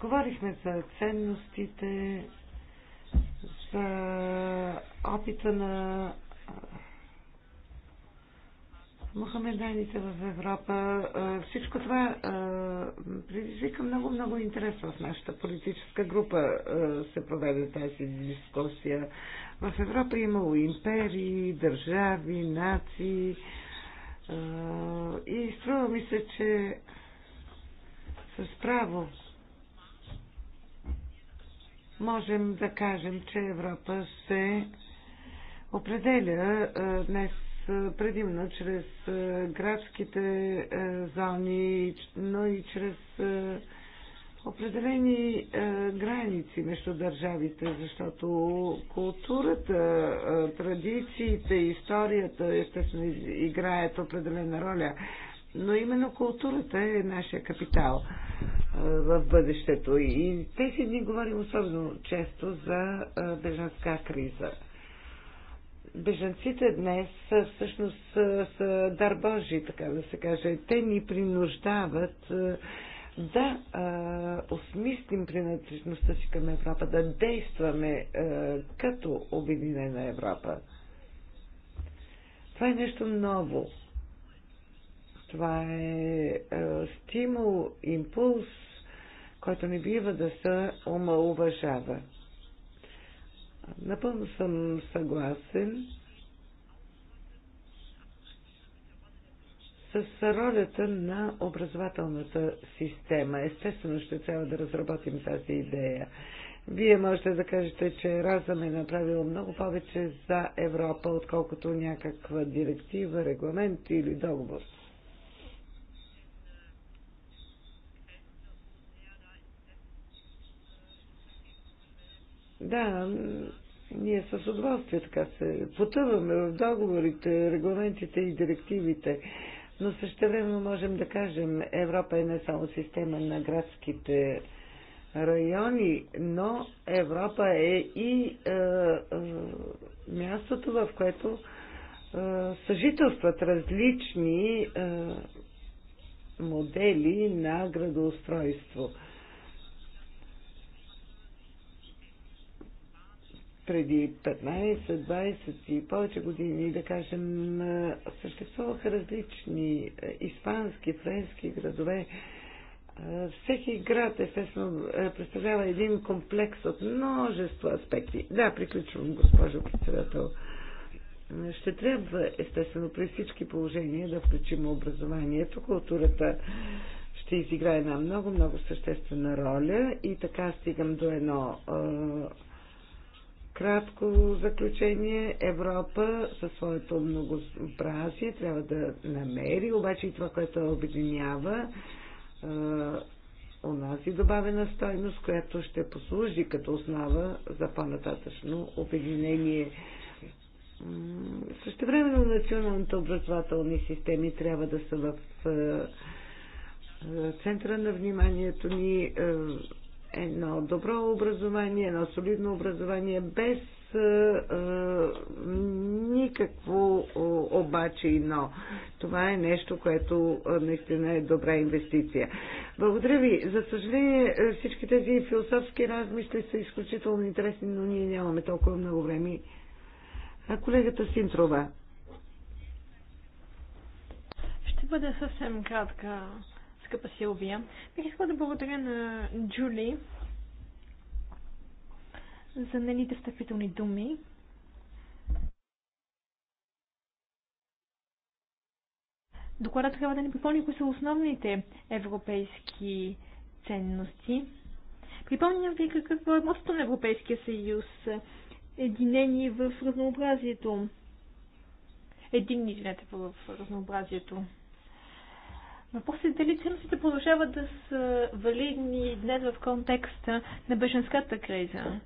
Говорихме за ценностите, за опита на мухамеданите в Европа. Е, всичко това е, предизвика много-много интерес в нашата политическа група. Е, се проведе тази дискусия. В Европа имало империи, държави, нации. И струва ми се, че с право можем да кажем, че Европа се определя днес предимно чрез градските зони, но и чрез определени граници между държавите, защото културата, традициите, историята естествено играят определена роля. Но именно културата е нашия капитал в бъдещето. И тези дни говорим особено често за бежанска криза. Бежанците днес са, всъщност са, са Божи, така да се каже. Те ни принуждават е, да а, е, осмислим принадлежността си към Европа, да действаме а, е, като Обединена Европа. Това е нещо ново. Това е а, стимул, импулс, който не бива да се омалуважава. Напълно съм съгласен с ролята на образователната система. Естествено ще трябва да разработим тази идея. Вие можете да кажете, че разъм е направил много повече за Европа, отколкото някаква директива, регламент или договор. Да, ние с удоволствие така се потъваме в договорите, регламентите и директивите. Но същевременно можем да кажем, Европа е не само система на градските райони, но Европа е и е, е, мястото, в което е, съжителстват различни е, модели на градоустройство. Е, преди 15, 20 и повече години, да кажем, съществуваха различни испански, френски градове. Всеки град, естествено, представлява един комплекс от множество аспекти. Да, приключвам, госпожо председател. Ще трябва, естествено, при всички положения да включим образованието, културата, ще изиграе една много-много съществена роля и така стигам до едно кратко заключение. Европа със своето многообразие трябва да намери обаче и това, което обединява е, и добавена стойност, която ще послужи като основа за по-нататъчно обединение. Също време на националните образователни системи трябва да са в е, центъра на вниманието ни. Е, едно добро образование, едно солидно образование, без е, е, никакво обаче и но. Това е нещо, което е, наистина е добра инвестиция. Благодаря ви. За съжаление, всички тези философски размисли са изключително интересни, но ние нямаме толкова много време. А колегата Синтрова. Ще бъде съвсем кратка скъпа Силвия. Бих искала да благодаря на Джули за нените встъпителни думи. Докладът трябва да ни припомни кои са основните европейски ценности. Припомням ви какво е мостото на Европейския съюз, единение в разнообразието. Единни, извинете, в разнообразието. Но после дали ценностите продължават да са валидни днес в контекста на беженската криза.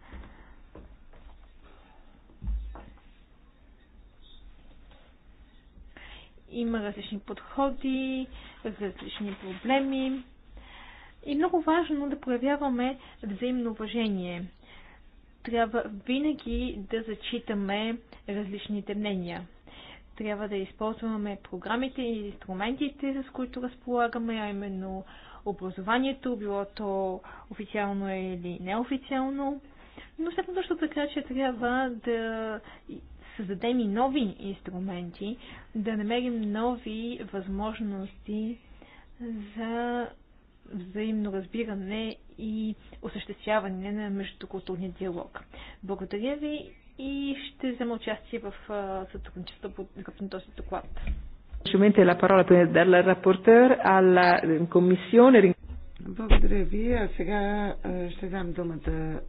Има различни подходи, различни проблеми. И много важно да проявяваме взаимно уважение. Трябва винаги да зачитаме различните мнения. Трябва да използваме програмите и инструментите, с които разполагаме, а именно образованието, било то официално или неофициално. Но след също така, че трябва да създадем и нови инструменти, да намерим нови възможности за взаимно разбиране и осъществяване на междукултурния диалог. Благодаря ви и ще взема участие в сътрудничество по този доклад. Eh, Благодаря ви. А сега ще дам думата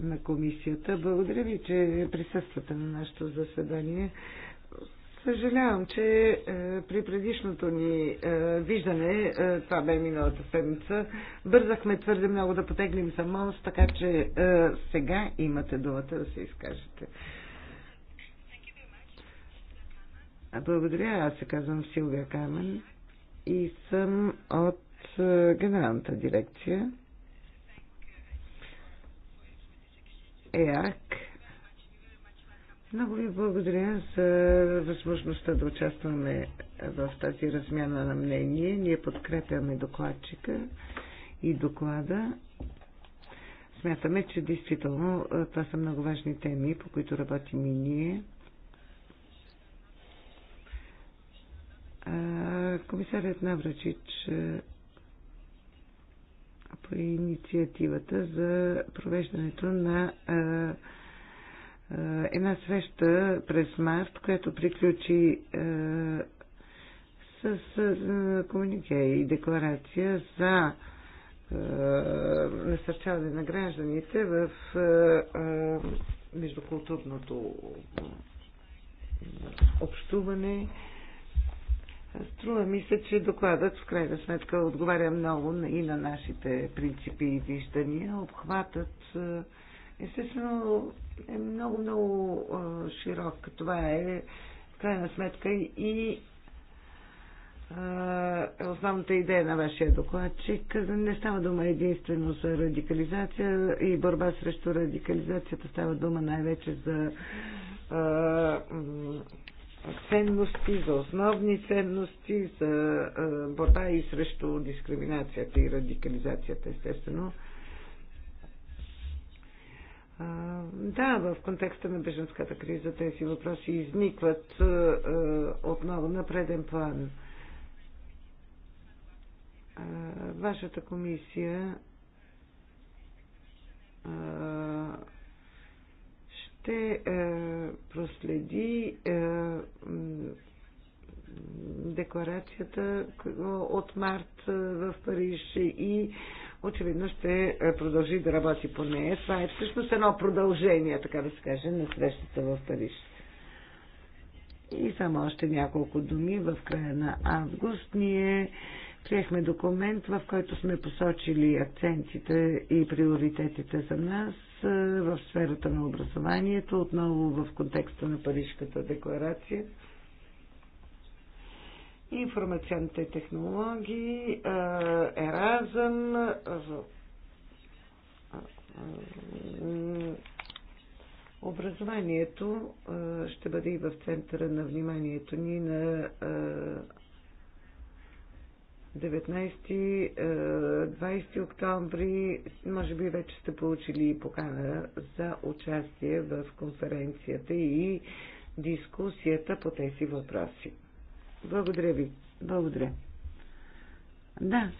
на комисията. Благодаря ви, че присъствате на нашето заседание. Съжалявам, че е, при предишното ни е, виждане, е, това бе миналата седмица, бързахме твърде много да потеглим за така че е, сега имате думата да се изкажете. Благодаря, аз се казвам Силвия Камен и съм от е, Генералната дирекция ЕАК много ви благодаря за възможността да участваме в тази размяна на мнение. Ние подкрепяме докладчика и доклада. Смятаме, че действително това са много важни теми, по които работим и ние. Комисарят Наврачич по инициативата за провеждането на е, една среща през март, която приключи е, с е, комунике и декларация за насърчаване на гражданите в междукултурното общуване. Струва ми се, че докладът в крайна сметка отговаря много и на нашите принципи и виждания. Обхватът Естествено е много-много широк. Това е в крайна сметка и е основната идея на вашия че Не става дума единствено за радикализация и борба срещу радикализацията. Става дума най-вече за ценности, за основни ценности, за борба и срещу дискриминацията и радикализацията, естествено. Да, в контекста на беженската криза тези въпроси изникват отново на преден план. Вашата комисия ще проследи декларацията от март в Париж и очевидно ще е, продължи да работи по нея. Това е всъщност едно продължение, така да се каже, на срещата в Париж. И само още няколко думи. В края на август ние приехме документ, в който сме посочили акцентите и приоритетите за нас е, в сферата на образованието, отново в контекста на Парижката декларация информационните технологии, еразъм, образованието ще бъде и в центъра на вниманието ни на 19-20 октомври. Може би вече сте получили покана за участие в конференцията и дискусията по тези въпроси. Благодаря ви. Благодаря. Да.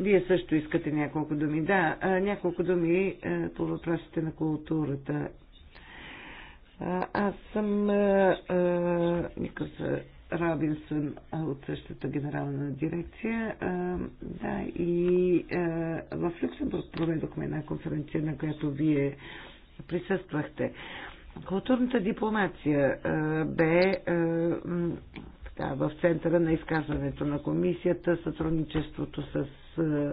Вие също искате няколко думи. Да, няколко думи е, по въпросите на културата. Аз съм е, е, Никоса Робинсън от същата генерална дирекция. Да, и в Люксембург проведохме една конференция, на която вие присъствахте. Културната дипломация е, бе е, така, в центъра на изказването на комисията, сътрудничеството с е,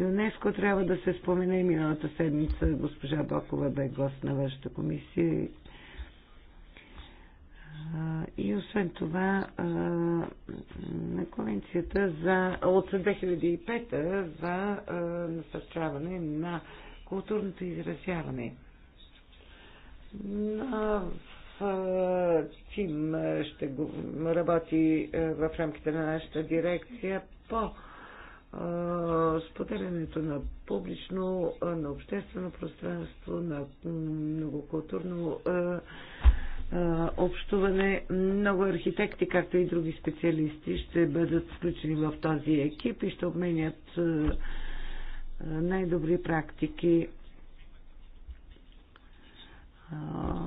ЮНЕСКО трябва да се спомене. Миналата седмица госпожа Бокова бе гост на вашата комисия. И освен това, на конвенцията за, от 2005 за насърчаване на културното изразяване в ТИМ ще го работи в рамките на нашата дирекция по споделянето на публично, на обществено пространство, на многокултурно общуване. Много архитекти, както и други специалисти, ще бъдат включени в този екип и ще обменят най-добри практики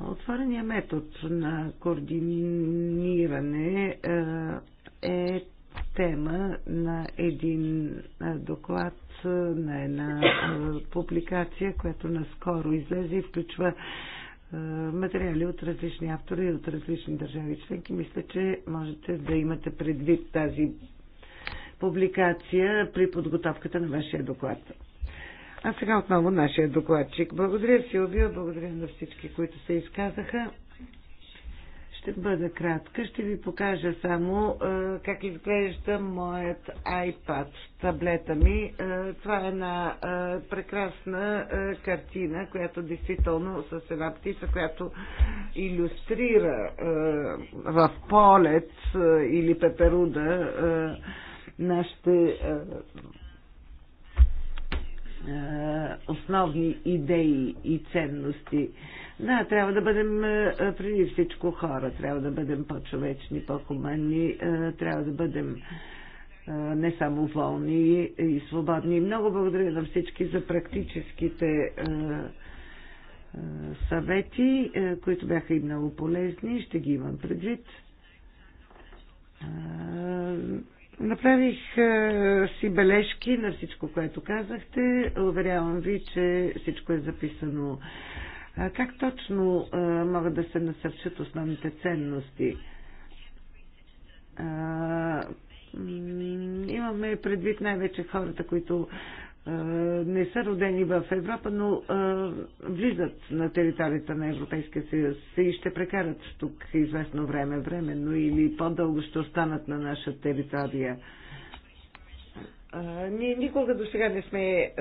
отварения метод на координиране е тема на един доклад, на една публикация, която наскоро излезе и включва материали от различни автори от различни държави членки. Мисля, че можете да имате предвид тази публикация при подготовката на вашия доклад. А сега отново нашия докладчик. Благодаря, Силвия, благодаря на всички, които се изказаха. Ще бъда кратка. Ще ви покажа само е, как изглежда моят iPad, таблета ми. Е, това е една е, прекрасна е, картина, която действително с една птица, която иллюстрира е, в полет е, или пеперуда е, нашите е, е, основни идеи и ценности. Да, трябва да бъдем е, преди всичко хора, трябва да бъдем по-човечни, по-хуманни, е, трябва да бъдем не само волни и свободни. Много благодаря на всички за практическите съвети, които бяха и много полезни. Ще ги имам предвид. Направих е, си бележки на всичко, което казахте. Уверявам ви, че всичко е записано. Как точно е, могат да се насърчат основните ценности? имаме предвид най-вече хората, които е, не са родени в Европа, но е, влизат на територията на Европейския съюз и ще прекарат тук известно време, временно или по-дълго ще останат на наша територия. Е, Ние никога до сега не сме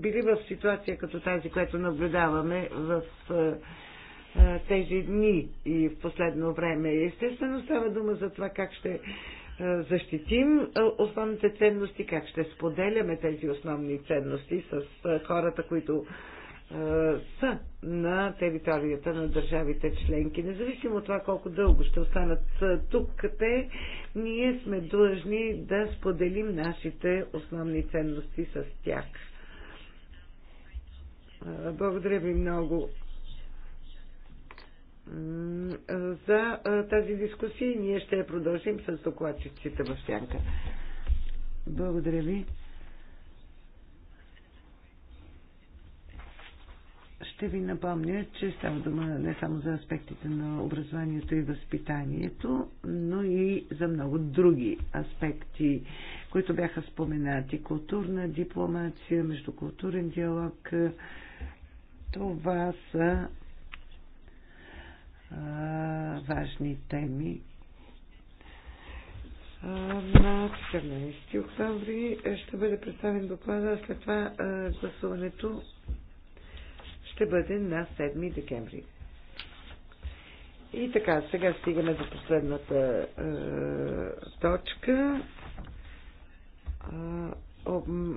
били в ситуация като тази, която наблюдаваме в тези дни и в последно време. Естествено става дума за това как ще защитим основните ценности, как ще споделяме тези основни ценности с хората, които са на територията на държавите членки. Независимо от това колко дълго ще останат тук те, ние сме длъжни да споделим нашите основни ценности с тях. Благодаря ви много за тази дискусия и ние ще я продължим с докладчиците в сянка. Благодаря ви. Ще ви напомня, че става дума не само за аспектите на образованието и възпитанието, но и за много други аспекти, които бяха споменати. Културна дипломация, междукултурен диалог. Това са важни теми. На 14 октомври ще бъде представен доклада, след това гласуването ще бъде на 7 декември. И така, сега стигаме до последната точка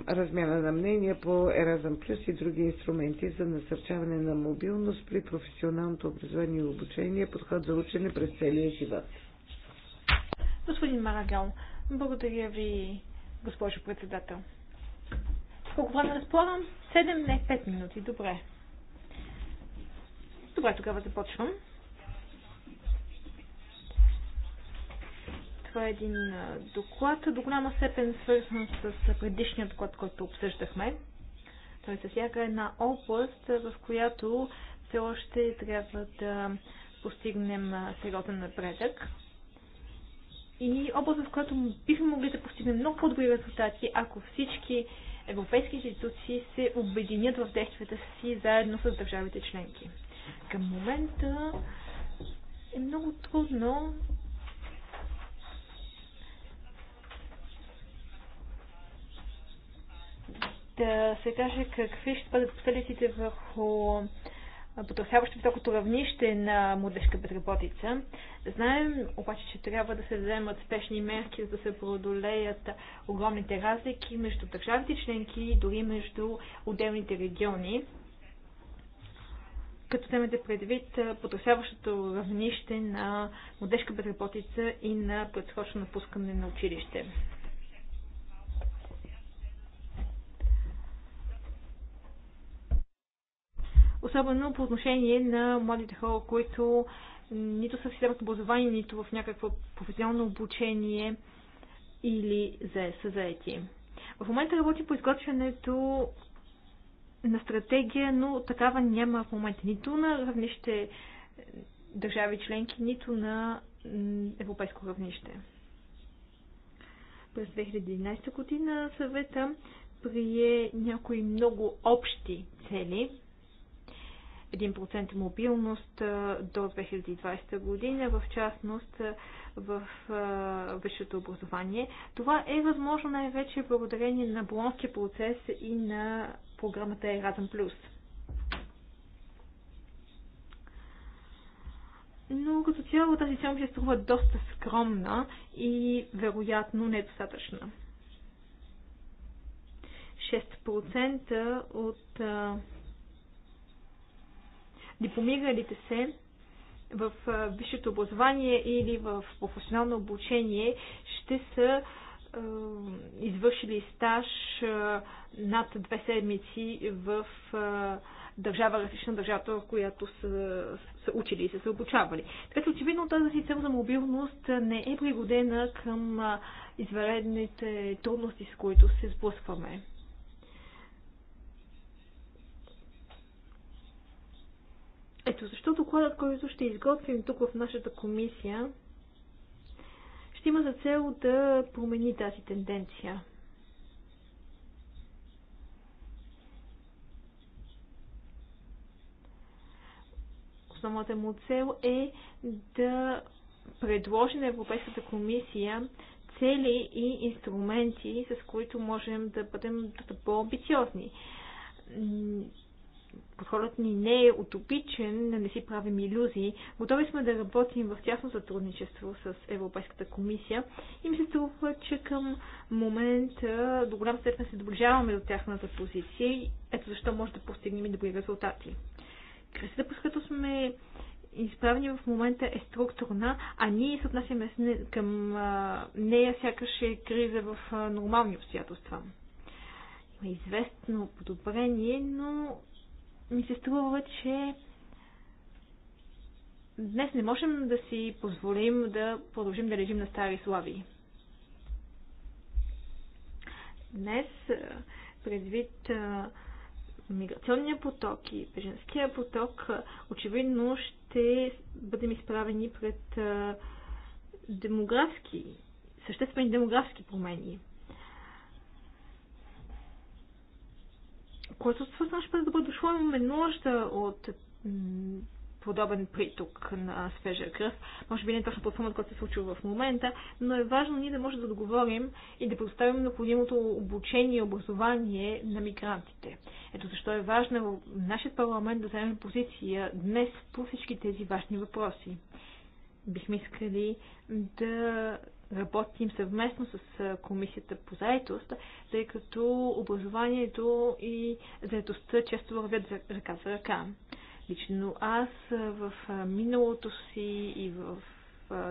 размяна на мнения по Erasmus Плюс и други инструменти за насърчаване на мобилност при професионалното образование и обучение, подход за учене през целия живот. Господин Марагал, благодаря ви, госпожо председател. Колко време разполагам? 7, не 5 минути. Добре. Добре, тогава започвам. Да това е един доклад, до голяма степен свързан с предишния доклад, който обсъждахме. Той се всяка една област, в която все още трябва да постигнем сериозен напредък. И област, в която бихме могли да постигнем много по-добри резултати, ако всички европейски институции се обединят в действията си заедно с държавите членки. Към момента е много трудно да се каже какви ще бъдат последиците върху потрясаващо високото равнище на младежка безработица. Знаем обаче, че трябва да се вземат спешни мерки, за да се преодолеят огромните разлики между държавите членки и дори между отделните региони. Като вземете предвид потрясаващото равнище на младежка безработица и на предсрочно напускане на училище. особено по отношение на младите хора, които нито са в системата образование, нито в някакво професионално обучение или са заети. В момента работи по изготвянето на стратегия, но такава няма в момента нито на равнище държави членки, нито на европейско равнище. През 2011 година съвета прие някои много общи цели, 1% мобилност до 2020 година, в частност в висшето образование. Това е възможно най-вече благодарение на Болонски процес и на програмата Erasmus Plus. но като цяло тази цел ще се струва доста скромна и вероятно недостатъчна. 6% от а, дипломиралите се в висшето образование или в професионално обучение ще са извършили стаж над две седмици в държава, различна държава, в която са, са учили и са се обучавали. Така че очевидно тази цел за мобилност не е пригодена към изваредните трудности, с които се сблъскваме. изготвил? защото докладът, който ще изготвим тук в нашата комисия, ще има за цел да промени тази тенденция? Основната му цел е да предложи на Европейската комисия цели и инструменти, с които можем да бъдем по-амбициозни подходът ни не е утопичен, не си правим иллюзии. Готови сме да работим в тясно сътрудничество с Европейската комисия и ми се струва, че към момента до голям степен се доближаваме до тяхната позиция. и Ето защо може да постигнем и добри резултати. Кресата, по като сме изправени в момента е структурна, а ние се отнасяме към нея сякаш е криза в нормални обстоятелства. Има известно подобрение, но ми се струва, че днес не можем да си позволим да продължим да лежим на стари слави. Днес, предвид миграционния поток и беженския поток, очевидно ще бъдем изправени пред демографски, съществени демографски промени – което свързано ще бъде да дошло. Имаме нужда от подобен приток на свежа кръв. Може би не е точно под формата, която се случва в момента, но е важно ние да можем да договорим и да предоставим необходимото обучение и образование на мигрантите. Ето защо е важно нашия парламент да вземе позиция днес по всички тези важни въпроси. Бихме искали да работим съвместно с Комисията по заетост, тъй като образованието и заетостта често вървят ръка за ръка. Лично аз в миналото си и в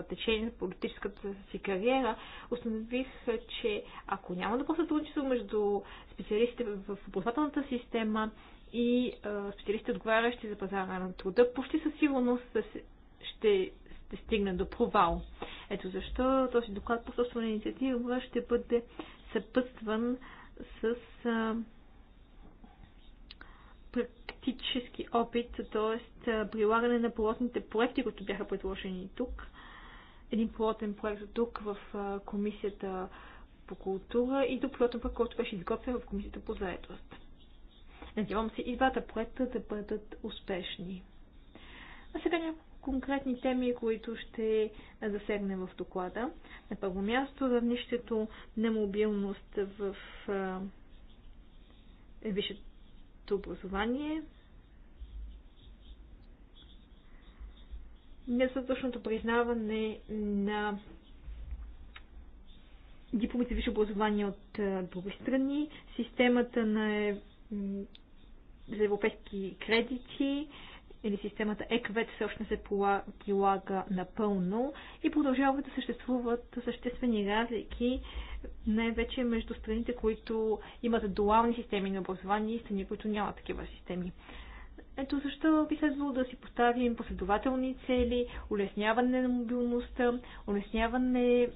течение на политическата си кариера, установих, че ако няма добро сътрудничество между специалистите в образователната система и специалистите, отговарящи за пазара на труда, почти със сигурност ще ще стигне до провал. Ето защо този доклад по собствена инициатива ще бъде съпътстван с а, практически опит, т.е. прилагане на пилотните проекти, които бяха предложени тук. Един пилотен проект тук в Комисията по култура и до пилотен проект, който беше изготвен в Комисията по заедост. Надявам се и двата проекта да бъдат успешни. А сега няма конкретни теми, които ще засегне в доклада. На първо място равнището на мобилност в е висшето образование, несъдъчното признаване на дипломите висше образование от други страни, системата на за европейски кредити, или системата ЕКВЕТ не се прилага напълно и продължават да съществуват съществени разлики, най-вече между страните, които имат дуални системи на образование и страни, които нямат такива системи. Ето защо би следвало да си поставим последователни цели, улесняване на мобилността, улесняване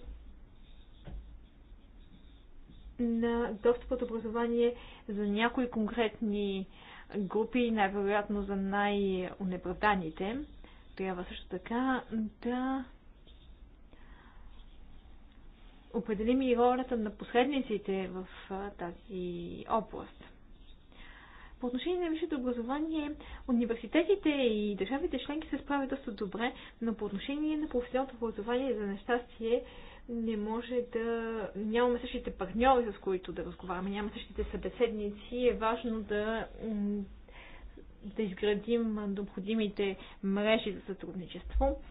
на достъпът до образование за някои конкретни групи, най-вероятно за най-унеправданите. Трябва също така да определим и ролята на посредниците в тази област. По отношение на висшето образование, университетите и държавите членки се справят доста добре, но по отношение на професионалното образование, за нещастие, не може да... Нямаме същите партньори, с които да разговаряме, нямаме същите събеседници. Е важно да, да изградим необходимите мрежи за сътрудничество.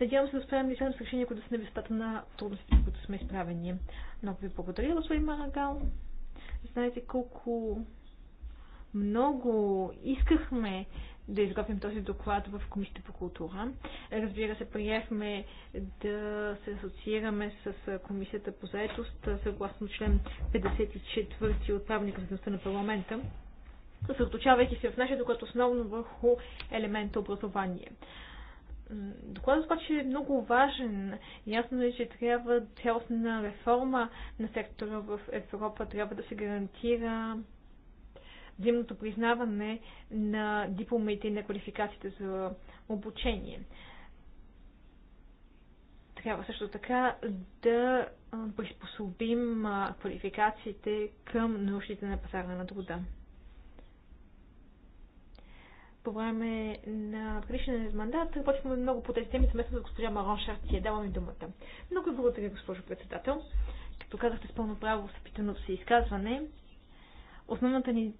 Надявам се да успеем да вземем решение, които са на висотата на трудностите, които сме изправени. Много ви благодаря, господин Марагал. Знаете колко много искахме да изготвим този доклад в Комисията по култура. Разбира се, приехме да се асоциираме с Комисията по заетост, съгласно член 54 от правника за на парламента съсредоточавайки се в нашия доклад основно върху елемента образование. Докладът обаче е много важен. Ясно е, че трябва цялостна реформа на сектора в Европа, трябва да се гарантира взаимното признаване на дипломите и на квалификациите за обучение. Трябва също така да приспособим квалификациите към нуждите на пазара на труда. По време на предишния мандат работихме много по тези теми съвместно с госпожа Марон Шартие. Давам ми думата. Много е благодаря, госпожо председател. Като казахте с пълно право в съпитаното си изказване, основната ни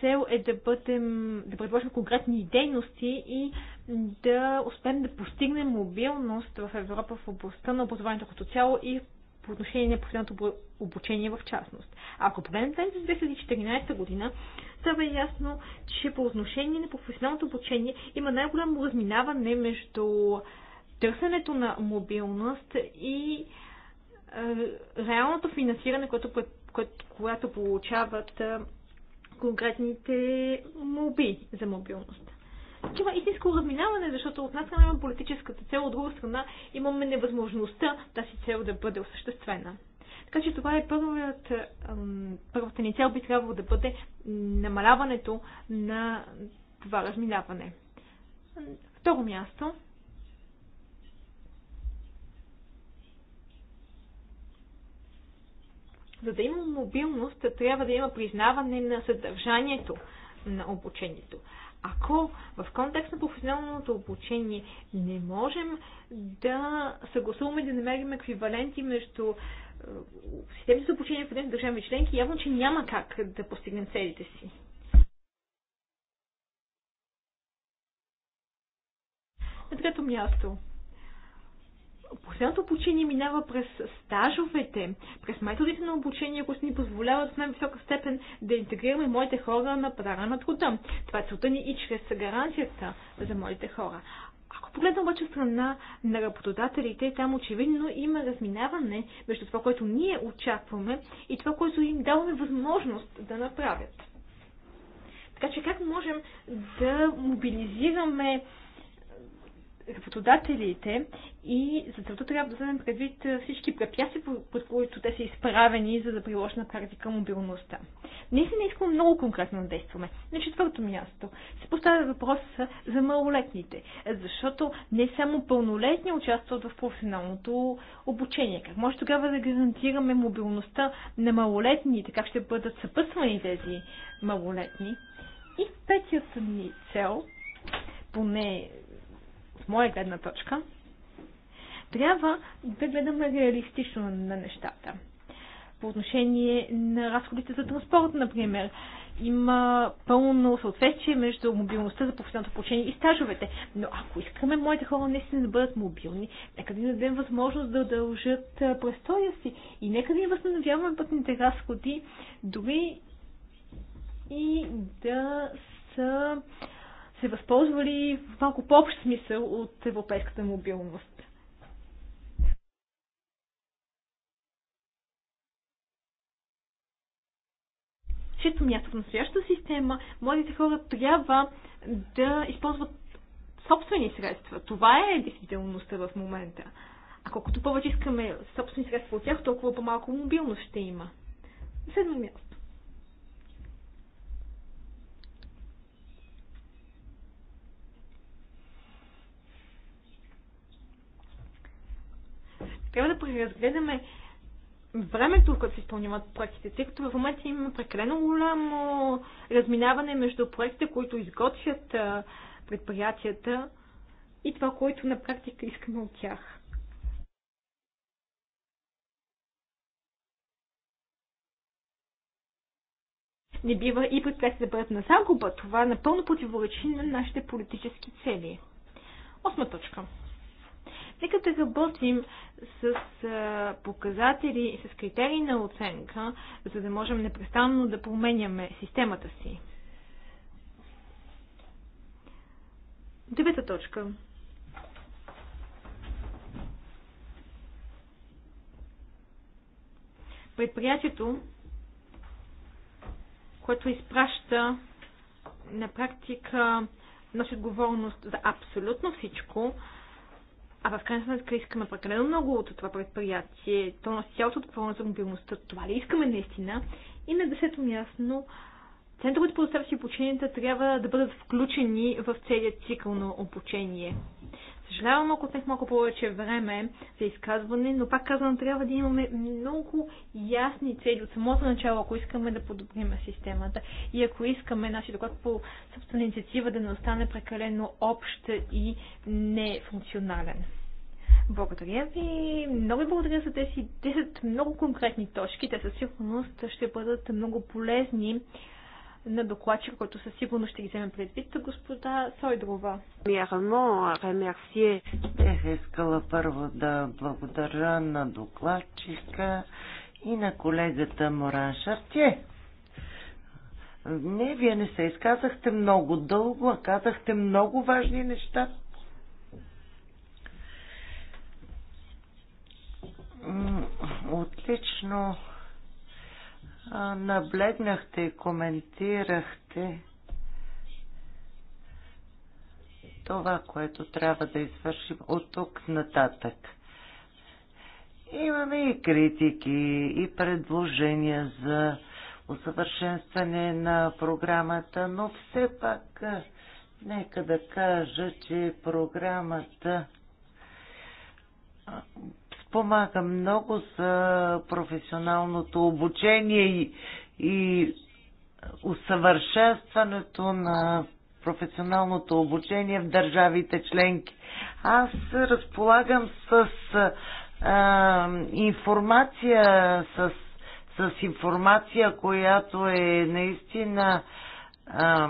цел е да, бъдем, да предложим конкретни дейности и да успеем да постигнем мобилност в Европа в областта на образованието като цяло и по отношение на последното обучение в частност. Ако погледнем тази за 2014 година, става ясно, че по отношение на професионалното обучение има най-голямо разминаване между търсенето на мобилност и е, реалното финансиране, което, което, което получават е, конкретните молби за мобилност. Това има истинско разминаване, защото от нас страна имаме политическата цел, от друга страна имаме невъзможността тази цел да бъде осъществена. Така че това е първият, първата ни цел би трябвало да бъде намаляването на това разминаване. Второ място, За да има мобилност, трябва да има признаване на съдържанието на обучението. Ако в контекст на професионалното обучение не можем да съгласуваме да намерим еквиваленти между е, системите за обучение в един държави членки, явно, че няма как да постигнем целите си. На трето място, Последното обучение минава през стажовете, през методите на обучение, които ни позволяват в най-висока степен да интегрираме моите хора на пазара на труда. Това е целта ни и чрез гаранцията за моите хора. Ако погледна обаче страна на работодателите, там очевидно има разминаване между това, което ние очакваме и това, което им даваме възможност да направят. Така че как можем да мобилизираме работодателите и за целта трябва да вземем предвид всички препятствия, под които те са изправени, за да приложат на практика мобилността. си не искам много конкретно да действаме. На четвърто място се поставя въпрос за малолетните, защото не само пълнолетни участват в професионалното обучение. Как може тогава да гарантираме мобилността на малолетните? Как ще бъдат съпътствани тези малолетни? И петият ни цел, поне моя гледна точка, трябва да гледаме реалистично на нещата. По отношение на разходите за транспорт, например, има пълно съответствие между мобилността за професионалното обучение и стажовете. Но ако искаме моите хора наистина да бъдат мобилни, нека да им дадем възможност да удължат престоя си и нека да им възстановяваме пътните разходи, дори и да са се възползвали в малко по-общ смисъл от европейската мобилност. Чето място в настоящата система, младите хора трябва да използват собствени средства. Това е действителността в момента. А колкото повече искаме собствени средства от тях, толкова по-малко мобилност ще има. Седмо място. Трябва да преразгледаме времето, в което се изпълняват проектите, тъй като в момента има прекалено голямо разминаване между проектите, които изготвят предприятията и това, което на практика искаме от тях. Не бива и предприятия да бъдат на загуба. Това напълно противоречи на нашите политически цели. Осма точка. Нека да работим с показатели и с критерии на оценка, за да можем непрестанно да променяме системата си. Девета точка. Предприятието, което изпраща на практика носи отговорност за абсолютно всичко, а в крайна сметка искаме прекалено много от това предприятие, то на цялото отговорност за мобилността. Това ли искаме наистина? И на десето място, центровете по доставки и обученията трябва да бъдат включени в целият цикъл на обучение. Съжалявам, ако отнех малко повече време за изказване, но пак казвам, трябва да имаме много ясни цели от самото начало, ако искаме да подобрим системата и ако искаме нашия доклад по собствена инициатива да не остане прекалено общ и нефункционален. Благодаря ви. Много ви благодаря за тези 10 много конкретни точки. Те със сигурност ще бъдат много полезни на докладчик, който със сигурност ще ги вземе предвид, господа Сойдрова. Бях искала първо да благодаря на докладчика и на колегата Моран Шартие. Не, вие не се изказахте много дълго, а казахте много важни неща. Отлично наблегнахте и коментирахте това, което трябва да извършим от тук нататък. Имаме и критики, и предложения за усъвършенстване на програмата, но все пак нека да кажа, че програмата Помага много с професионалното обучение и, и усъвършенстването на професионалното обучение в държавите членки. Аз разполагам с а, информация, с, с информация, която е наистина а,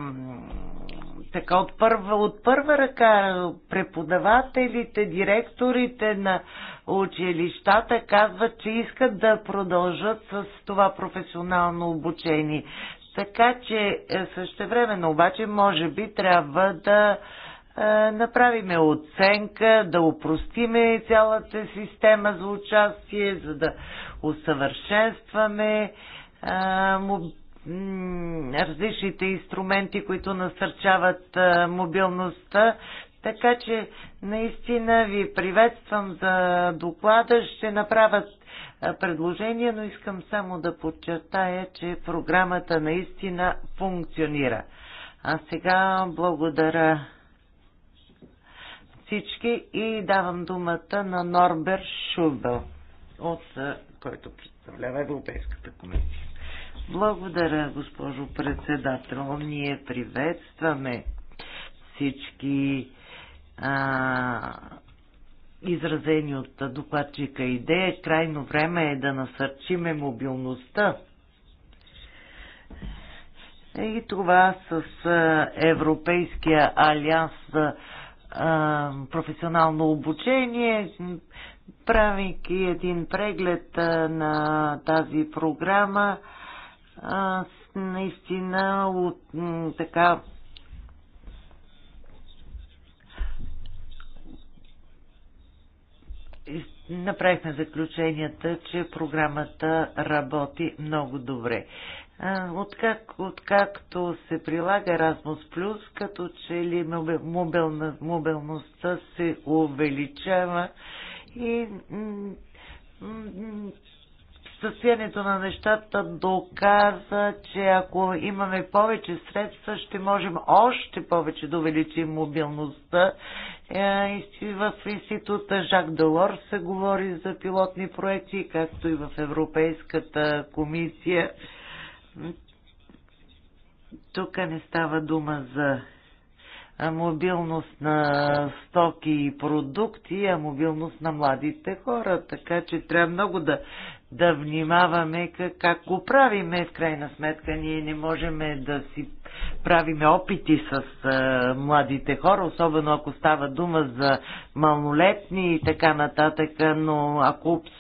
така от първа, от първа ръка преподавателите, директорите на училищата казват, че искат да продължат с това професионално обучение. Така че е, същевременно обаче може би трябва да е, направиме оценка, да упростиме цялата система за участие, за да усъвършенстваме е, различните инструменти, които насърчават мобилността. Така че наистина ви приветствам за доклада. Ще направят предложения, но искам само да подчертая, че програмата наистина функционира. А сега благодаря всички и давам думата на Норбер Шубел, от който представлява Европейската комисия. Благодаря, госпожо председател. Ние приветстваме всички а, изразени от докладчика идея. Крайно време е да насърчиме мобилността. И това с а, Европейския алианс за професионално обучение, правейки един преглед а, на тази програма, а, наистина от, така направихме заключенията, че програмата работи много добре. Откак, откакто се прилага Erasmus Plus, като че ли мобилна, мобилността се увеличава и състоянието на нещата доказа, че ако имаме повече средства, ще можем още повече да увеличим мобилността. Е, в института Жак Делор се говори за пилотни проекти, както и в Европейската комисия. Тук не става дума за мобилност на стоки и продукти, а мобилност на младите хора. Така че трябва много да да внимаваме как, как го правиме. В крайна сметка ние не можем да си правиме опити с а, младите хора, особено ако става дума за малолетни и така нататък, но ако обс,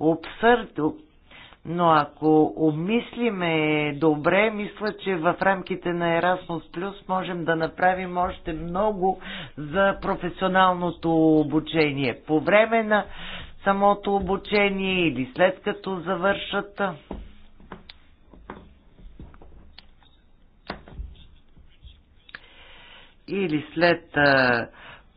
обсърд, но ако обмислиме добре, мисля, че в рамките на Erasmus Plus можем да направим още много за професионалното обучение. По време на самото обучение или след като завършат. Или след а,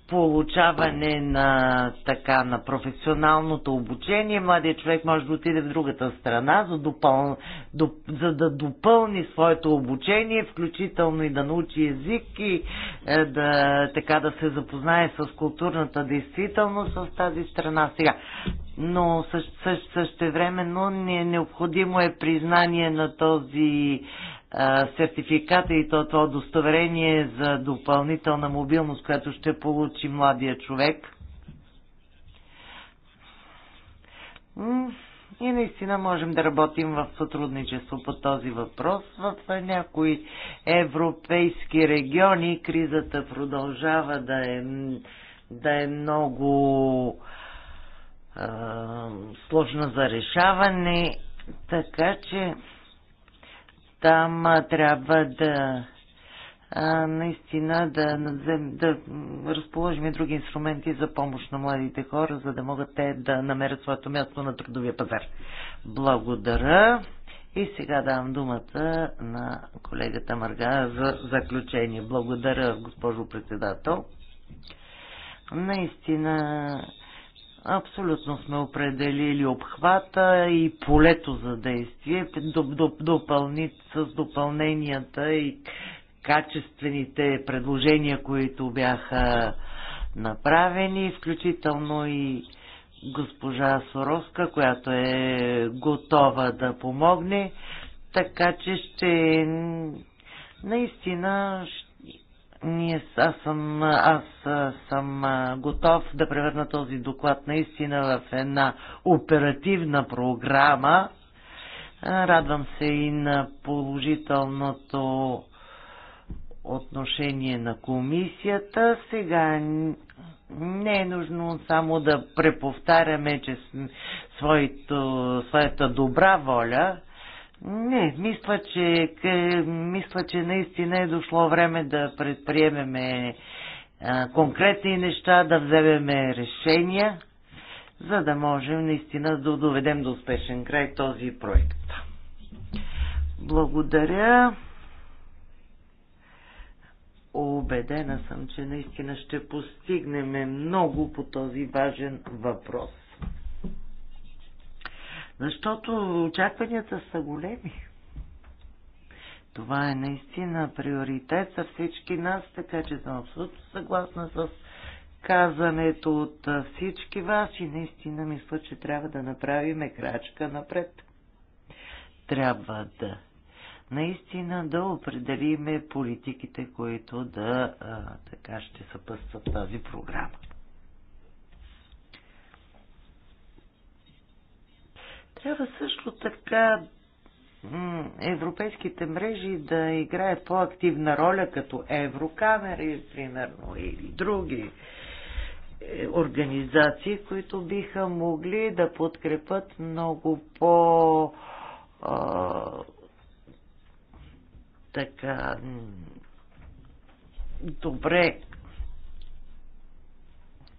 получаване на така на професионалното обучение, младият човек може да отиде в другата страна, за, допъл... доп... за да допълни своето обучение, включително и да научи език и е, да, така да се запознае с културната действителност в тази страна. Сега, но също, същевременно не, необходимо е признание на този сертификата и то това удостоверение за допълнителна мобилност, която ще получи младия човек. И наистина можем да работим в сътрудничество по този въпрос. В някои европейски региони кризата продължава да е, да е много е, сложна за решаване, така че там трябва да а, наистина да, надзем, да разположим и други инструменти за помощ на младите хора, за да могат те да намерят своето място на трудовия пазар. Благодаря. И сега давам думата на колегата Марга за заключение. Благодаря, госпожо председател. Наистина Абсолютно сме определили обхвата и полето за действие допълни, с допълненията и качествените предложения, които бяха направени, включително и госпожа Сороска, която е готова да помогне, така че ще наистина ще ние, аз съм, аз съм готов да превърна този доклад наистина в една оперативна програма. Радвам се и на положителното отношение на комисията. Сега не е нужно само да преповтаряме, че своето, своята добра воля не, мисля, че, къ... мисля, че наистина е дошло време да предприемеме а, конкретни неща, да вземеме решения, за да можем наистина да доведем до успешен край този проект. Благодаря. Обедена съм, че наистина ще постигнем много по този важен въпрос. Защото очакванията са големи. Това е наистина приоритет за всички нас, така че съм абсолютно съгласна с казането от всички вас и наистина мисля, че трябва да направим крачка напред. Трябва да наистина да определиме политиките, които да а, така ще съпъстват тази програма. Трябва също така европейските мрежи да играят по-активна роля, като еврокамери, примерно, или други е, организации, които биха могли да подкрепят много по така добре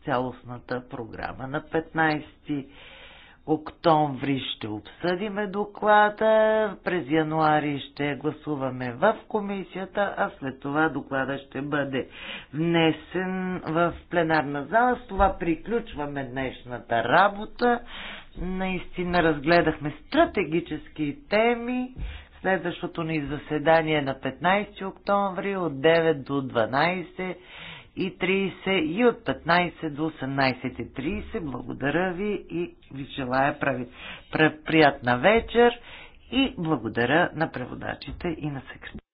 цялостната програма. На 15 октомври ще обсъдиме доклада, през януари ще гласуваме в комисията, а след това доклада ще бъде внесен в пленарна зала. С това приключваме днешната работа. Наистина разгледахме стратегически теми. Следващото ни заседание е на 15 октомври от 9 до 12 и 30 и от 15 до 18.30. Благодаря ви и ви желая прави, приятна вечер и благодаря на преводачите и на секретарите.